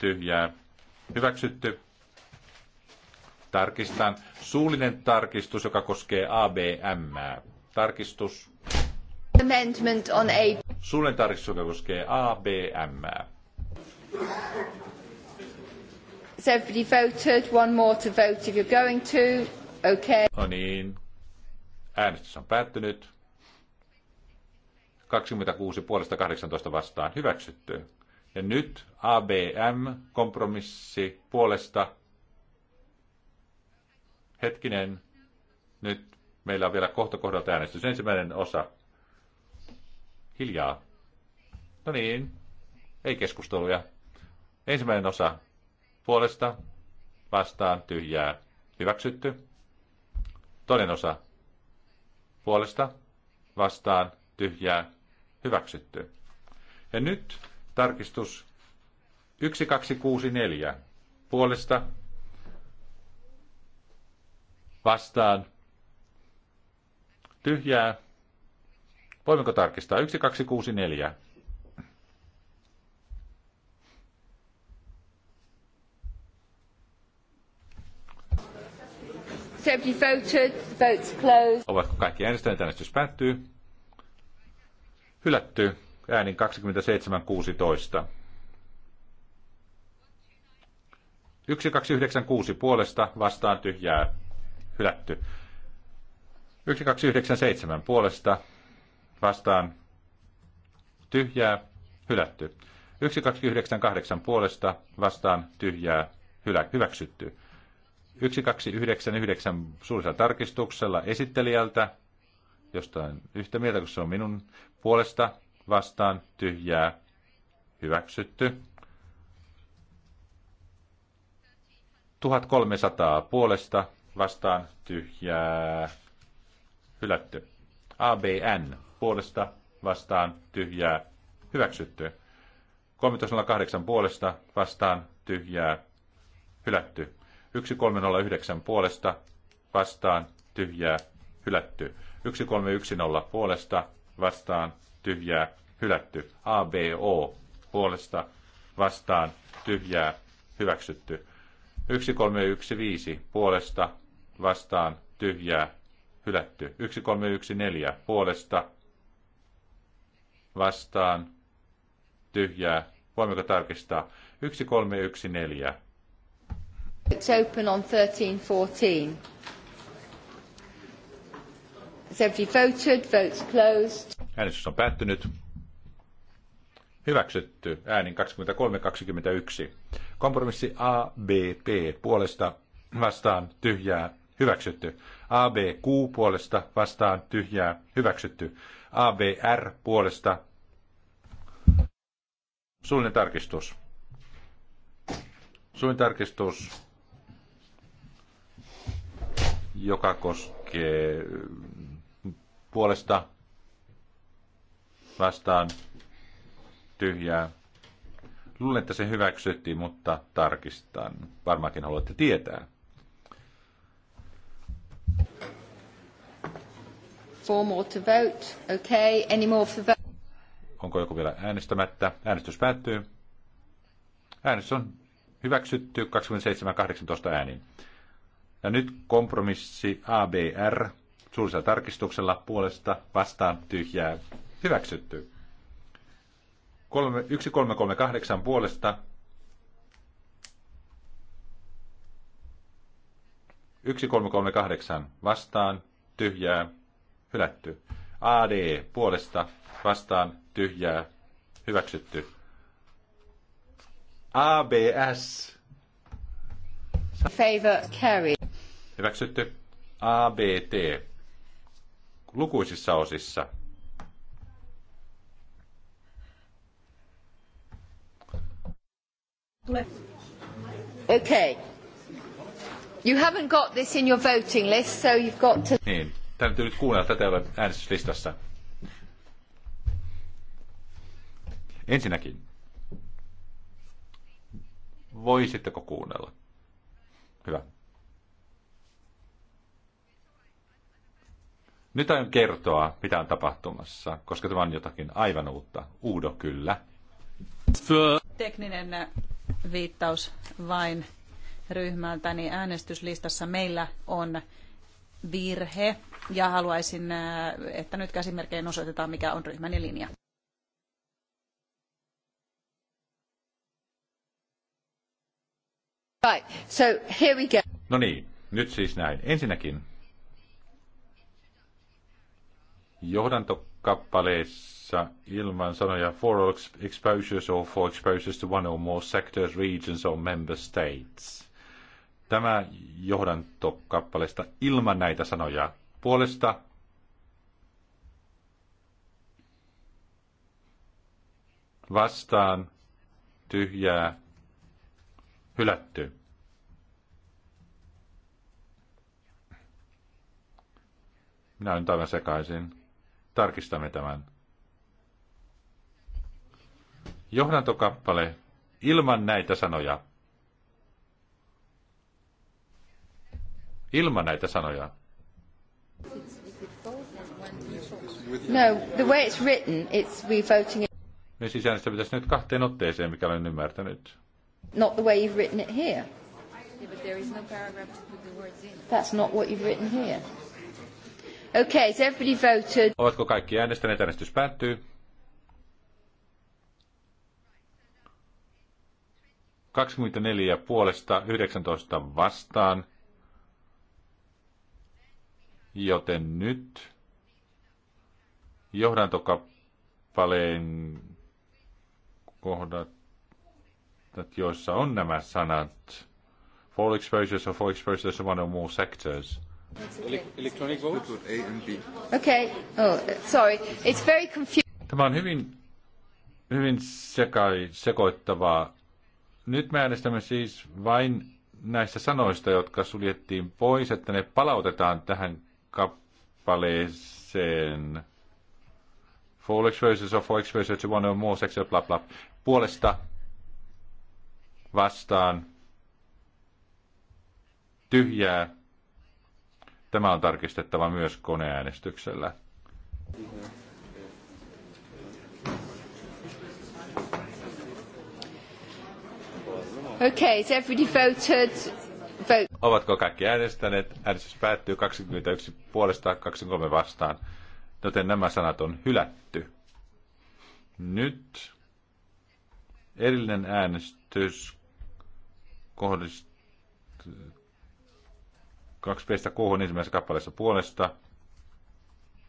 [SPEAKER 2] tyhjää hyväksytty. Tarkistan. Suullinen tarkistus, joka koskee ABM. Tarkistus.
[SPEAKER 1] Amendment on A.
[SPEAKER 2] Suullinen tarkistus, joka koskee ABM.
[SPEAKER 1] Has everybody voted? One more to vote if you're going to. Okay.
[SPEAKER 2] No niin, Äänestys on päättynyt. 26 puolesta 18 vastaan hyväksytty. Ja nyt ABM-kompromissi puolesta. Hetkinen. Nyt meillä on vielä kohta kohdalta äänestys. Ensimmäinen osa. Hiljaa. No niin. Ei keskusteluja. Ensimmäinen osa. Puolesta. Vastaan. Tyhjää. Hyväksytty. Toinen osa puolesta vastaan tyhjää hyväksytty. Ja nyt tarkistus 1264 puolesta vastaan tyhjää. Voimmeko tarkistaa? 1264.
[SPEAKER 1] The vote's closed.
[SPEAKER 2] Ovatko kaikki äänestäneet? Äänestys päättyy. Hylätty. Äänin 27.16. 1296 puolesta vastaan tyhjää. Hylätty. 1297 puolesta vastaan tyhjää. Hylätty. 1298 puolesta vastaan tyhjää. Hylä, hyväksytty. 1299 suullisella tarkistuksella esittelijältä, on yhtä mieltä, kun se on minun puolesta vastaan tyhjää hyväksytty. 1300 puolesta vastaan tyhjää hylätty. ABN puolesta vastaan tyhjää hyväksytty. 1308 puolesta vastaan tyhjää hylätty. 1309 puolesta vastaan tyhjää hylätty. 1310 puolesta vastaan tyhjää hylätty. ABO puolesta vastaan tyhjää hyväksytty. 1315 puolesta vastaan tyhjää hylätty. 1314 puolesta vastaan tyhjää. Voimmeko tarkistaa? 1314
[SPEAKER 1] It's open on 1314. Has everybody voted? Votes closed.
[SPEAKER 2] Äänestys on päättynyt. Hyväksytty. Äänin 23-21. Kompromissi ABP puolesta vastaan tyhjää hyväksytty. ABQ puolesta vastaan tyhjää hyväksytty. ABR puolesta suullinen tarkistus. Suullinen tarkistus joka koskee mm, puolesta vastaan tyhjää. Luulen, että se hyväksyttiin, mutta tarkistan. Varmaankin haluatte tietää.
[SPEAKER 1] Four more to vote. Okay, any more for vote?
[SPEAKER 2] Onko joku vielä äänestämättä? Äänestys päättyy. Äänestys on hyväksytty 27.18 äänin. Ja nyt kompromissi ABR suurisella tarkistuksella puolesta vastaan tyhjää hyväksytty. 1338 puolesta 1338 vastaan tyhjää hylätty. AD puolesta vastaan tyhjää hyväksytty. ABS.
[SPEAKER 1] Favor carry.
[SPEAKER 2] Hyväksytty ABT lukuisissa osissa.
[SPEAKER 1] Okay. You haven't got this in your voting list, so you've got to...
[SPEAKER 2] Niin, täytyy nyt kuunnella tätä äänestyslistassa. Ensinnäkin, voisitteko kuunnella? Hyvä. Nyt aion kertoa, mitä on tapahtumassa, koska tämä on jotakin aivan uutta. Uudo kyllä.
[SPEAKER 3] Tekninen viittaus vain ryhmältä, niin äänestyslistassa meillä on virhe ja haluaisin, äh, että nyt käsimerkein osoitetaan, mikä on ryhmäni linja.
[SPEAKER 1] Right. So here we go.
[SPEAKER 2] No niin, nyt siis näin. Ensinnäkin johdantokappaleessa ilman sanoja for exposures or for exposures to one or more sectors, regions or member states. Tämä johdantokappaleesta ilman näitä sanoja puolesta vastaan tyhjää hylätty. Minä olen tämän sekaisin. Tarkistamme tämän. Johdantokappale ilman näitä sanoja. Ilman näitä sanoja.
[SPEAKER 1] No, the way it's written, it's we voting it.
[SPEAKER 2] Me niin siis pitäisi nyt kahteen otteeseen, mikä olen ymmärtänyt.
[SPEAKER 1] Not the way you've written it here. Yeah, but there is no paragraph to put the words in. That's not what you've written here. Okay, has everybody voted?
[SPEAKER 2] Ovatko kaikki äänestäneet? Äänestys päättyy. 24 puolesta, 19 vastaan. Joten nyt johdantokappaleen kohdat, joissa on nämä sanat. "full exposure" or "full exposure" of one or more sectors – Electronic vote? A and B.
[SPEAKER 1] Okay. Oh, sorry. It's very confusing.
[SPEAKER 2] Tämä on hyvin, hyvin sekai, sekoittavaa. Nyt me äänestämme siis vain näistä sanoista, jotka suljettiin pois, että ne palautetaan tähän kappaleeseen. For exposure of for exposure to one or more sexual blah blah. Puolesta vastaan tyhjää Tämä on tarkistettava myös koneäänestyksellä.
[SPEAKER 1] Okay, so everybody voted. Vote.
[SPEAKER 2] Ovatko kaikki äänestäneet? Äänestys päättyy 21 puolesta 23 vastaan, joten nämä sanat on hylätty. Nyt erillinen äänestys kohdistuu Kaksi pestä kuuhun ensimmäisessä kappaleessa puolesta.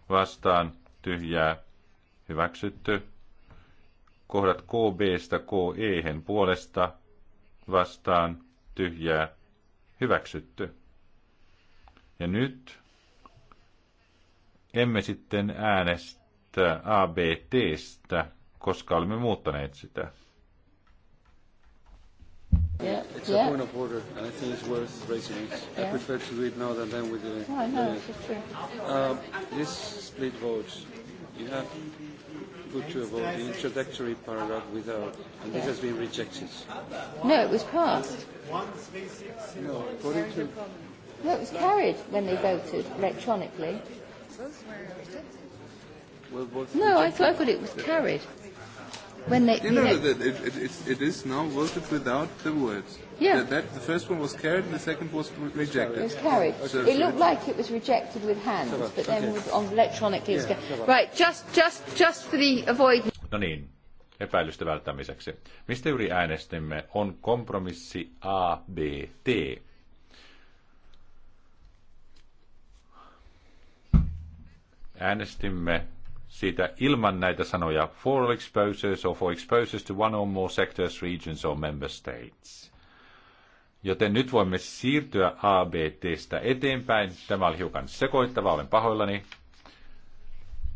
[SPEAKER 2] Vastaan tyhjää hyväksytty. Kohdat KBstä KE puolesta vastaan tyhjää hyväksytty. Ja nyt emme sitten äänestä ABTstä, koska olemme muuttaneet sitä.
[SPEAKER 1] Yeah. It's yeah. a point
[SPEAKER 2] of order, and I think it's worth raising it. Yeah. I prefer to do it now than then with the. No, I know, it's
[SPEAKER 3] true.
[SPEAKER 4] Uh,
[SPEAKER 2] this split vote, you have put to a vote the introductory paragraph without, and yeah. this has been rejected. No, it was
[SPEAKER 1] passed.
[SPEAKER 2] No, according to.
[SPEAKER 1] No, it was carried when they voted electronically. Well, no, I thought, I thought it was carried when they. You know, know.
[SPEAKER 2] That it, it, it is now voted without the words. Yeah. That, that the first one was carried, and the second was rejected. It was carried. So, it looked like
[SPEAKER 1] it was rejected with hands, but then okay. with, on electronically. Yeah, so right. Just, just, just for the avoidance
[SPEAKER 2] No niin, epäilystä välttämiseksi. Mistä juuri äänestimme on kompromissi A, B, T. Äänestimme siitä ilman näitä sanoja for exposures or for exposures to one or more sectors, regions or member states. Joten nyt voimme siirtyä ABTstä eteenpäin. Tämä oli hiukan sekoittava, olen pahoillani.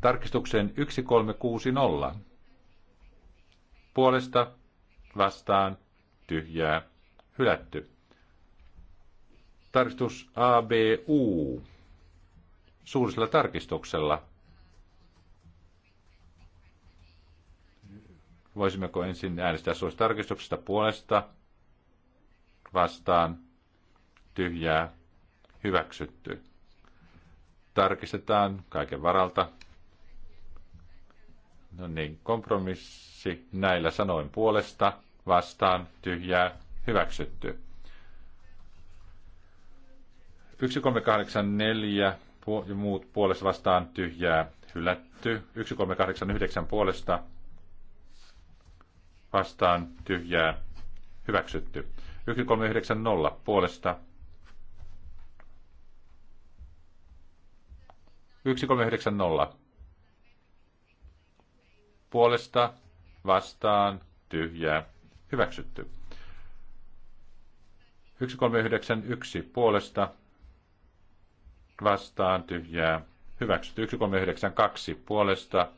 [SPEAKER 2] Tarkistukseen 1360. Puolesta vastaan tyhjää hylätty. Tarkistus ABU. Suurisella tarkistuksella Voisimmeko ensin äänestää suositarkistuksesta puolesta vastaan tyhjää hyväksytty. Tarkistetaan kaiken varalta. No niin, kompromissi näillä sanoin puolesta vastaan tyhjää hyväksytty. 1384 ja muut puolesta vastaan tyhjää hylätty. 1389 puolesta vastaan tyhjää hyväksytty. 1390 puolesta 1390 puolesta vastaan tyhjää hyväksytty. 1391 puolesta vastaan tyhjää hyväksytty. 1392 puolesta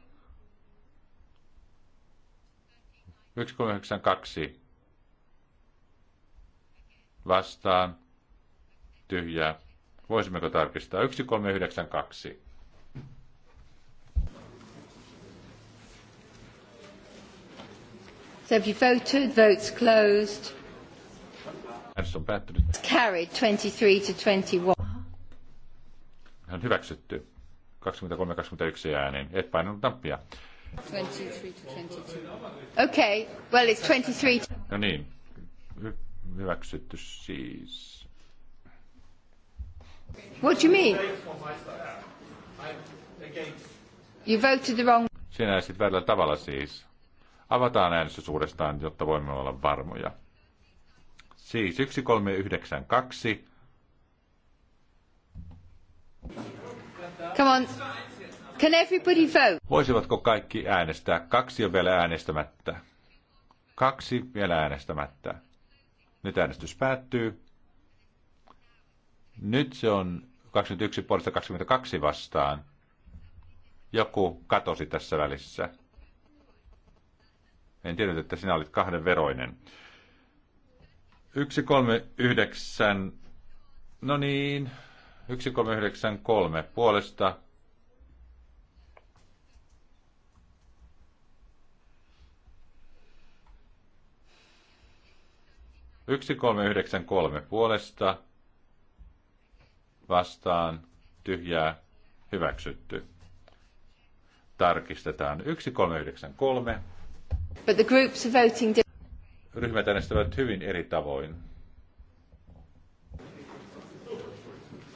[SPEAKER 2] 1392 vastaan tyhjää. Voisimmeko tarkistaa? 1392.
[SPEAKER 1] So if you voted, votes closed.
[SPEAKER 2] Äänestys on päättynyt.
[SPEAKER 1] Carried 23 to 21.
[SPEAKER 2] Hän hyväksytty. 23-21 ääneen. Et painanut nappia.
[SPEAKER 1] Okei, Okay, well it's 23.
[SPEAKER 2] No niin, hyväksytty siis.
[SPEAKER 1] What do you mean? You voted the wrong...
[SPEAKER 2] Sinä äänestit väärällä tavalla siis. Avataan äänestys uudestaan, jotta voimme olla varmoja. Siis 1392.
[SPEAKER 1] Come on. Can everybody vote?
[SPEAKER 2] Voisivatko kaikki äänestää? Kaksi on vielä äänestämättä. Kaksi vielä äänestämättä. Nyt äänestys päättyy. Nyt se on 21 puolesta 22 vastaan. Joku katosi tässä välissä. En tiedä, että sinä olit kahden veroinen. 139, no niin, 1393 puolesta 1393 puolesta vastaan tyhjää hyväksytty. Tarkistetaan 1393. Ryhmät äänestävät hyvin eri tavoin.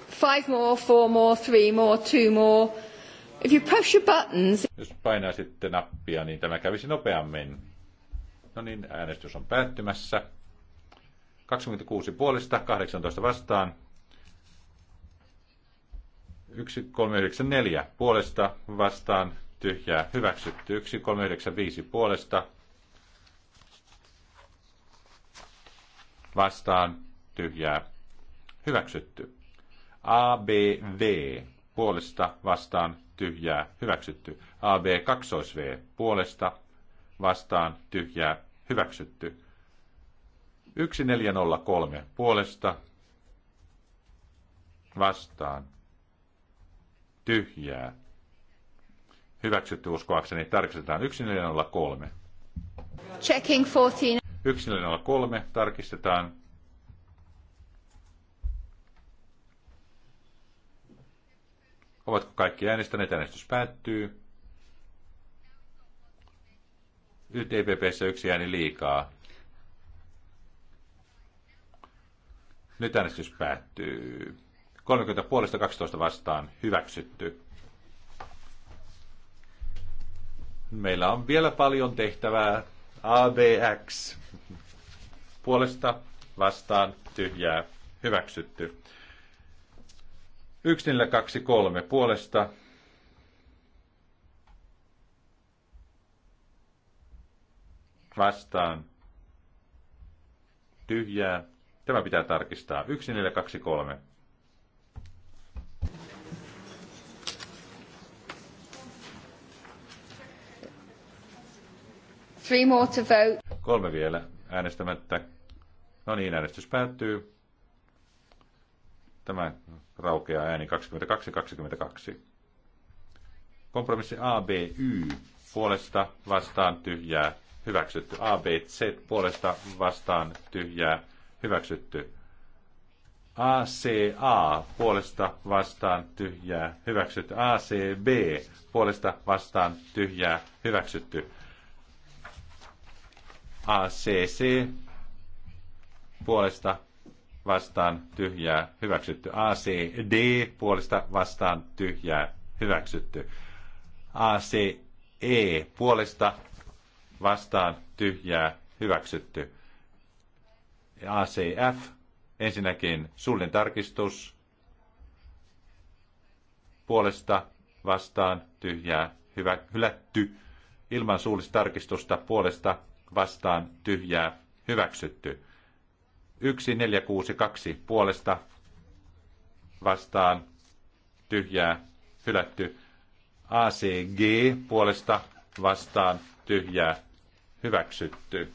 [SPEAKER 1] Five more, four more, three more, two more. If you push your buttons...
[SPEAKER 2] Jos painaisitte nappia, niin tämä kävisi nopeammin. No niin, äänestys on päättymässä. 26 puolesta, 18 vastaan. 1394 puolesta vastaan tyhjää hyväksytty. 1395 puolesta vastaan tyhjää hyväksytty. ABV puolesta vastaan tyhjää hyväksytty. AB2V puolesta vastaan tyhjää hyväksytty. 1403 puolesta vastaan. Tyhjää. Hyväksytty uskoakseni. Tarkistetaan 1403.
[SPEAKER 1] Checking 14.
[SPEAKER 2] 1403 tarkistetaan. Ovatko kaikki äänestäneet? Äänestys päättyy. Nyt EPPssä yksi ääni liikaa. Nyt äänestys päättyy. 30 puolesta 12 vastaan hyväksytty. Meillä on vielä paljon tehtävää. ABX. Puolesta vastaan tyhjää hyväksytty. 1423 puolesta vastaan tyhjää Tämä pitää tarkistaa. 1423.
[SPEAKER 1] Three more to vote.
[SPEAKER 2] Kolme vielä äänestämättä. No niin, äänestys päättyy. Tämä raukeaa ääni 22-22. Kompromissi ABY puolesta vastaan tyhjää hyväksytty. ABC puolesta vastaan tyhjää hyväksytty. ACA puolesta vastaan tyhjää hyväksytty. ACB puolesta vastaan tyhjää hyväksytty. ACC puolesta vastaan tyhjää hyväksytty. ACD puolesta vastaan tyhjää hyväksytty. ACE puolesta vastaan tyhjää hyväksytty. ACF, ensinnäkin suullinen tarkistus, puolesta vastaan tyhjää hyvä, hylätty, ilman suullista tarkistusta puolesta vastaan tyhjää hyväksytty. 2, puolesta vastaan tyhjää hylätty. ACG puolesta vastaan tyhjää hyväksytty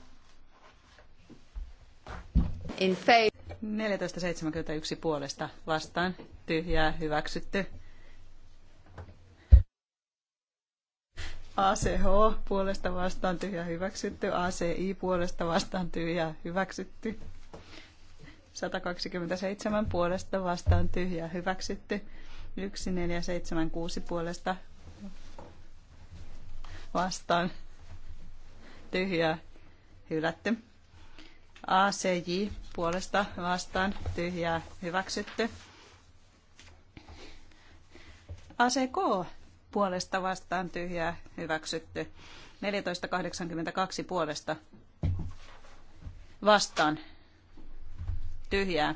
[SPEAKER 3] in favor. 1471 puolesta vastaan. Tyhjää hyväksytty. ACH puolesta vastaan tyhjä hyväksytty. ACI puolesta vastaan tyhjä hyväksytty. 127 puolesta vastaan tyhjä hyväksytty. 1476 puolesta vastaan tyhjä hylätty. ACJ puolesta vastaan tyhjää hyväksytty. ACK puolesta vastaan tyhjää hyväksytty. 1482 puolesta vastaan tyhjää.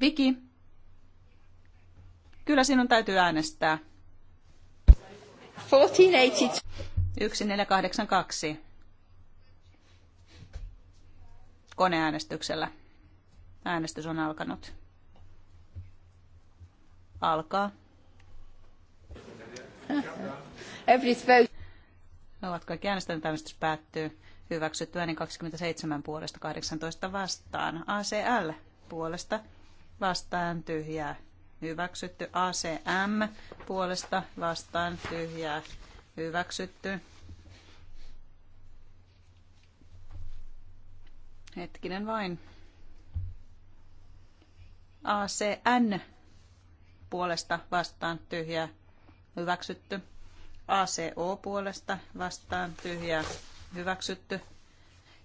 [SPEAKER 3] Viki, kyllä sinun täytyy äänestää. 1482. 1482. koneäänestyksellä. Äänestys on alkanut. Alkaa. Ne ovat kaikki äänestäneet, äänestys päättyy. hyväksyttyäni niin 27 puolesta 18 vastaan. ACL puolesta vastaan tyhjää. Hyväksytty ACM puolesta vastaan tyhjää. Hyväksytty Hetkinen vain. ACN puolesta vastaan tyhjää hyväksytty. ACO puolesta vastaan tyhjää hyväksytty.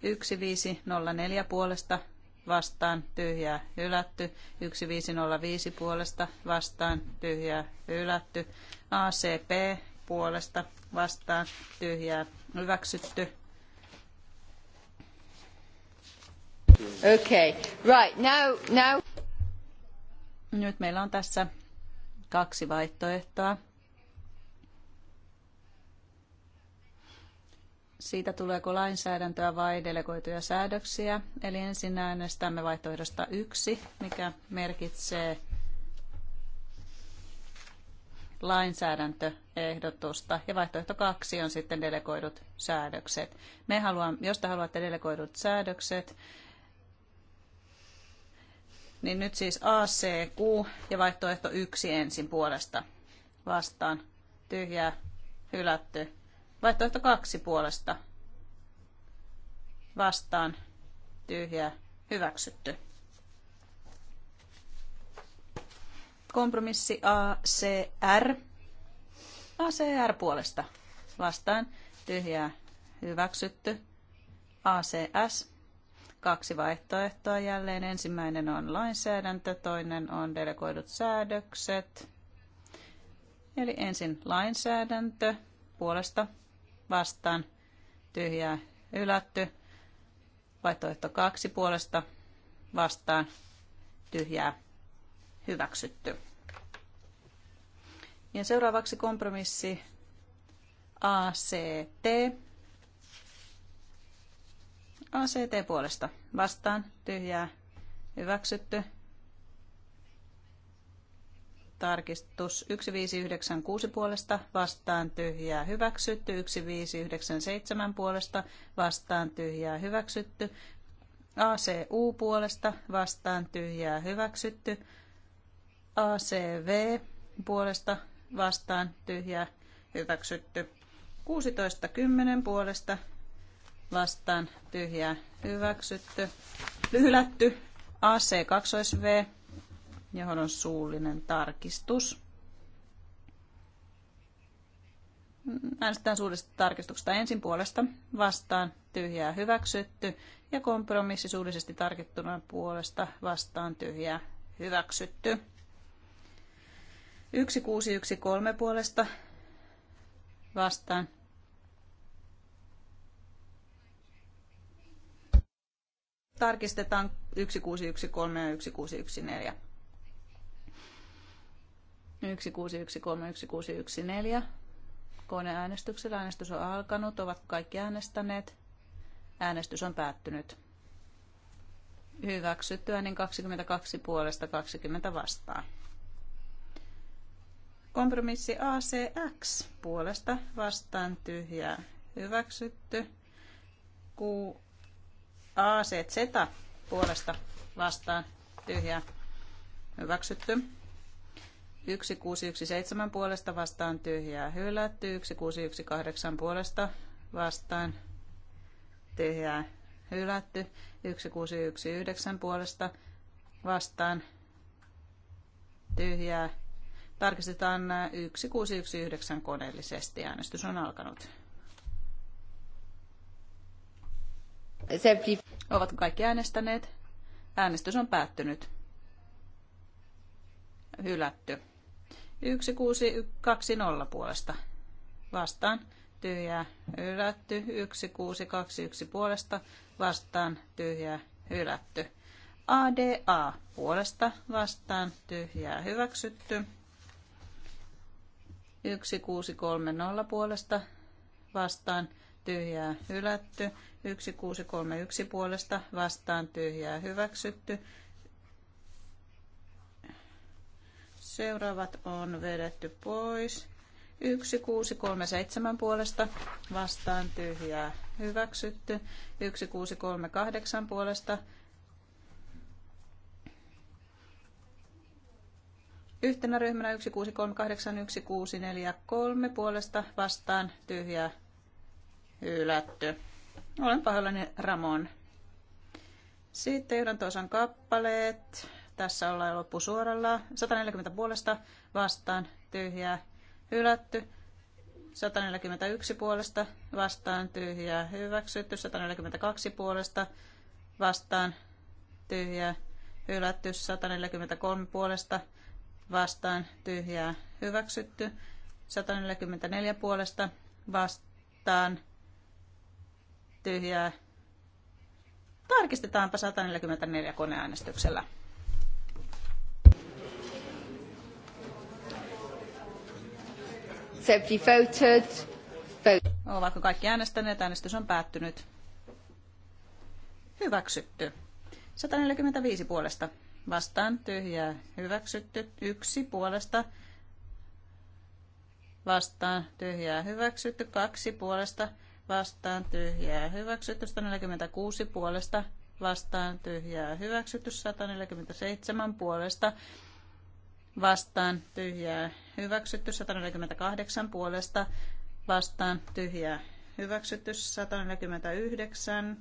[SPEAKER 3] 1504 puolesta vastaan tyhjää hylätty. 1505 puolesta vastaan tyhjää hylätty. ACP puolesta vastaan tyhjää hyväksytty. Right.
[SPEAKER 1] Now, now.
[SPEAKER 3] Nyt meillä on tässä kaksi vaihtoehtoa. siitä tuleeko lainsäädäntöä vai delegoituja säädöksiä. Eli ensin äänestämme vaihtoehdosta yksi, mikä merkitsee lainsäädäntöehdotusta. Ja vaihtoehto kaksi on sitten delegoidut säädökset. Me haluamme, jos te haluatte delegoidut säädökset, niin nyt siis ACQ ja vaihtoehto yksi ensin puolesta vastaan. Tyhjää, hylätty. Vaihtoehto kaksi puolesta vastaan. Tyhjää, hyväksytty. Kompromissi ACR. ACR puolesta vastaan. Tyhjää, hyväksytty. ACS kaksi vaihtoehtoa jälleen. Ensimmäinen on lainsäädäntö, toinen on delegoidut säädökset. Eli ensin lainsäädäntö puolesta vastaan tyhjää ylätty. Vaihtoehto kaksi puolesta vastaan tyhjää hyväksytty. Ja seuraavaksi kompromissi ACT ACT puolesta vastaan tyhjää hyväksytty. Tarkistus 1596 puolesta vastaan tyhjää hyväksytty. 1597 puolesta vastaan tyhjää hyväksytty. ACU puolesta vastaan tyhjää hyväksytty. ACV puolesta vastaan tyhjää hyväksytty. 1610 puolesta vastaan tyhjää hyväksytty. Lyhylätty AC2V, johon on suullinen tarkistus. Äänestetään suullisesta tarkistuksesta ensin puolesta, vastaan, tyhjää hyväksytty ja kompromissi suullisesti tarkittuna puolesta, vastaan, tyhjää hyväksytty. 1613 puolesta, vastaan, tarkistetaan 1613 ja 1614. 1613 1614. Koneäänestyksellä äänestys on alkanut, ovat kaikki äänestäneet. Äänestys on päättynyt. Hyväksyttyä niin 22 puolesta 20 vastaan. Kompromissi ACX puolesta vastaan tyhjää hyväksytty. ACZ puolesta vastaan tyhjää hyväksytty. 1617 puolesta vastaan tyhjää hylätty. 1618 puolesta vastaan tyhjää hylätty. 1619 puolesta vastaan tyhjää. Tarkistetaan 1619 koneellisesti. Äänestys on alkanut. Ovatko kaikki äänestäneet? Äänestys on päättynyt. Hylätty. 1620 puolesta. Vastaan. Tyhjää. Hylätty. 1621 puolesta. Vastaan. Tyhjää. Hylätty. ADA puolesta vastaan tyhjää hyväksytty. 1630 puolesta vastaan tyhjää hylätty. 1631 puolesta vastaan tyhjää hyväksytty. Seuraavat on vedetty pois. 1637 puolesta vastaan tyhjää hyväksytty. 1638 puolesta Yhtenä ryhmänä 1643 puolesta vastaan tyhjää hylätty. Olen pahoillani Ramon. Sitten johdantosan kappaleet. Tässä ollaan suoralla. 140 puolesta vastaan tyhjää hylätty. 141 puolesta vastaan tyhjää hyväksytty. 142 puolesta vastaan tyhjää hylätty. 143 puolesta vastaan tyhjää hyväksytty. 144 puolesta vastaan tyhjää. Tarkistetaanpa 144 koneäänestyksellä.
[SPEAKER 1] Voted. Vote.
[SPEAKER 3] Ovatko kaikki äänestäneet? Äänestys on päättynyt. Hyväksytty.
[SPEAKER 1] 145
[SPEAKER 3] puolesta. Vastaan tyhjää. Hyväksytty. Yksi puolesta. Vastaan tyhjää. Hyväksytty. Kaksi puolesta vastaan tyhjää hyväksytty, 146 puolesta vastaan tyhjää hyväksytty, 147 puolesta vastaan tyhjää hyväksytty, 148 puolesta vastaan tyhjää hyväksytty, 149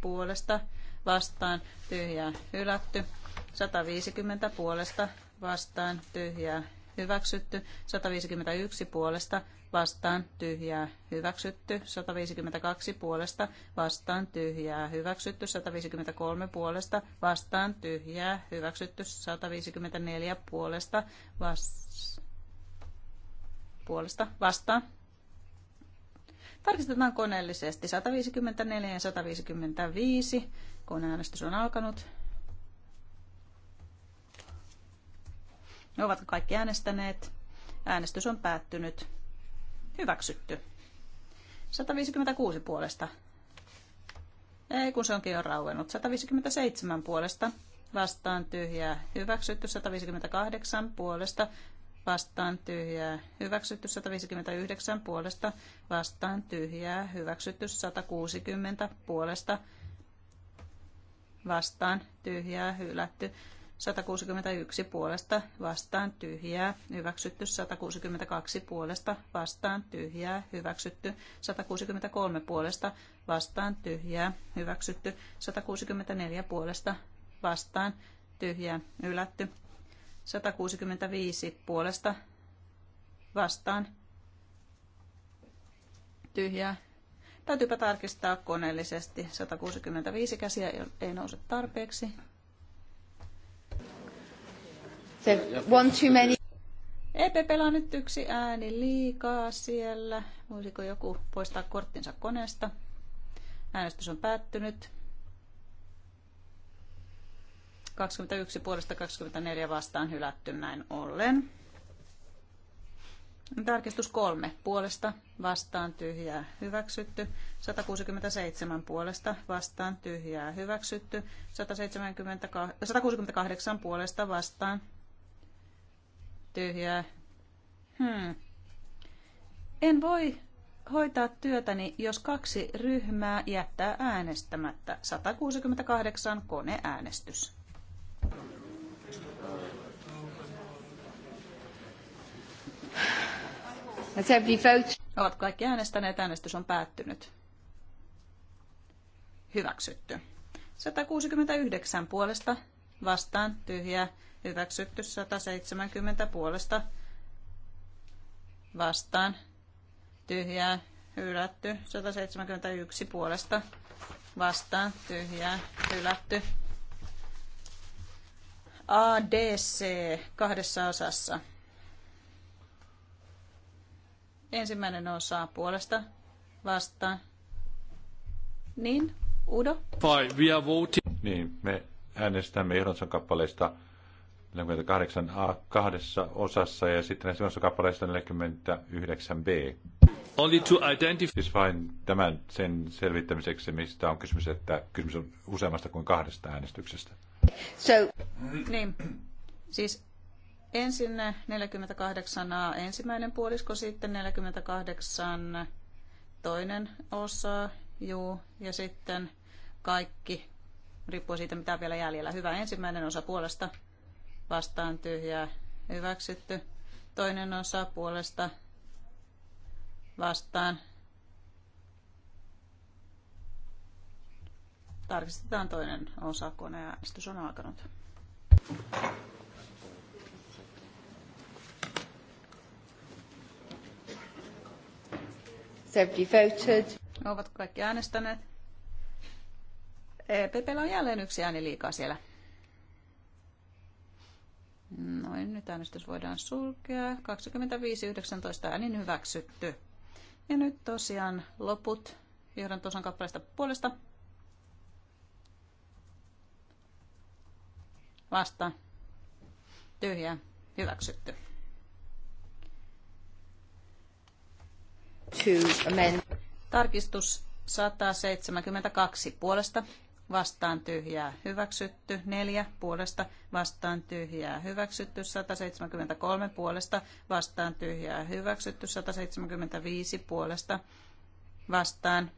[SPEAKER 3] puolesta vastaan tyhjää hylätty, 150 puolesta vastaan tyhjää hyväksytty, 151 puolesta vastaan tyhjää hyväksytty, 152 puolesta vastaan tyhjää hyväksytty, 153 puolesta vastaan tyhjää hyväksytty, 154 puolesta vas... puolesta vastaan. Tarkistetaan koneellisesti 154 ja 155, kun äänestys on alkanut. Ne ovatko kaikki äänestäneet? Äänestys on päättynyt. Hyväksytty. 156 puolesta. Ei, kun se onkin jo rauennut. 157 puolesta. Vastaan tyhjää. Hyväksytty. 158 puolesta. Vastaan tyhjää. Hyväksytty. 159 puolesta. Vastaan tyhjää. Hyväksytty. 160 puolesta. Vastaan tyhjää. Hylätty. 161 puolesta vastaan tyhjää, hyväksytty 162 puolesta vastaan tyhjää, hyväksytty 163 puolesta vastaan tyhjää, hyväksytty 164 puolesta vastaan tyhjää, ylätty 165 puolesta vastaan tyhjää. Täytyypä tarkistaa koneellisesti 165 käsiä ei nouse tarpeeksi
[SPEAKER 1] se one too many.
[SPEAKER 3] Epe pelaa nyt yksi ääni liikaa siellä. Voisiko joku poistaa korttinsa koneesta? Äänestys on päättynyt. 21 puolesta 24 vastaan hylätty näin ollen. Tarkistus kolme puolesta vastaan tyhjää hyväksytty. 167 puolesta vastaan tyhjää hyväksytty. 168 puolesta vastaan tyhjää. Hmm. En voi hoitaa työtäni, jos kaksi ryhmää jättää äänestämättä. 168 koneäänestys. Ovat kaikki äänestäneet, äänestys on päättynyt. Hyväksytty. 169 puolesta vastaan tyhjää hyväksytty 170 puolesta vastaan tyhjää hylätty 171 puolesta vastaan tyhjää hylätty ADC kahdessa osassa. Ensimmäinen osa puolesta vastaan. Niin, Udo?
[SPEAKER 2] Fine, we are voting. Niin, me äänestämme Johnson kappaleista 48a kahdessa osassa ja sitten Johnson kappaleista 49b. Only to identify... Siis vain tämän sen selvittämiseksi, mistä on kysymys, että kysymys on useammasta kuin kahdesta äänestyksestä.
[SPEAKER 1] So,
[SPEAKER 3] niin, siis ensin 48 a ensimmäinen puolisko, sitten 48 toinen osa, juu, ja sitten kaikki riippuu siitä, mitä vielä jäljellä. Hyvä ensimmäinen osa puolesta vastaan tyhjää hyväksytty. Toinen osa puolesta vastaan. Tarkistetaan toinen osa, koneäänestys on
[SPEAKER 1] alkanut. Ovatko
[SPEAKER 3] kaikki äänestäneet? E Pepellä on jälleen yksi ääni liikaa siellä. Noin, nyt äänestys voidaan sulkea. 25.19 äänin hyväksytty. Ja nyt tosiaan loput johdantosan kappaleesta puolesta. Vasta. Tyhjä. Hyväksytty. Tarkistus 172 puolesta vastaan tyhjää hyväksytty, 4 puolesta vastaan tyhjää hyväksytty, 173 puolesta vastaan tyhjää hyväksytty, 175 puolesta vastaan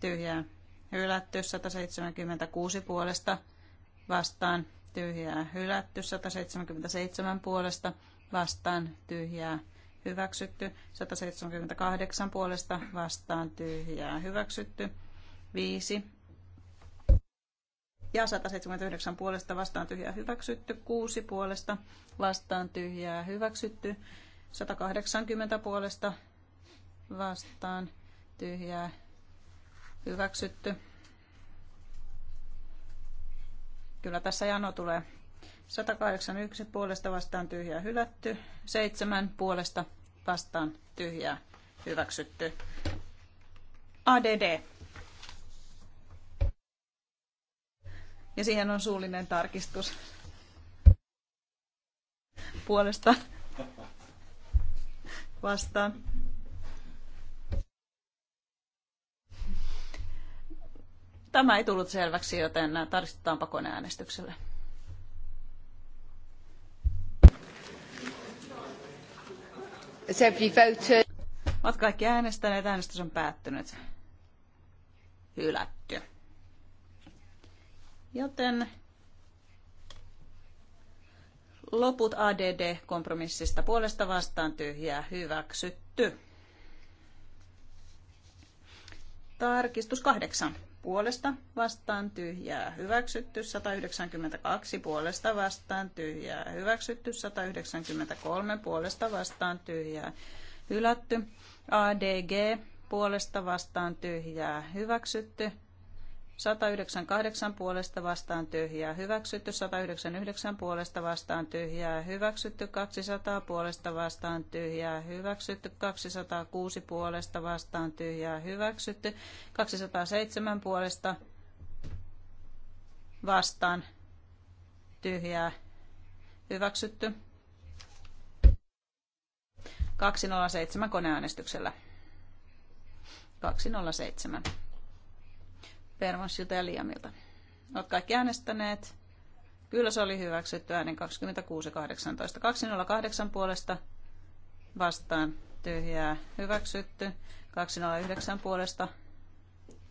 [SPEAKER 3] tyhjää hylätty, 176 puolesta vastaan tyhjää hylätty, 177 puolesta vastaan tyhjää hyväksytty, 178 puolesta vastaan tyhjää hyväksytty, 5 ja 179 puolesta vastaan tyhjää hyväksytty, 6 puolesta vastaan tyhjää hyväksytty, 180 puolesta vastaan tyhjää hyväksytty. Kyllä tässä jano tulee. 181 puolesta vastaan tyhjää hylätty, 7 puolesta vastaan tyhjää hyväksytty. ADD Ja siihen on suullinen tarkistus puolesta vastaan. Tämä ei tullut selväksi, joten tarkistetaanpa koneäänestyksellä. Ovat kaikki äänestäneet, äänestys on päättynyt. Hylätty. Joten loput ADD-kompromissista puolesta vastaan tyhjää hyväksytty. Tarkistus kahdeksan. Puolesta vastaan tyhjää hyväksytty 192, puolesta vastaan tyhjää hyväksytty 193, puolesta vastaan tyhjää hylätty. ADG puolesta vastaan tyhjää hyväksytty 198 puolesta vastaan tyhjää hyväksytty, 199 puolesta vastaan tyhjää hyväksytty, 200 puolesta vastaan tyhjää hyväksytty, 206 puolesta vastaan tyhjää hyväksytty, 207 puolesta vastaan tyhjää hyväksytty. 207 koneäänestyksellä. 207. Pervansilta ja Liamilta. Olet kaikki äänestäneet. Kyllä se oli hyväksytty äänen 26.18.208 puolesta vastaan tyhjää hyväksytty. 209 puolesta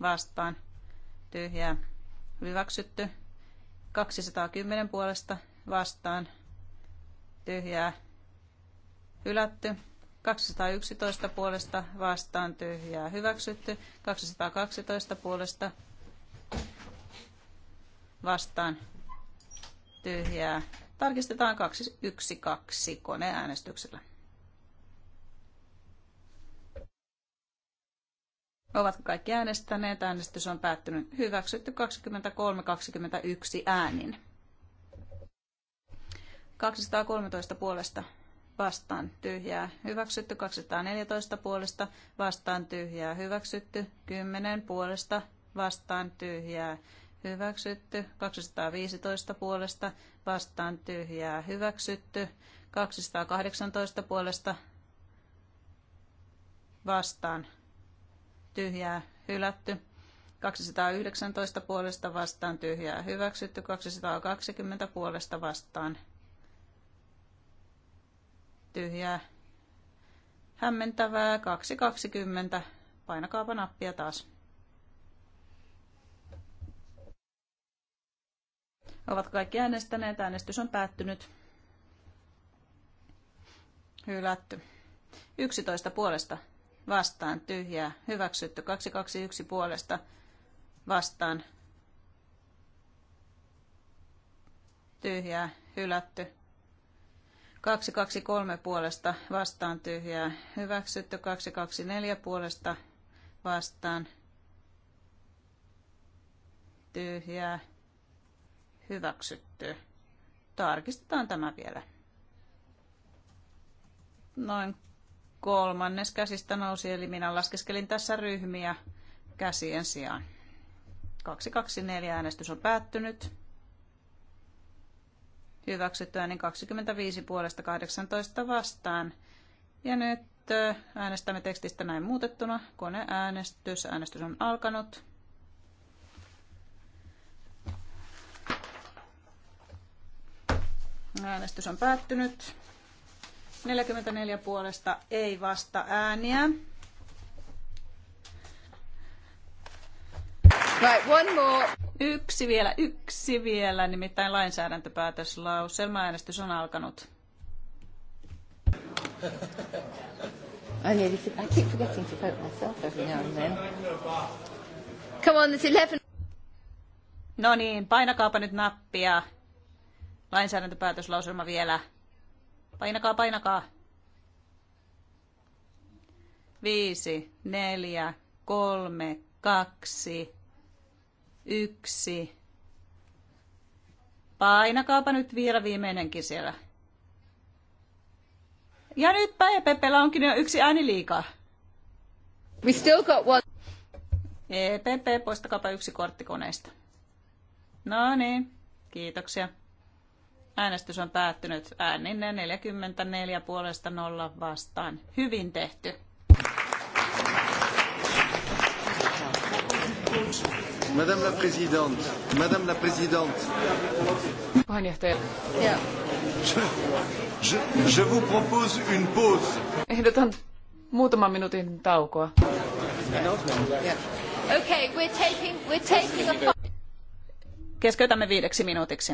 [SPEAKER 3] vastaan tyhjää hyväksytty. 210 puolesta vastaan tyhjää hylätty. 211 puolesta vastaan tyhjää hyväksytty. 212 puolesta vastaan tyhjää. Tarkistetaan 212 koneäänestyksellä. Ovatko kaikki äänestäneet? Äänestys on päättynyt. Hyväksytty 23-21 äänin. 213 puolesta vastaan tyhjää hyväksytty, 214 puolesta vastaan tyhjää hyväksytty, 10 puolesta vastaan tyhjää hyväksytty, 215 puolesta vastaan tyhjää hyväksytty, 218 puolesta vastaan tyhjää hylätty, 219 puolesta vastaan tyhjää hyväksytty, 220 puolesta vastaan tyhjää hämmentävää, 220, painakaapa nappia taas. Ovat kaikki äänestäneet. Äänestys on päättynyt. Hylätty. 11 puolesta vastaan tyhjää. Hyväksytty. 221 puolesta vastaan tyhjää. Hylätty. 223 puolesta vastaan tyhjää. Hyväksytty 224 puolesta vastaan tyhjää hyväksytty. Tarkistetaan tämä vielä. Noin kolmannes käsistä nousi, eli minä laskeskelin tässä ryhmiä käsien sijaan. 224 äänestys on päättynyt. Hyväksytty äänin 25 puolesta 18 vastaan. Ja nyt äh, äänestämme tekstistä näin muutettuna. Koneäänestys. Äänestys on alkanut. Äänestys on päättynyt. 44 puolesta ei vasta ääniä. Right, one more. Yksi vielä, yksi vielä, nimittäin lainsäädäntöpäätöslauselma äänestys on alkanut.
[SPEAKER 1] I keep forgetting to vote myself every now and then. Come on, there's 11.
[SPEAKER 3] No niin, painakaapa nyt nappia lainsäädäntöpäätöslauselma vielä. Painakaa, painakaa. Viisi, neljä, kolme, kaksi, yksi. Painakaapa nyt vielä viimeinenkin siellä. Ja nyt EPPllä onkin jo yksi ääni liikaa.
[SPEAKER 1] We still got one.
[SPEAKER 3] EPP, poistakaapa yksi korttikoneesta. No niin, kiitoksia. Äänestys on päättynyt ääninne 44 puolesta 0 vastaan. Hyvin tehty.
[SPEAKER 1] Madame la Présidente, Madame la Présidente. Puheenjohtaja. Yeah. Je, je, je vous propose une pause.
[SPEAKER 4] Ehdotan muutaman minuutin taukoa. Yeah.
[SPEAKER 1] Okay, we're taking, we're taking a
[SPEAKER 3] Keskeytämme viideksi minuutiksi.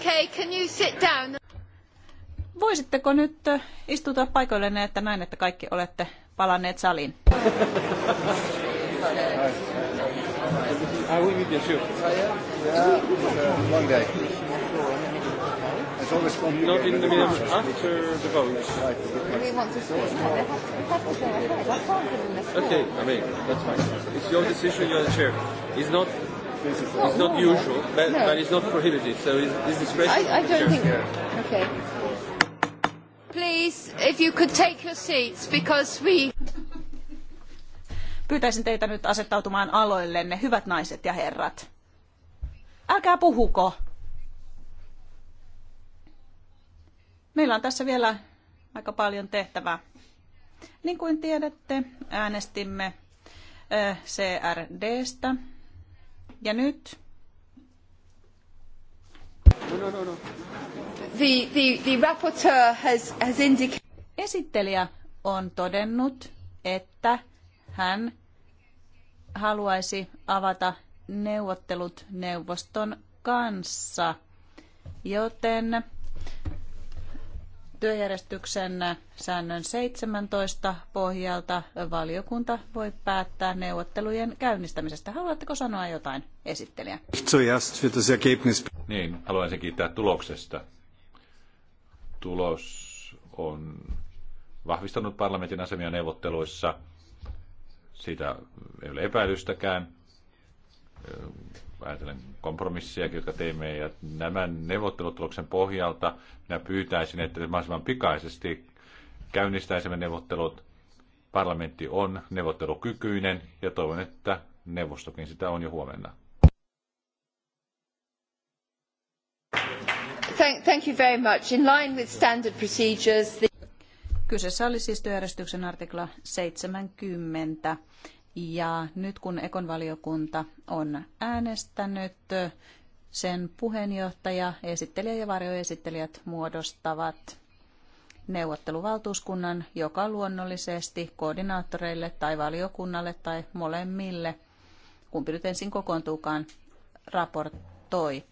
[SPEAKER 1] Okay, can you sit down?
[SPEAKER 3] Voisitteko nyt istutua paikoillenne, että näin, että kaikki olette palanneet saliin? I
[SPEAKER 2] will meet you soon. Yeah, uh, one day. It's always complicated. Not in the middle, after the votes. We
[SPEAKER 1] want to see. Okay,
[SPEAKER 2] I mean, that's fine. It's your decision, you're the chair. It's not it's not usual, but, no. but it's not prohibited, so it's, it's discretionary. I, I don't think.
[SPEAKER 1] Yeah. Okay. Please, if you could take your seats, because we.
[SPEAKER 3] Pyytäisin teitä nyt asettautumaan aloillenne, hyvät naiset ja herrat. Älkää puhuko. Meillä on tässä vielä aika paljon tehtävää. Niin kuin tiedätte, äänestimme CRDstä ja nyt? No, no, no, the, the, the rapporteur has, has indicated... Esittelijä on todennut, että hän haluaisi avata neuvottelut neuvoston kanssa, joten työjärjestyksen säännön 17 pohjalta valiokunta voi päättää neuvottelujen käynnistämisestä. Haluatteko sanoa jotain esittelijä?
[SPEAKER 2] Niin, haluaisin kiittää tuloksesta. Tulos on vahvistanut parlamentin asemia neuvotteluissa. Siitä ei ole epäilystäkään ajatellen kompromissiakin, jotka teimme, ja nämä neuvottelutuloksen pohjalta minä pyytäisin, että mahdollisimman pikaisesti käynnistäisimme neuvottelut. Parlamentti on neuvottelukykyinen, ja toivon, että neuvostokin sitä on jo huomenna.
[SPEAKER 1] Thank, thank you very much. In line with standard
[SPEAKER 3] procedures, the... Kyseessä oli siis työjärjestyksen artikla 70. Ja nyt kun Ekon valiokunta on äänestänyt, sen puheenjohtaja, esittelijä ja varjoesittelijät muodostavat neuvotteluvaltuuskunnan, joka luonnollisesti koordinaattoreille tai valiokunnalle tai molemmille, kumpi nyt ensin kokoontuukaan, raportoi.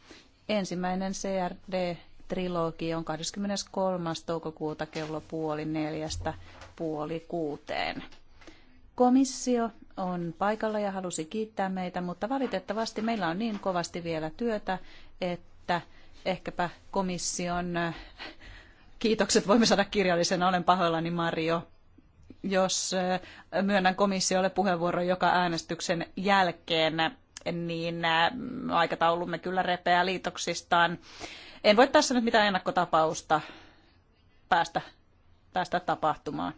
[SPEAKER 3] Ensimmäinen CRD-trilogi on 23. toukokuuta kello puoli neljästä puoli kuuteen. Komissio on paikalla ja halusi kiittää meitä, mutta valitettavasti meillä on niin kovasti vielä työtä, että ehkäpä komission äh, kiitokset voimme saada kirjallisena. Olen pahoillani Mario, jos äh, myönnän komissiolle puheenvuoron joka äänestyksen jälkeen, niin äh, aikataulumme kyllä repeää liitoksistaan. En voi tässä nyt mitään ennakkotapausta päästä, päästä tapahtumaan.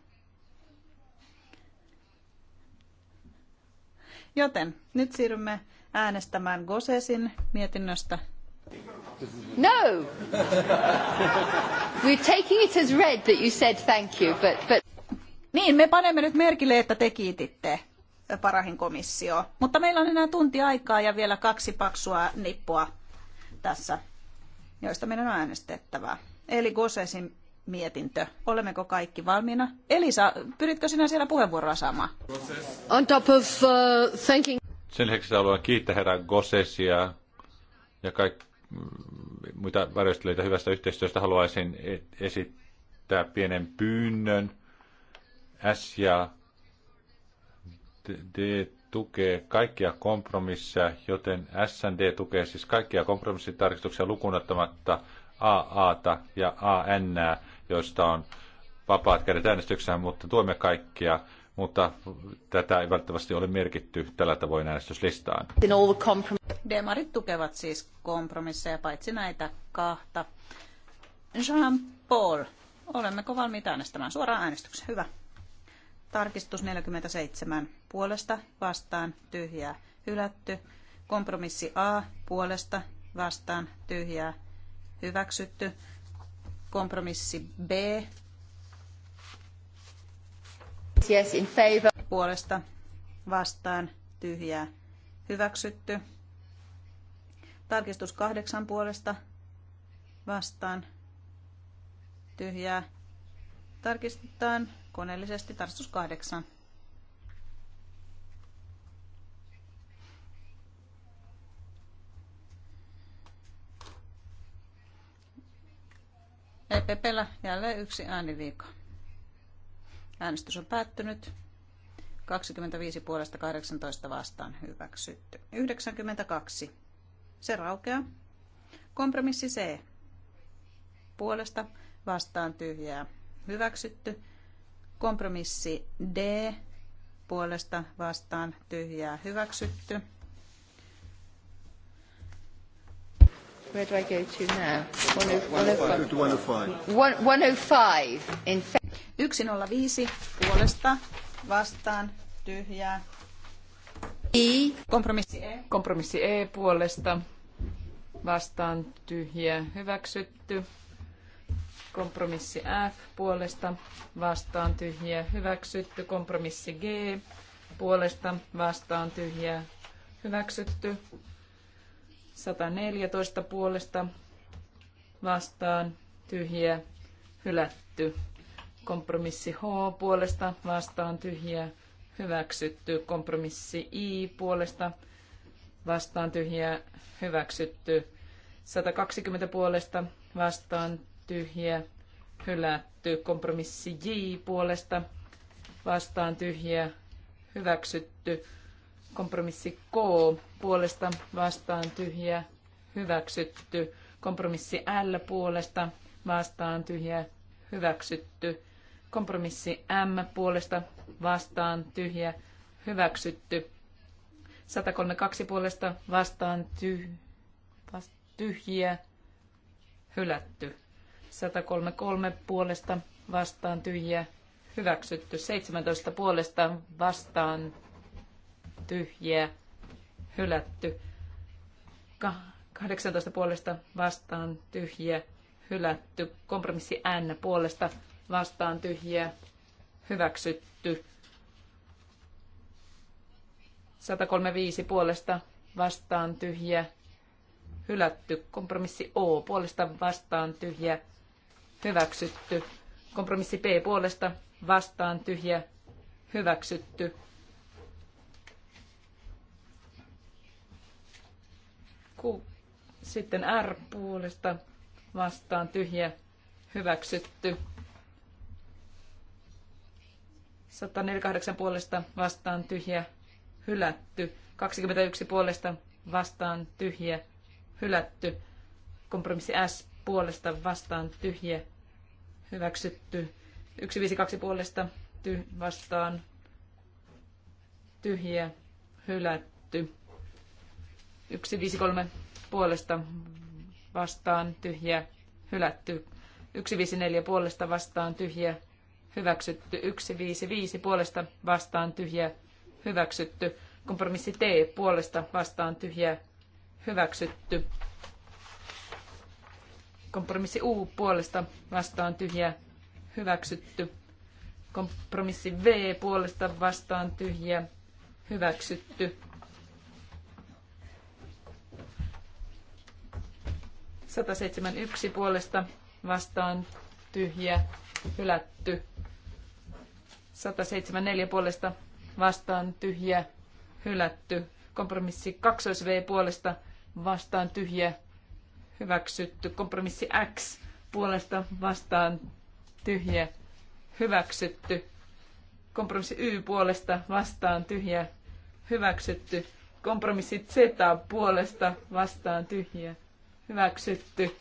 [SPEAKER 3] Joten nyt siirrymme äänestämään Gosesin mietinnöstä. No! We're taking it as red that you said thank you, but, but... Niin, me panemme nyt merkille, että te kiititte parahin komissio. Mutta meillä on enää tunti aikaa ja vielä kaksi paksua nippua tässä, joista meidän on äänestettävää. Eli Gosesin mietintö. Olemmeko kaikki valmiina? Elisa, pyritkö sinä siellä puheenvuoroa saamaan?
[SPEAKER 1] On top of uh, thanking...
[SPEAKER 2] Sen lisäksi haluan kiittää herra Gosesia ja kaikki mm, muita varjostelijoita hyvästä yhteistyöstä. Haluaisin esittää pienen pyynnön. S ja D tukee kaikkia kompromisseja, joten SND tukee siis kaikkia kompromissitarkistuksia lukunottamatta AA ja AN, joista on vapaat kädet äänestykseen, mutta tuemme kaikkia mutta tätä ei välttämättä ole merkitty tällä tavoin äänestyslistaan.
[SPEAKER 3] Demarit tukevat siis kompromisseja, paitsi näitä kahta. Jean-Paul, olemmeko valmiita äänestämään suoraan äänestyksen? Hyvä. Tarkistus 47. Puolesta, vastaan, tyhjää, hylätty. Kompromissi A. Puolesta, vastaan, tyhjää, hyväksytty. Kompromissi B. Yes, in favor. Puolesta vastaan tyhjää hyväksytty. Tarkistus kahdeksan puolesta vastaan tyhjää. Tarkistetaan koneellisesti tarkistus kahdeksan. EPPllä jälleen yksi ääniviikko. Äänestys on päättynyt. 25 puolesta 18 vastaan hyväksytty. 92. Se raukeaa. Kompromissi C. Puolesta vastaan tyhjää hyväksytty. Kompromissi D. Puolesta vastaan tyhjää hyväksytty.
[SPEAKER 1] Where do I go to now? 105. 105 puolesta vastaan
[SPEAKER 3] tyhjää. I. Kompromissi E.
[SPEAKER 4] Kompromissi E puolesta vastaan tyhjää hyväksytty. Kompromissi F puolesta vastaan tyhjää hyväksytty. Kompromissi G puolesta vastaan tyhjää hyväksytty. 114 puolesta vastaan tyhjiä hylätty. Kompromissi H puolesta vastaan tyhjiä hyväksytty. Kompromissi I puolesta vastaan tyhjiä hyväksytty. 120 puolesta vastaan tyhjiä hylätty. Kompromissi J puolesta vastaan tyhjiä hyväksytty. Kompromissi K puolesta vastaan tyhjä hyväksytty. Kompromissi L puolesta vastaan tyhjä hyväksytty. Kompromissi M puolesta vastaan tyhjä hyväksytty. 132 puolesta vastaan tyh, vast, tyhjiä hylätty. 133 puolesta vastaan tyhjiä hyväksytty. 17 puolesta vastaan tyhjiä, hylätty. 18 puolesta vastaan tyhjiä, hylätty. Kompromissi N puolesta vastaan tyhjiä, hyväksytty. 135 puolesta vastaan tyhjiä, hylätty. Kompromissi O puolesta vastaan tyhjiä, hyväksytty. Kompromissi P puolesta vastaan tyhjiä, hyväksytty. Ku, sitten R puolesta vastaan tyhjä hyväksytty. 148 puolesta vastaan tyhjä hylätty. 21 puolesta vastaan tyhjä hylätty. Kompromissi S puolesta vastaan tyhjä hyväksytty. 152 puolesta ty- vastaan tyhjä hylätty. Yksi viisi kolme puolesta vastaan tyhjä hylätty. Yksi viisi neljä puolesta vastaan tyhjä hyväksytty. Yksi viisi viisi puolesta vastaan tyhjä hyväksytty. Kompromissi T puolesta vastaan tyhjä hyväksytty. Kompromissi U puolesta vastaan tyhjä hyväksytty. Kompromissi V puolesta vastaan tyhjä hyväksytty. 171 puolesta vastaan tyhjiä, hylätty. 174 puolesta vastaan tyhjiä, hylätty. Kompromissi 2 V puolesta vastaan tyhjiä, hyväksytty. Kompromissi X puolesta vastaan tyhjiä, hyväksytty. Kompromissi Y puolesta vastaan tyhjiä, hyväksytty. Kompromissi Z puolesta vastaan tyhjiä, hyväksytty.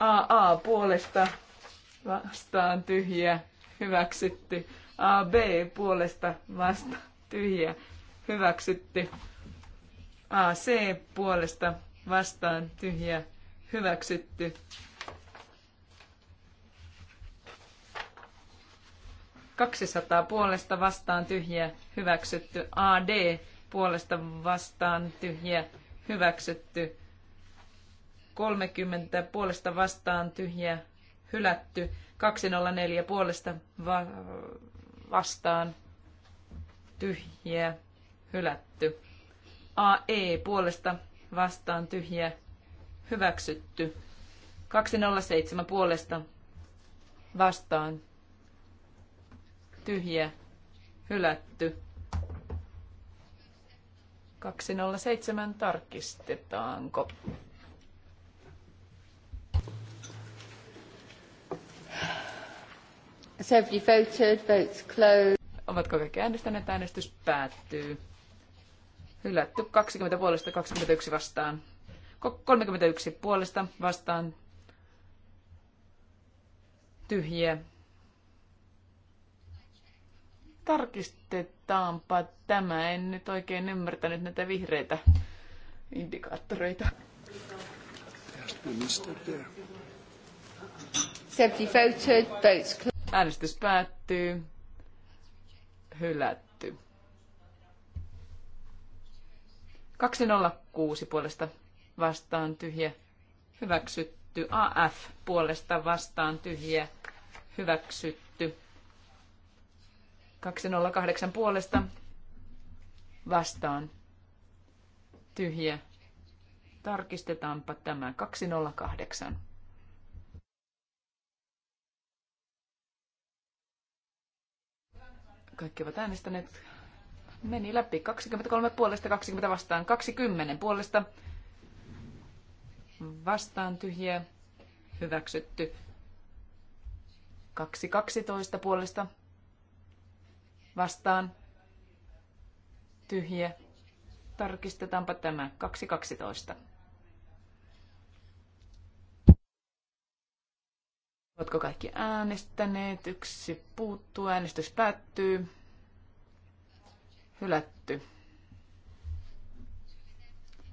[SPEAKER 4] AA puolesta vastaan tyhjä, hyväksytty. AB puolesta vastaan tyhjä, hyväksytty. AC puolesta vastaan tyhjä, hyväksytty. Kaksisataa puolesta vastaan tyhjä, hyväksytty. AD puolesta vastaan tyhjä, hyväksytty. 30 puolesta vastaan tyhjä hylätty. 204 puolesta va- vastaan tyhjä hylätty. AE puolesta vastaan tyhjä hyväksytty. 207 puolesta vastaan tyhjä hylätty. 207 tarkistetaanko?
[SPEAKER 1] voted? Votes closed. Ovatko kaikki äänestäneet? Äänestys
[SPEAKER 4] päättyy. Hylätty 20 puolesta 21 vastaan. 31 puolesta vastaan. Tyhjiä. Tarkistetaanpa tämä. En nyt oikein ymmärtänyt näitä vihreitä indikaattoreita.
[SPEAKER 1] Seventy voted, votes
[SPEAKER 4] Äänestys päättyy. Hylätty. 206 puolesta vastaan tyhjä. Hyväksytty. AF puolesta vastaan tyhjä. Hyväksytty. 208 puolesta vastaan tyhjä. Tarkistetaanpa tämä 208. Kaikki ovat äänestäneet. Meni läpi 23 puolesta, 20 vastaan, 20 puolesta. Vastaan tyhjiä. Hyväksytty. 2 12 puolesta. Vastaan tyhjiä. Tarkistetaanpa tämä. 2 12. Oletko kaikki äänestäneet? Yksi puuttuu. Äänestys päättyy. Hylätty.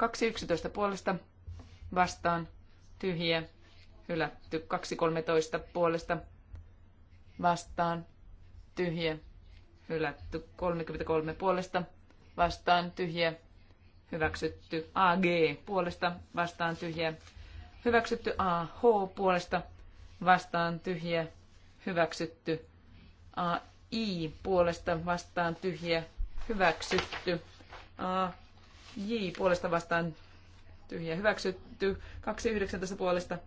[SPEAKER 4] 2.11 puolesta vastaan. Tyhjiä. Hylätty. 2.13 puolesta vastaan. Tyhjiä. Hylätty. 33 puolesta vastaan. Tyhjiä. Hyväksytty. AG puolesta vastaan. Tyhjiä. Hyväksytty. AH puolesta vastaan tyhjä hyväksytty. i puolesta vastaan tyhjä hyväksytty. j puolesta vastaan tyhjä hyväksytty. 219 puolesta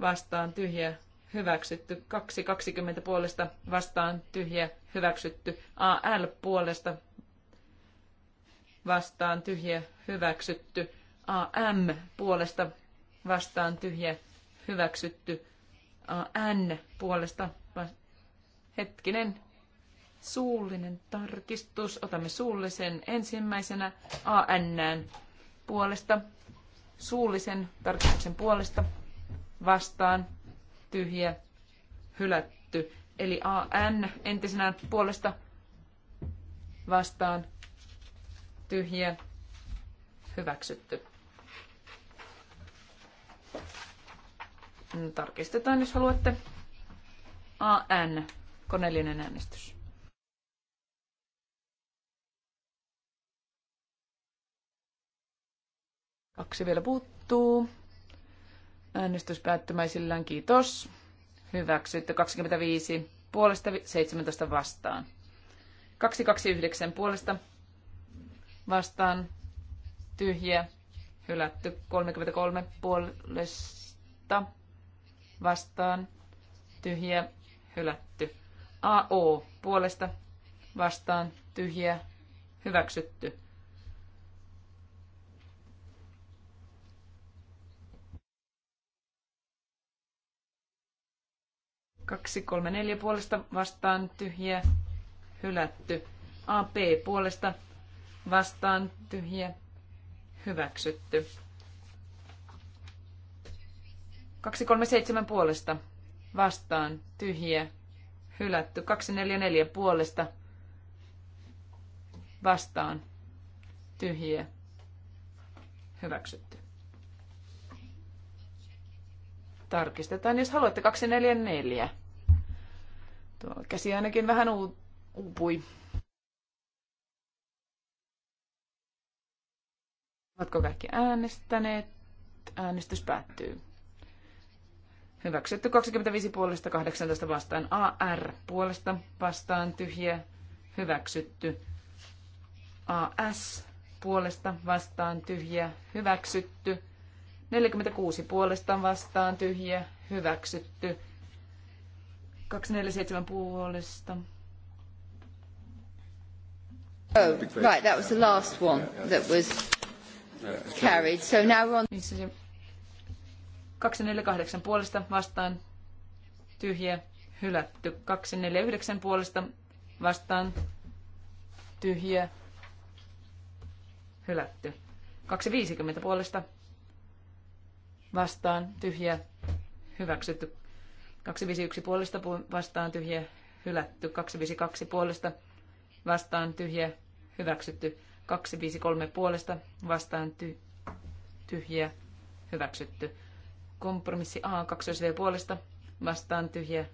[SPEAKER 4] vastaan tyhjä hyväksytty. 220 puolesta vastaan tyhjä hyväksytty. l puolesta vastaan tyhjä hyväksytty. m puolesta vastaan tyhjä hyväksytty. N puolesta hetkinen suullinen tarkistus. Otamme suullisen ensimmäisenä AN puolesta. Suullisen tarkistuksen puolesta vastaan tyhjä hylätty. Eli AN entisenä puolesta vastaan tyhjä hyväksytty. Tarkistetaan, jos haluatte. AN, koneellinen äänestys. Kaksi vielä puuttuu. Äänestys päättymäisillään, kiitos. Hyväksytty 25 puolesta 17 vastaan. 229 puolesta vastaan tyhjä, hylätty 33 puolesta vastaan, tyhjä, hylätty. AO puolesta vastaan, tyhjä, hyväksytty. Kaksi, kolme, neljä puolesta vastaan, tyhjä, hylätty. AP puolesta vastaan, tyhjä, hyväksytty. 237 puolesta vastaan tyhjiä hylätty. 244 puolesta vastaan tyhjiä hyväksytty. Tarkistetaan, jos haluatte 244. Tuo käsi ainakin vähän uupui. Oletko kaikki äänestäneet? Äänestys päättyy. Hyväksytty 25 puolesta 18 vastaan. AR puolesta vastaan tyhjä. Hyväksytty. AS puolesta vastaan tyhjä. Hyväksytty. 46 puolesta vastaan tyhjä. Hyväksytty. 247 puolesta. Oh, right, that was the last one that was
[SPEAKER 1] carried. So now we're on... 248
[SPEAKER 4] puolesta vastaan tyhjä hylätty. 249 puolesta vastaan tyhjä hylätty. 250 puolesta vastaan tyhjä hyväksytty. 251 puolesta vastaan tyhjä hylätty. 252 puolesta vastaan tyhjä hyväksytty. 253 puolesta vastaan ty- tyhjä hyväksytty. Kompromissi A, 2 puolesta vastaan tyhjä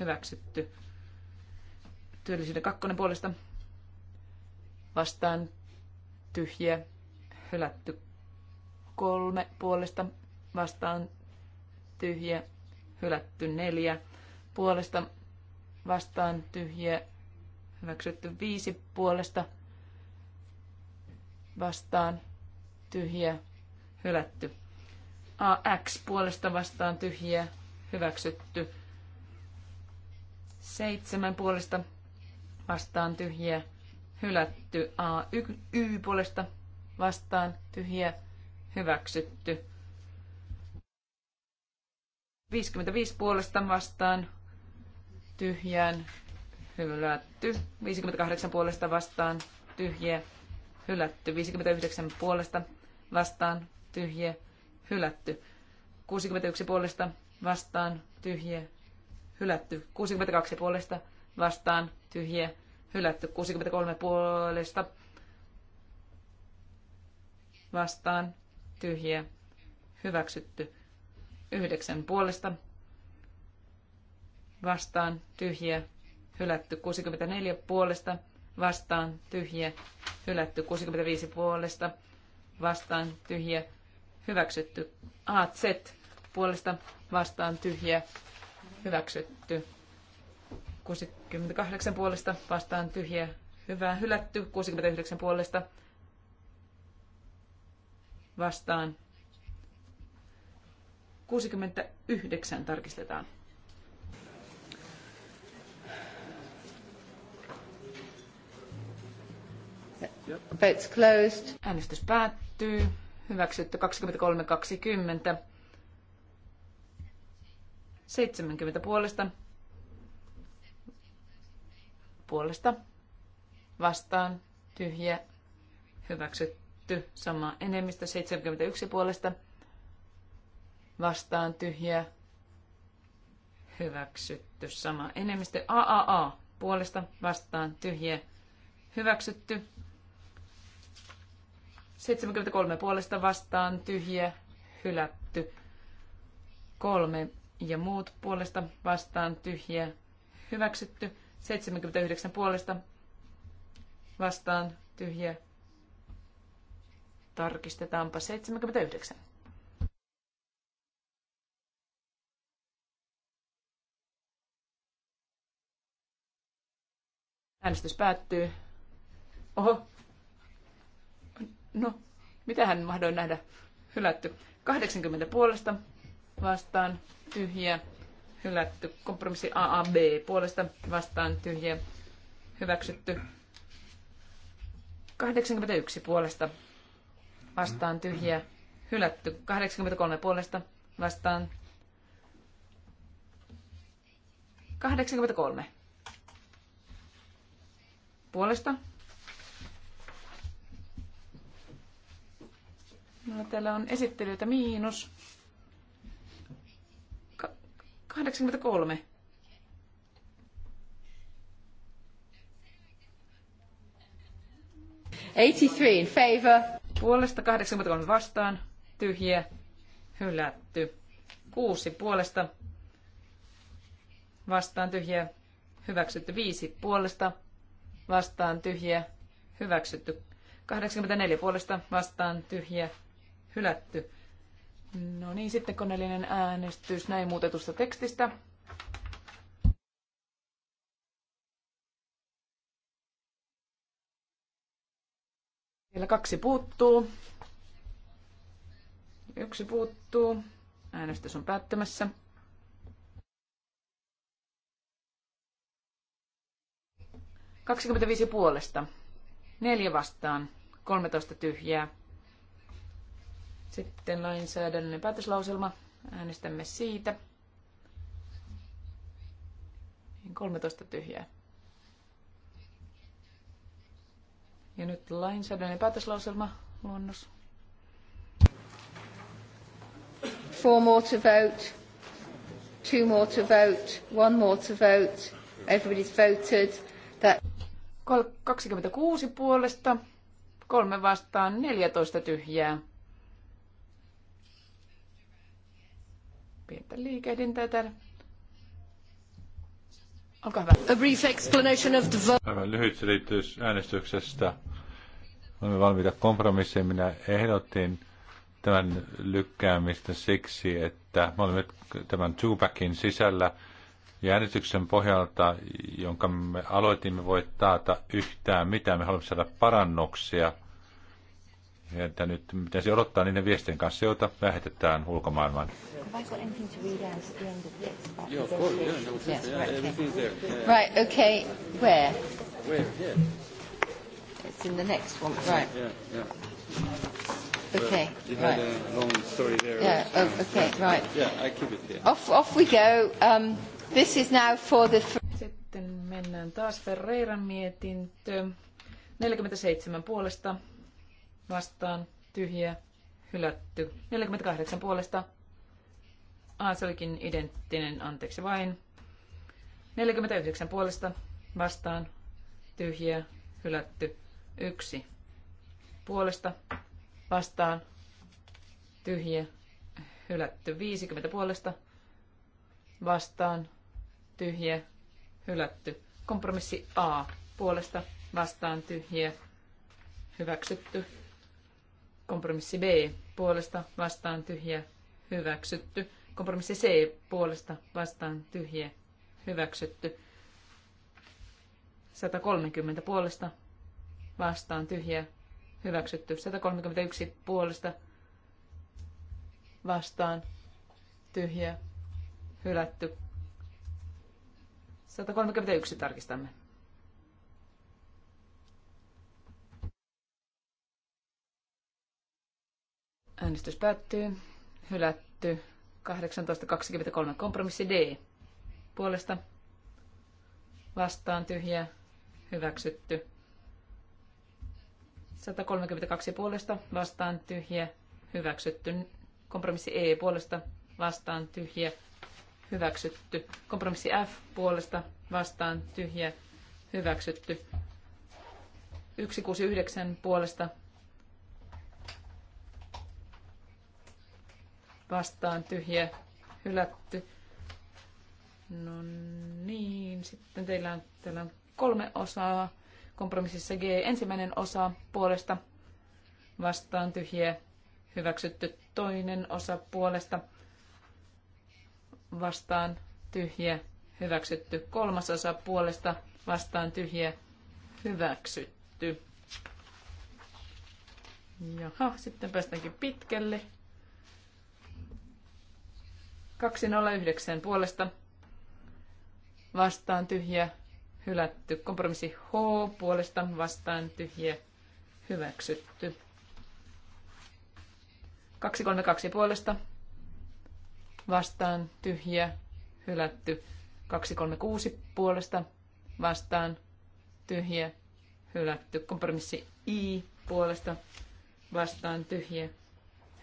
[SPEAKER 4] hyväksytty. Työllisyyden kakkonen puolesta vastaan tyhjä hylätty. Kolme puolesta vastaan tyhjä hylätty. Neljä puolesta vastaan tyhjä hyväksytty. Viisi puolesta vastaan tyhjä hylätty. AX puolesta vastaan tyhjiä hyväksytty. Seitsemän puolesta vastaan tyhjiä hylätty. AY puolesta vastaan tyhjiä hyväksytty. 55 puolesta vastaan tyhjään hylätty. 58 puolesta vastaan tyhjiä hylätty. 59 puolesta vastaan tyhjiä hylätty. 61 puolesta vastaan tyhjiä hylätty. 62 puolesta vastaan tyhjiä hylätty. 63 puolesta vastaan tyhjiä hyväksytty. 9 puolesta vastaan tyhjiä hylätty. 64 puolesta vastaan tyhjiä hylätty. 65 puolesta vastaan tyhjiä hyväksytty. Z, puolesta vastaan tyhjä, hyväksytty. 68 puolesta vastaan tyhjä, hyvä, hylätty. 69 puolesta vastaan. 69 tarkistetaan. Votes closed. Äänestys päättyy hyväksytty 23.20. 70 puolesta. Puolesta. Vastaan. Tyhjä. Hyväksytty. Sama enemmistö. 71 puolesta. Vastaan. Tyhjä. Hyväksytty. Sama enemmistö. AAA. Puolesta. Vastaan. Tyhjä. Hyväksytty. 73 puolesta vastaan tyhjä hylätty. Kolme ja muut puolesta vastaan tyhjä hyväksytty. 79 puolesta vastaan tyhjä. Tarkistetaanpa 79. Äänestys päättyy. Oho, No, mitä hän mahdoin nähdä? Hylätty. 80 puolesta vastaan tyhjiä. Hylätty. Kompromissi AAB puolesta vastaan tyhjiä. Hyväksytty. 81 puolesta vastaan tyhjiä. Hylätty. 83 puolesta vastaan 83. Puolesta No, täällä on esittelyitä miinus 83. Eighty-three in favor. Puolesta 83 vastaan. Tyhjiä. Hylätty. Kuusi puolesta. Vastaan tyhjiä. Hyväksytty. Viisi puolesta. Vastaan tyhjiä. Hyväksytty. 84 puolesta. Vastaan tyhjiä hylätty. No niin, sitten koneellinen äänestys näin muutetusta tekstistä. Vielä kaksi puuttuu. Yksi puuttuu. Äänestys on päättymässä. Kaksikymmentäviisi puolesta. Neljä vastaan. 13 tyhjää. Sitten lainsäädännöllinen päätöslauselma. Äänestämme siitä. 13 niin, tyhjää. Ja nyt lainsäädännöllinen päätöslauselma
[SPEAKER 1] luonnos. Four more to vote, two more to vote, one more to vote. Everybody's voted. That... 26 puolesta,
[SPEAKER 4] kolme vastaan, 14 tyhjää. pientä liikehdintää täällä.
[SPEAKER 1] Olkaa hyvä. A brief explanation of the vote.
[SPEAKER 2] Aivan lyhyt selitys äänestyksestä. Olemme valmiita kompromissiin. Minä ehdotin tämän lykkäämistä siksi, että me olemme tämän Tupacin sisällä ja äänestyksen pohjalta, jonka me aloitimme, voi taata yhtään mitään. Me haluamme saada parannuksia – että nyt pitäisi odottaa niiden viestien kanssa, joita lähetetään ulkomaailmaan. Right, okay, where? Where,
[SPEAKER 1] It's in the next one, right. Okay. right. Yeah. Oh, okay. Right. Yeah, I keep it here. Off, off we go. Um, this is now for the. Sitten mennään taas Ferreiran mietintö.
[SPEAKER 4] 47 puolesta vastaan tyhjä hylätty. 48 puolesta. Ah, se olikin identtinen, anteeksi vain. 49 puolesta vastaan tyhjä hylätty. Yksi puolesta vastaan tyhjä hylätty. 50 puolesta vastaan tyhjä hylätty. Kompromissi A puolesta vastaan tyhjä hyväksytty. Kompromissi B puolesta vastaan tyhjä hyväksytty. Kompromissi C puolesta vastaan tyhjä hyväksytty. 130 puolesta vastaan tyhjä hyväksytty. 131 puolesta vastaan tyhjä hylätty. 131 tarkistamme. Äänestys päättyy. Hylätty. 18.23. Kompromissi D. Puolesta. Vastaan tyhjä. Hyväksytty. 132 puolesta. Vastaan tyhjä. Hyväksytty. Kompromissi E puolesta. Vastaan tyhjä. Hyväksytty. Kompromissi F puolesta. Vastaan tyhjä. Hyväksytty. 169 puolesta vastaan tyhjä hylätty. No niin, sitten teillä on, teillä on kolme osaa kompromississa G. Ensimmäinen osa puolesta vastaan tyhjä hyväksytty. Toinen osa puolesta vastaan tyhjä hyväksytty. Kolmas osa puolesta vastaan tyhjä hyväksytty. Jaha, sitten päästäänkin pitkälle. 209 puolesta vastaan tyhjä, hylätty. Kompromissi H puolesta vastaan tyhjä, hyväksytty. 232 puolesta vastaan tyhjä, hylätty. 236 puolesta vastaan tyhjä, hylätty. Kompromissi I puolesta vastaan tyhjä,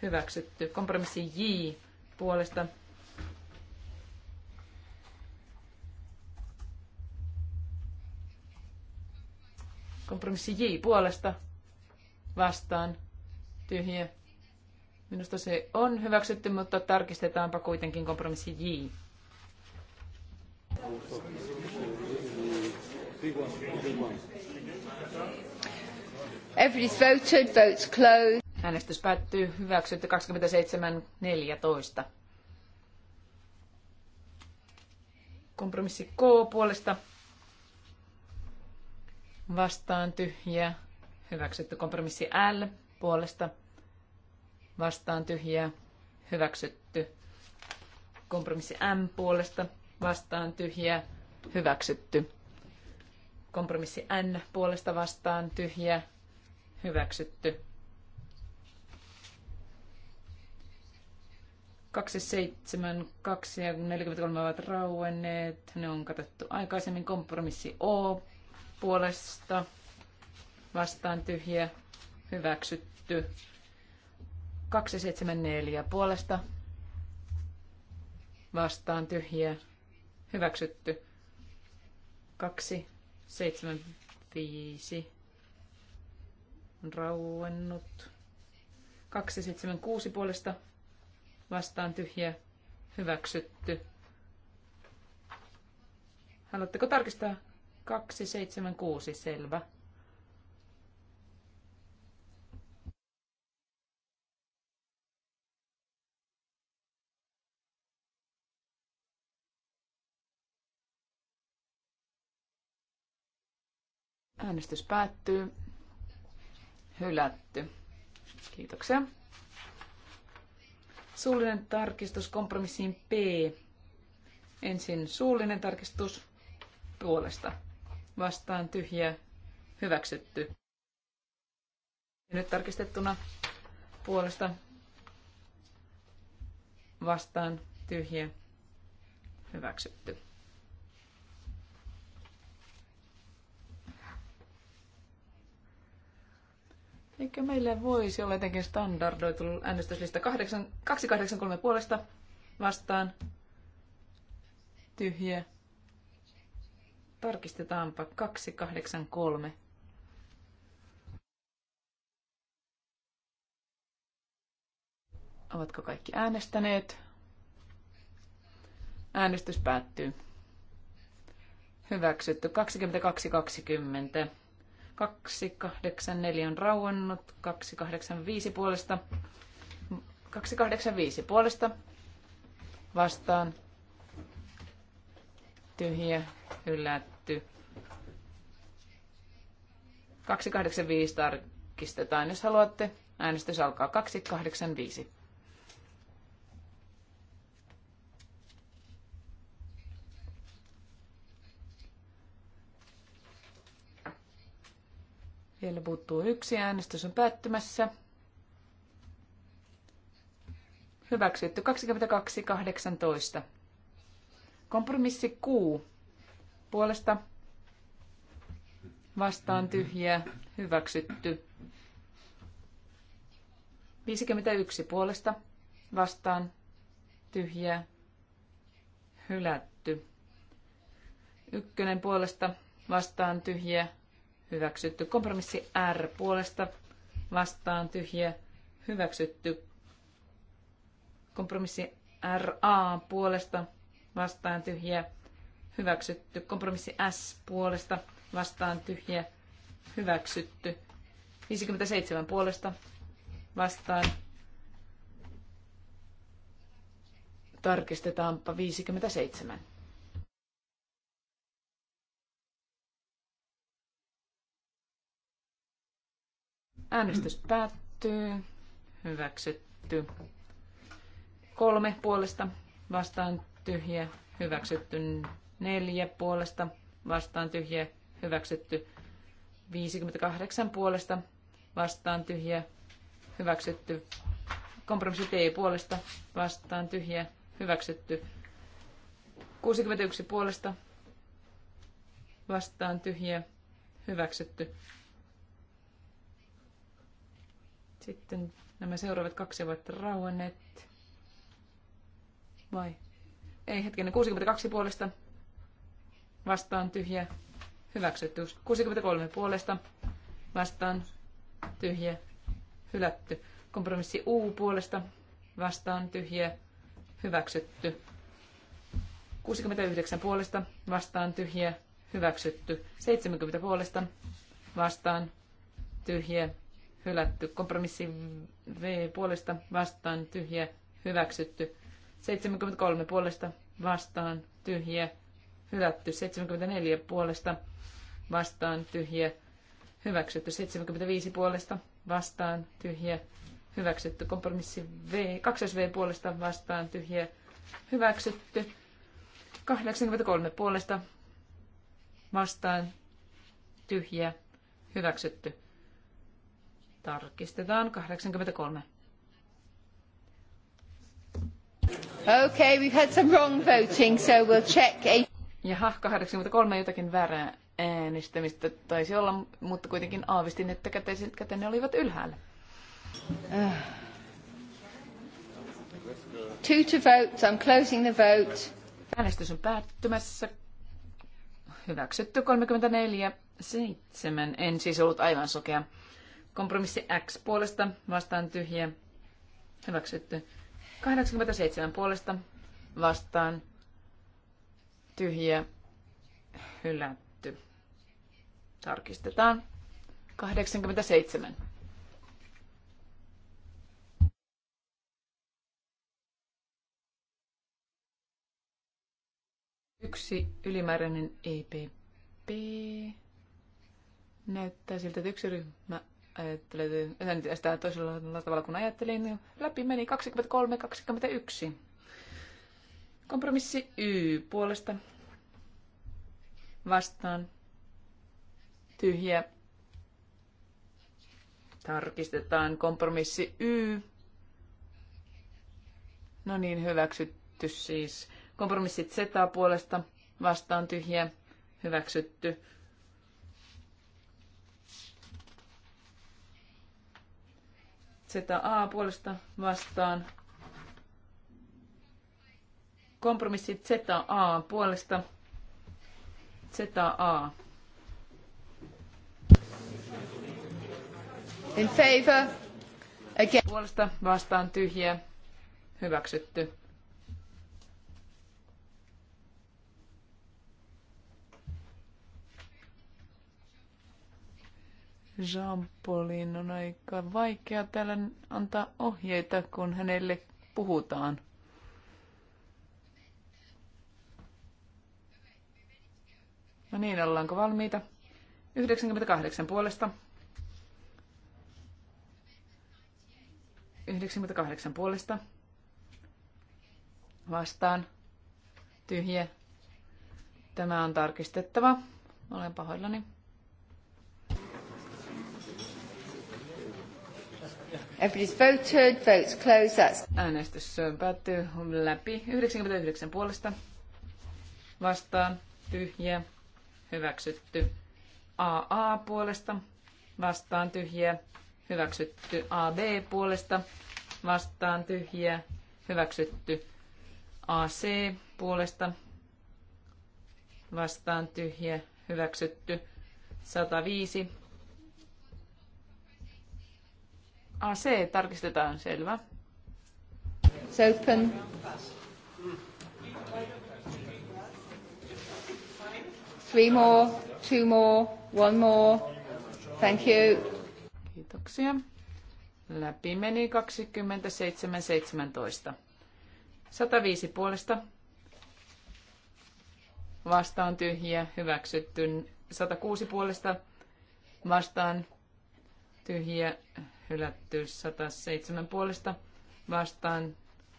[SPEAKER 4] hyväksytty. Kompromissi J puolesta Kompromissi J puolesta vastaan tyhjä. Minusta se on hyväksytty, mutta tarkistetaanpa kuitenkin kompromissi J. Everybody's voted, votes closed. Äänestys päättyy hyväksytty 27.14. Kompromissi K puolesta vastaan tyhjiä, hyväksytty. Kompromissi L puolesta vastaan tyhjiä, hyväksytty. Kompromissi M puolesta vastaan tyhjiä, hyväksytty. Kompromissi N puolesta vastaan tyhjiä, hyväksytty. 27, 2 ja 43 ovat rauenneet. Ne on katettu aikaisemmin. Kompromissi O puolesta vastaan tyhjä hyväksytty. 274 puolesta vastaan tyhjä hyväksytty. 275 on rauennut. 276 puolesta vastaan tyhjä hyväksytty. Haluatteko tarkistaa? 276, selvä. Äänestys päättyy. Hylätty. Kiitoksia. Suullinen tarkistus kompromissiin P. Ensin suullinen tarkistus puolesta vastaan tyhjä hyväksytty. Ja nyt tarkistettuna puolesta vastaan tyhjä hyväksytty. Eikö meillä voisi olla jotenkin standardoitu äänestyslista 283 puolesta vastaan tyhjä Tarkistetaanpa 283. Ovatko kaikki äänestäneet? Äänestys päättyy. Hyväksytty. 22.20. 284 on rauennut. 285 puolesta. 285 puolesta. Vastaan tyhjä, hylätty. 285 tarkistetaan, jos haluatte. Äänestys alkaa 285. Vielä puuttuu yksi. Äänestys on päättymässä. Hyväksytty 22.18. Kompromissi Q puolesta vastaan tyhjää hyväksytty. 51 puolesta vastaan tyhjää hylätty. Ykkönen puolesta vastaan tyhjä, hyväksytty. Kompromissi R puolesta vastaan tyhjä, hyväksytty. Kompromissi RA puolesta vastaan tyhjä, hyväksytty. Kompromissi S puolesta vastaan tyhjä, hyväksytty. 57 puolesta vastaan. Tarkistetaanpa 57. Äänestys päättyy. Hyväksytty. Kolme puolesta vastaan tyhjä, hyväksytty neljä puolesta, vastaan tyhjä, hyväksytty 58 puolesta, vastaan tyhjä, hyväksytty kompromissi T puolesta, vastaan tyhjä, hyväksytty 61 puolesta, vastaan tyhjä, hyväksytty. Sitten nämä seuraavat kaksi ovat rauhanneet. Vai ei hetkinen, 62 puolesta vastaan tyhjä, hyväksytty. 63 puolesta vastaan tyhjä, hylätty. Kompromissi U puolesta vastaan tyhjä, hyväksytty. 69 puolesta vastaan tyhjä, hyväksytty. 70 puolesta vastaan tyhjä, hylätty. Kompromissi V puolesta vastaan tyhjä, hyväksytty. 73 puolesta vastaan tyhjä, hylätty. 74 puolesta vastaan tyhjä, hyväksytty. 75 puolesta vastaan tyhjä, hyväksytty. Kompromissi V, 2 V puolesta vastaan tyhjä, hyväksytty. 83 puolesta vastaan tyhjä, hyväksytty. Tarkistetaan 83.
[SPEAKER 1] Okay, we've had some wrong voting, so we'll check. Eight. Jaha,
[SPEAKER 4] 83 jotakin väärää äänestämistä taisi olla, mutta kuitenkin aavistin, että kätenne olivat ylhäällä.
[SPEAKER 1] Uh. Two to
[SPEAKER 4] vote. I'm closing the vote. Äänestys on päättymässä. Hyväksytty 34. 7. En siis ollut aivan sokea. Kompromissi X puolesta vastaan tyhjä. Hyväksytty. 87 puolesta vastaan tyhjä hylätty. Tarkistetaan. 87. Yksi ylimääräinen EPP. Näyttää siltä, että yksi ryhmä ajattelin sitä toisella tavalla kuin ajattelin, niin läpi meni 23-21. Kompromissi Y puolesta vastaan tyhjä. Tarkistetaan kompromissi Y. No niin, hyväksytty siis. Kompromissi Z puolesta vastaan tyhjä, hyväksytty. a puolesta vastaan. Kompromissi ZA puolesta. ZA. In favor. Again. Puolesta vastaan tyhjä. Hyväksytty. Jean-Paulin on aika vaikea täällä antaa ohjeita, kun hänelle puhutaan. No niin, ollaanko valmiita? 98 puolesta. 98 puolesta. Vastaan. Tyhjä. Tämä on tarkistettava. Olen pahoillani. Everybody's voted, votes closed, that's... Äänestys päättyy läpi. 99 puolesta vastaan, tyhjä, hyväksytty. AA puolesta vastaan, tyhjä, hyväksytty. AB puolesta vastaan, tyhjä, hyväksytty. AC puolesta vastaan, tyhjä, hyväksytty. 105 Ah, se tarkistetaan, selvä.
[SPEAKER 1] It's open. Three more, two more, one more. Thank you. Kiitoksia.
[SPEAKER 4] Läpi meni 27.17. 105 puolesta. Vastaan tyhjiä, hyväksytty. 106 puolesta. Vastaan tyhjiä, hylätty 107 puolesta vastaan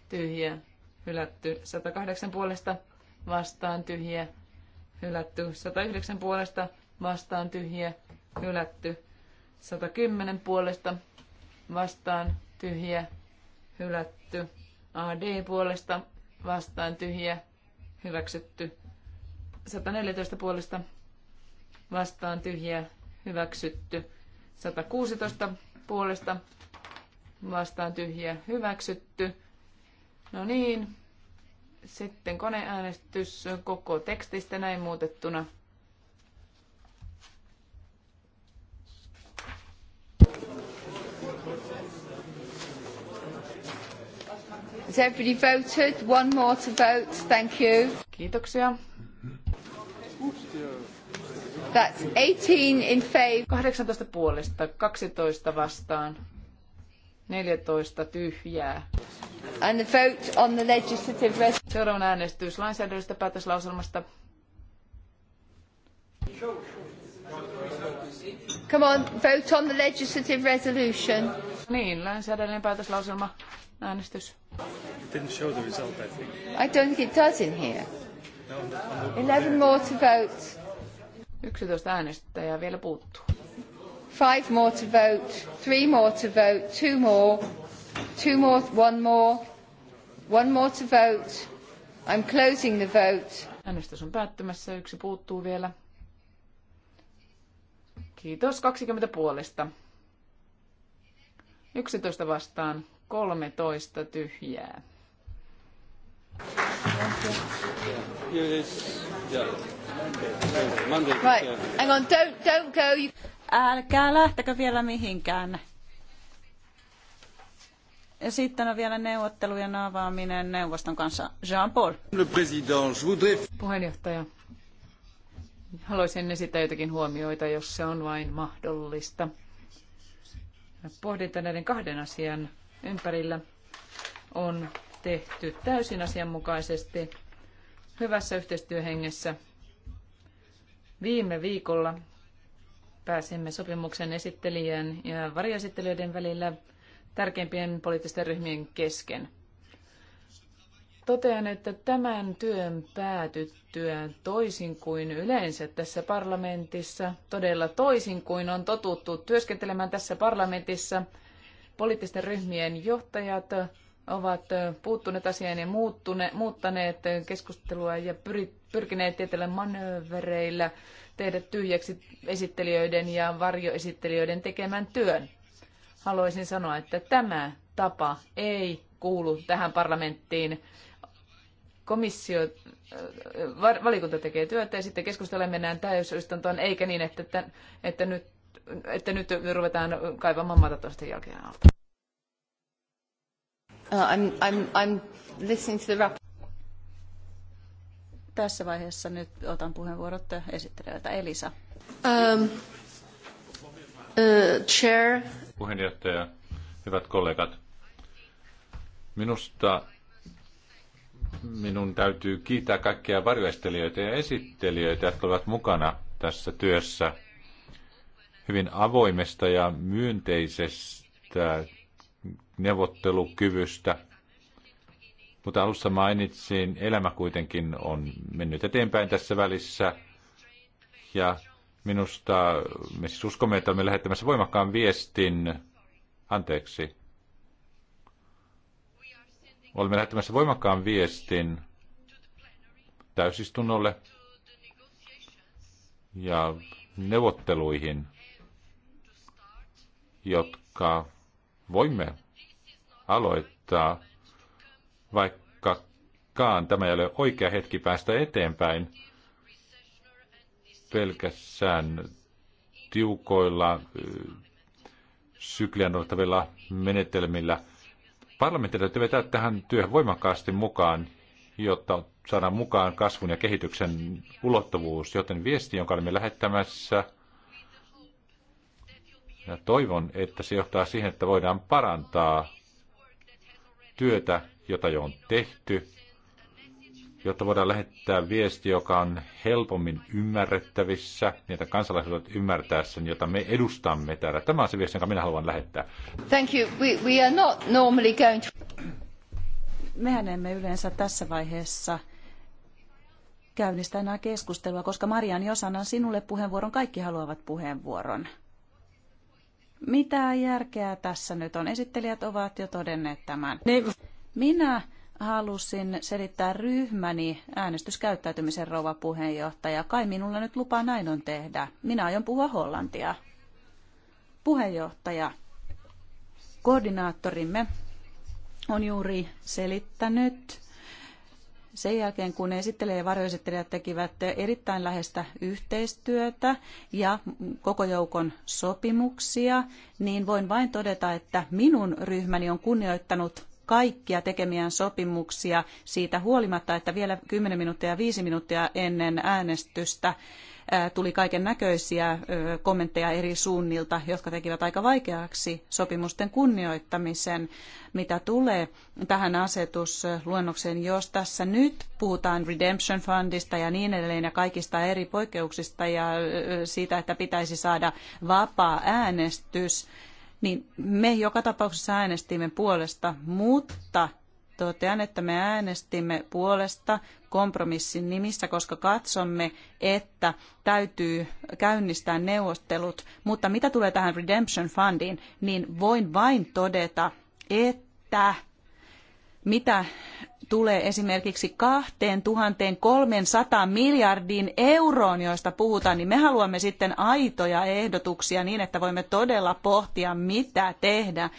[SPEAKER 4] tyhjä, hylätty 108 puolesta vastaan tyhjä, hylätty 109 puolesta vastaan tyhjä, hylätty 110 puolesta vastaan tyhjä, hylätty AD puolesta vastaan tyhjä, hyväksytty 114 puolesta vastaan tyhjä, hyväksytty 116 puolesta vastaan tyhjiä hyväksytty. No niin, sitten koneäänestys koko tekstistä näin muutettuna.
[SPEAKER 1] Has everybody voted? One more to vote. Thank you. Kiitoksia.
[SPEAKER 2] That's 18 in
[SPEAKER 1] favor. 18 puolesta,
[SPEAKER 4] 12 vastaan, 14 tyhjää. And the vote on the legislative resolution. Seuraavan äänestys lainsäädännöstä päätöslauselmasta. Come on, vote on the
[SPEAKER 1] legislative resolution. Niin, lainsäädännöllinen päätöslauselma äänestys. It didn't show the result, I think. I don't think it does in here.
[SPEAKER 2] No, on the, on the, 11 more
[SPEAKER 1] to vote. 11 äänestäjää vielä puuttuu. Five more to vote, three more to vote, two more, two more, one more, one more to vote. I'm closing the vote. Äänestys on päättymässä,
[SPEAKER 4] yksi puuttuu vielä. Kiitos 20 puolesta. 11 vastaan, 13 tyhjää.
[SPEAKER 2] Yes. Yeah.
[SPEAKER 1] Right. Hang on,
[SPEAKER 3] don't, don't go. Älkää lähtekö vielä mihinkään. Ja sitten on vielä neuvottelujen avaaminen neuvoston kanssa. Jean-Paul. Puheenjohtaja,
[SPEAKER 4] haluaisin esittää jotakin huomioita, jos se on vain mahdollista. Pohdinta näiden kahden asian ympärillä on tehty täysin asianmukaisesti, hyvässä yhteistyöhengessä Viime viikolla pääsimme sopimuksen esittelijän ja varjoesittelijöiden välillä tärkeimpien poliittisten ryhmien kesken. Totean, että tämän työn päätyttyä toisin kuin yleensä tässä parlamentissa, todella toisin kuin on totuttu työskentelemään tässä parlamentissa, poliittisten ryhmien johtajat ovat puuttuneet asiaan ja muuttune, muuttaneet keskustelua ja pyrkineet tietyllä manövereillä tehdä tyhjäksi esittelijöiden ja varjoesittelijöiden tekemän työn. Haluaisin sanoa, että tämä tapa ei kuulu tähän parlamenttiin. Komissio, valikunta tekee työtä ja sitten keskustellaan mennään täysistuntoon, eikä niin, että, että, että nyt että nyt ruvetaan kaivamaan matatoisten jälkeen alta.
[SPEAKER 1] Uh, I'm, I'm,
[SPEAKER 4] I'm
[SPEAKER 3] listening to the Tässä vaiheessa nyt otan puheenvuorot esittelijöiltä. Elisa.
[SPEAKER 1] Um, uh, chair.
[SPEAKER 2] Puheenjohtaja, hyvät kollegat. Minusta minun täytyy kiittää kaikkia varjoistelijoita ja esittelijöitä, jotka ovat mukana tässä työssä hyvin avoimesta ja myönteisestä neuvottelukyvystä. Mutta alussa mainitsin, elämä kuitenkin on mennyt eteenpäin tässä välissä. Ja minusta me siis uskomme, että olemme lähettämässä voimakkaan viestin. Anteeksi. Olemme lähettämässä voimakkaan viestin täysistunnolle ja neuvotteluihin, jotka voimme aloittaa, vaikkakaan tämä ei ole oikea hetki päästä eteenpäin pelkässään tiukoilla sykliä noudattavilla menetelmillä. Parlamentti täytyy vetää tähän työhön voimakkaasti mukaan, jotta saadaan mukaan kasvun ja kehityksen ulottuvuus, joten viesti, jonka olemme lähettämässä, ja toivon, että se johtaa siihen, että voidaan parantaa työtä, jota jo on tehty, jotta voidaan lähettää viesti, joka on helpommin ymmärrettävissä, niin että kansalaiset voivat ymmärtää sen, jota me edustamme täällä. Tämä on se viesti, jonka minä haluan lähettää.
[SPEAKER 1] Thank you. We, we are not normally going to...
[SPEAKER 3] Mehän emme yleensä tässä vaiheessa käynnistä enää keskustelua, koska Marian, Josanan sinulle puheenvuoron, kaikki haluavat puheenvuoron. Mitä järkeä tässä nyt on? Esittelijät ovat jo todenneet tämän. Niin Minä halusin selittää ryhmäni äänestyskäyttäytymisen rouva puheenjohtaja. Kai minulla nyt lupa näin on tehdä. Minä aion puhua hollantia. Puheenjohtaja, koordinaattorimme on juuri selittänyt sen jälkeen, kun esittelijä ja varjoesittelijät tekivät erittäin läheistä yhteistyötä ja koko joukon sopimuksia, niin voin vain todeta, että minun ryhmäni on kunnioittanut kaikkia tekemiään sopimuksia siitä huolimatta, että vielä 10 minuuttia ja 5 minuuttia ennen äänestystä tuli kaiken näköisiä kommentteja eri suunnilta, jotka tekivät aika vaikeaksi sopimusten kunnioittamisen, mitä tulee tähän asetusluonnokseen, jos tässä nyt puhutaan Redemption Fundista ja niin edelleen ja kaikista eri poikkeuksista ja siitä, että pitäisi saada vapaa äänestys, niin me joka tapauksessa äänestimme puolesta, mutta totean, että me äänestimme puolesta kompromissin nimissä, koska katsomme, että täytyy käynnistää neuvottelut. Mutta mitä tulee tähän Redemption Fundiin, niin voin vain todeta, että mitä tulee esimerkiksi 2300 miljardiin euroon, joista puhutaan, niin me haluamme sitten aitoja ehdotuksia niin, että voimme todella pohtia, mitä tehdä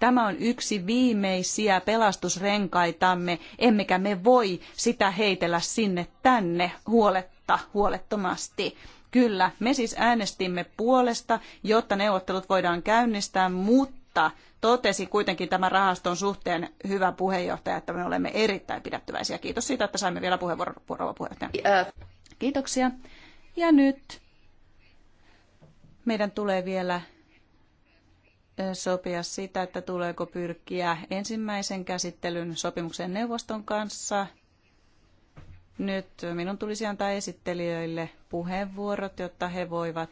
[SPEAKER 3] Tämä on yksi viimeisiä pelastusrenkaitamme, emmekä me voi sitä heitellä sinne tänne huoletta, huolettomasti. Kyllä, me siis äänestimme puolesta, jotta neuvottelut voidaan käynnistää, mutta totesi kuitenkin tämän rahaston suhteen hyvä puheenjohtaja, että me olemme erittäin pidättyväisiä. Kiitos siitä, että saimme vielä puheenvuoron puheenjohtaja. Kiitoksia. Ja nyt meidän tulee vielä sopia sitä, että tuleeko pyrkiä ensimmäisen käsittelyn sopimuksen neuvoston kanssa. Nyt minun tulisi antaa esittelijöille puheenvuorot, jotta he voivat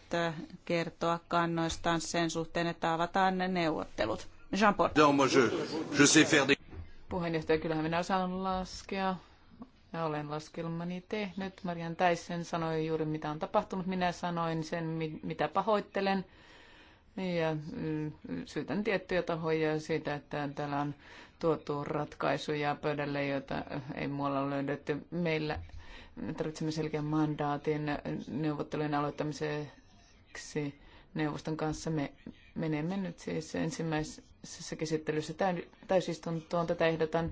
[SPEAKER 3] kertoa kannoistaan sen suhteen, että avataan ne neuvottelut. Jean-Paul. Puheenjohtaja,
[SPEAKER 4] kyllähän minä osaan laskea. Ja olen laskelmani tehnyt. Marian Täissen sanoi juuri, mitä on tapahtunut. Minä sanoin sen, mitä pahoittelen niin ja mm, syytän tiettyjä tahoja siitä, että täällä on tuotu ratkaisuja pöydälle, joita ei muualla ole löydetty. Meillä tarvitsemme selkeän mandaatin neuvottelujen aloittamiseksi neuvoston kanssa. Me menemme nyt siis ensimmäisessä käsittelyssä täysistuntoon. Tätä ehdotan.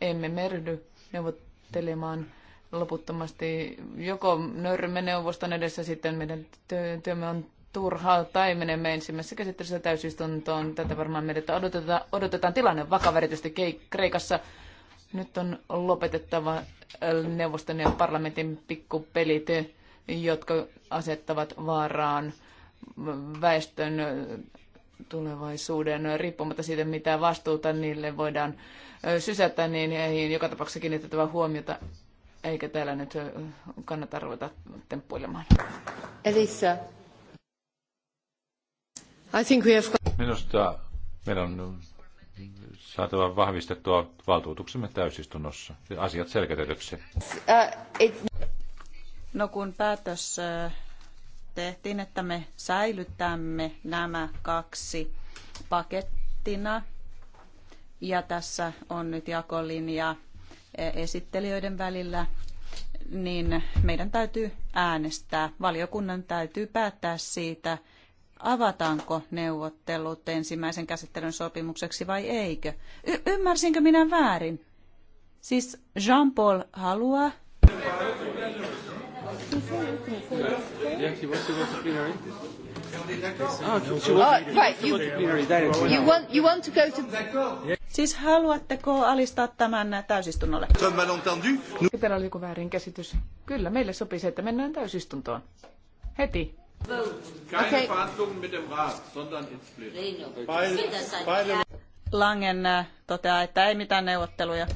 [SPEAKER 4] Emme merdy neuvottelemaan loputtomasti joko nörrymme neuvoston edessä, sitten meidän työmme on turhaa tai menemme ensimmäisessä käsittelyssä täysistuntoon. Tätä varmaan meidät odotetaan, odotetaan tilanne vakava Kreikassa. Nyt on lopetettava äh, neuvoston ja parlamentin pikkupelit, jotka asettavat vaaraan väestön äh, tulevaisuuden, riippumatta siitä, mitä vastuuta niille voidaan äh, sysätä, niin heihin joka tapauksessa kiinnitettävä huomiota, eikä täällä nyt kannata ruveta temppuilemaan. Elisa.
[SPEAKER 2] Minusta meidän on saatava vahvistettua valtuutuksemme täysistunnossa, asiat selkeytetyksi.
[SPEAKER 3] Uh, no kun päätös tehtiin, että me säilytämme nämä kaksi pakettina, ja tässä on nyt jakolinja esittelijöiden välillä, niin meidän täytyy äänestää. Valiokunnan täytyy päättää siitä, avataanko neuvottelut ensimmäisen käsittelyn sopimukseksi vai eikö. Y- ymmärsinkö minä väärin? Siis Jean-Paul haluaa... Siis haluatteko alistaa tämän
[SPEAKER 4] täysistunnolle? Teillä oli joku väärinkäsitys. Kyllä, meille sopii se, että mennään
[SPEAKER 3] täysistuntoon. Heti.
[SPEAKER 2] Keine Verhandlungen mit dem Rat, sondern
[SPEAKER 3] Langen äh, toteaa, että ei mitään neuvotteluja.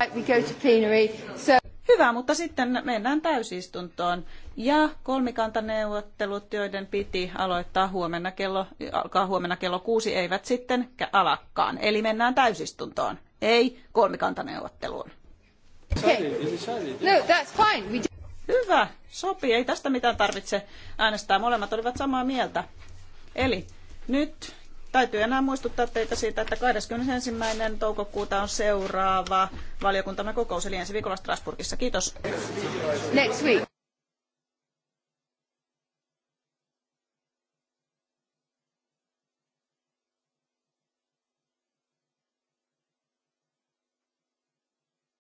[SPEAKER 3] Hyvä, mutta sitten mennään täysistuntoon. Ja kolmikantaneuvottelut, joiden piti aloittaa huomenna kello, alkaa huomenna kello kuusi, eivät sitten alakkaan. Eli mennään täysistuntoon, ei kolmikantaneuvotteluun.
[SPEAKER 1] Okay. No,
[SPEAKER 3] that's fine. We Hyvä, sopii. Ei tästä mitään tarvitse äänestää. Molemmat olivat samaa mieltä. Eli nyt täytyy enää muistuttaa teitä siitä, että 21. toukokuuta on seuraava valiokuntamme kokous, eli ensi viikolla Strasbourgissa. Kiitos.
[SPEAKER 1] Next week.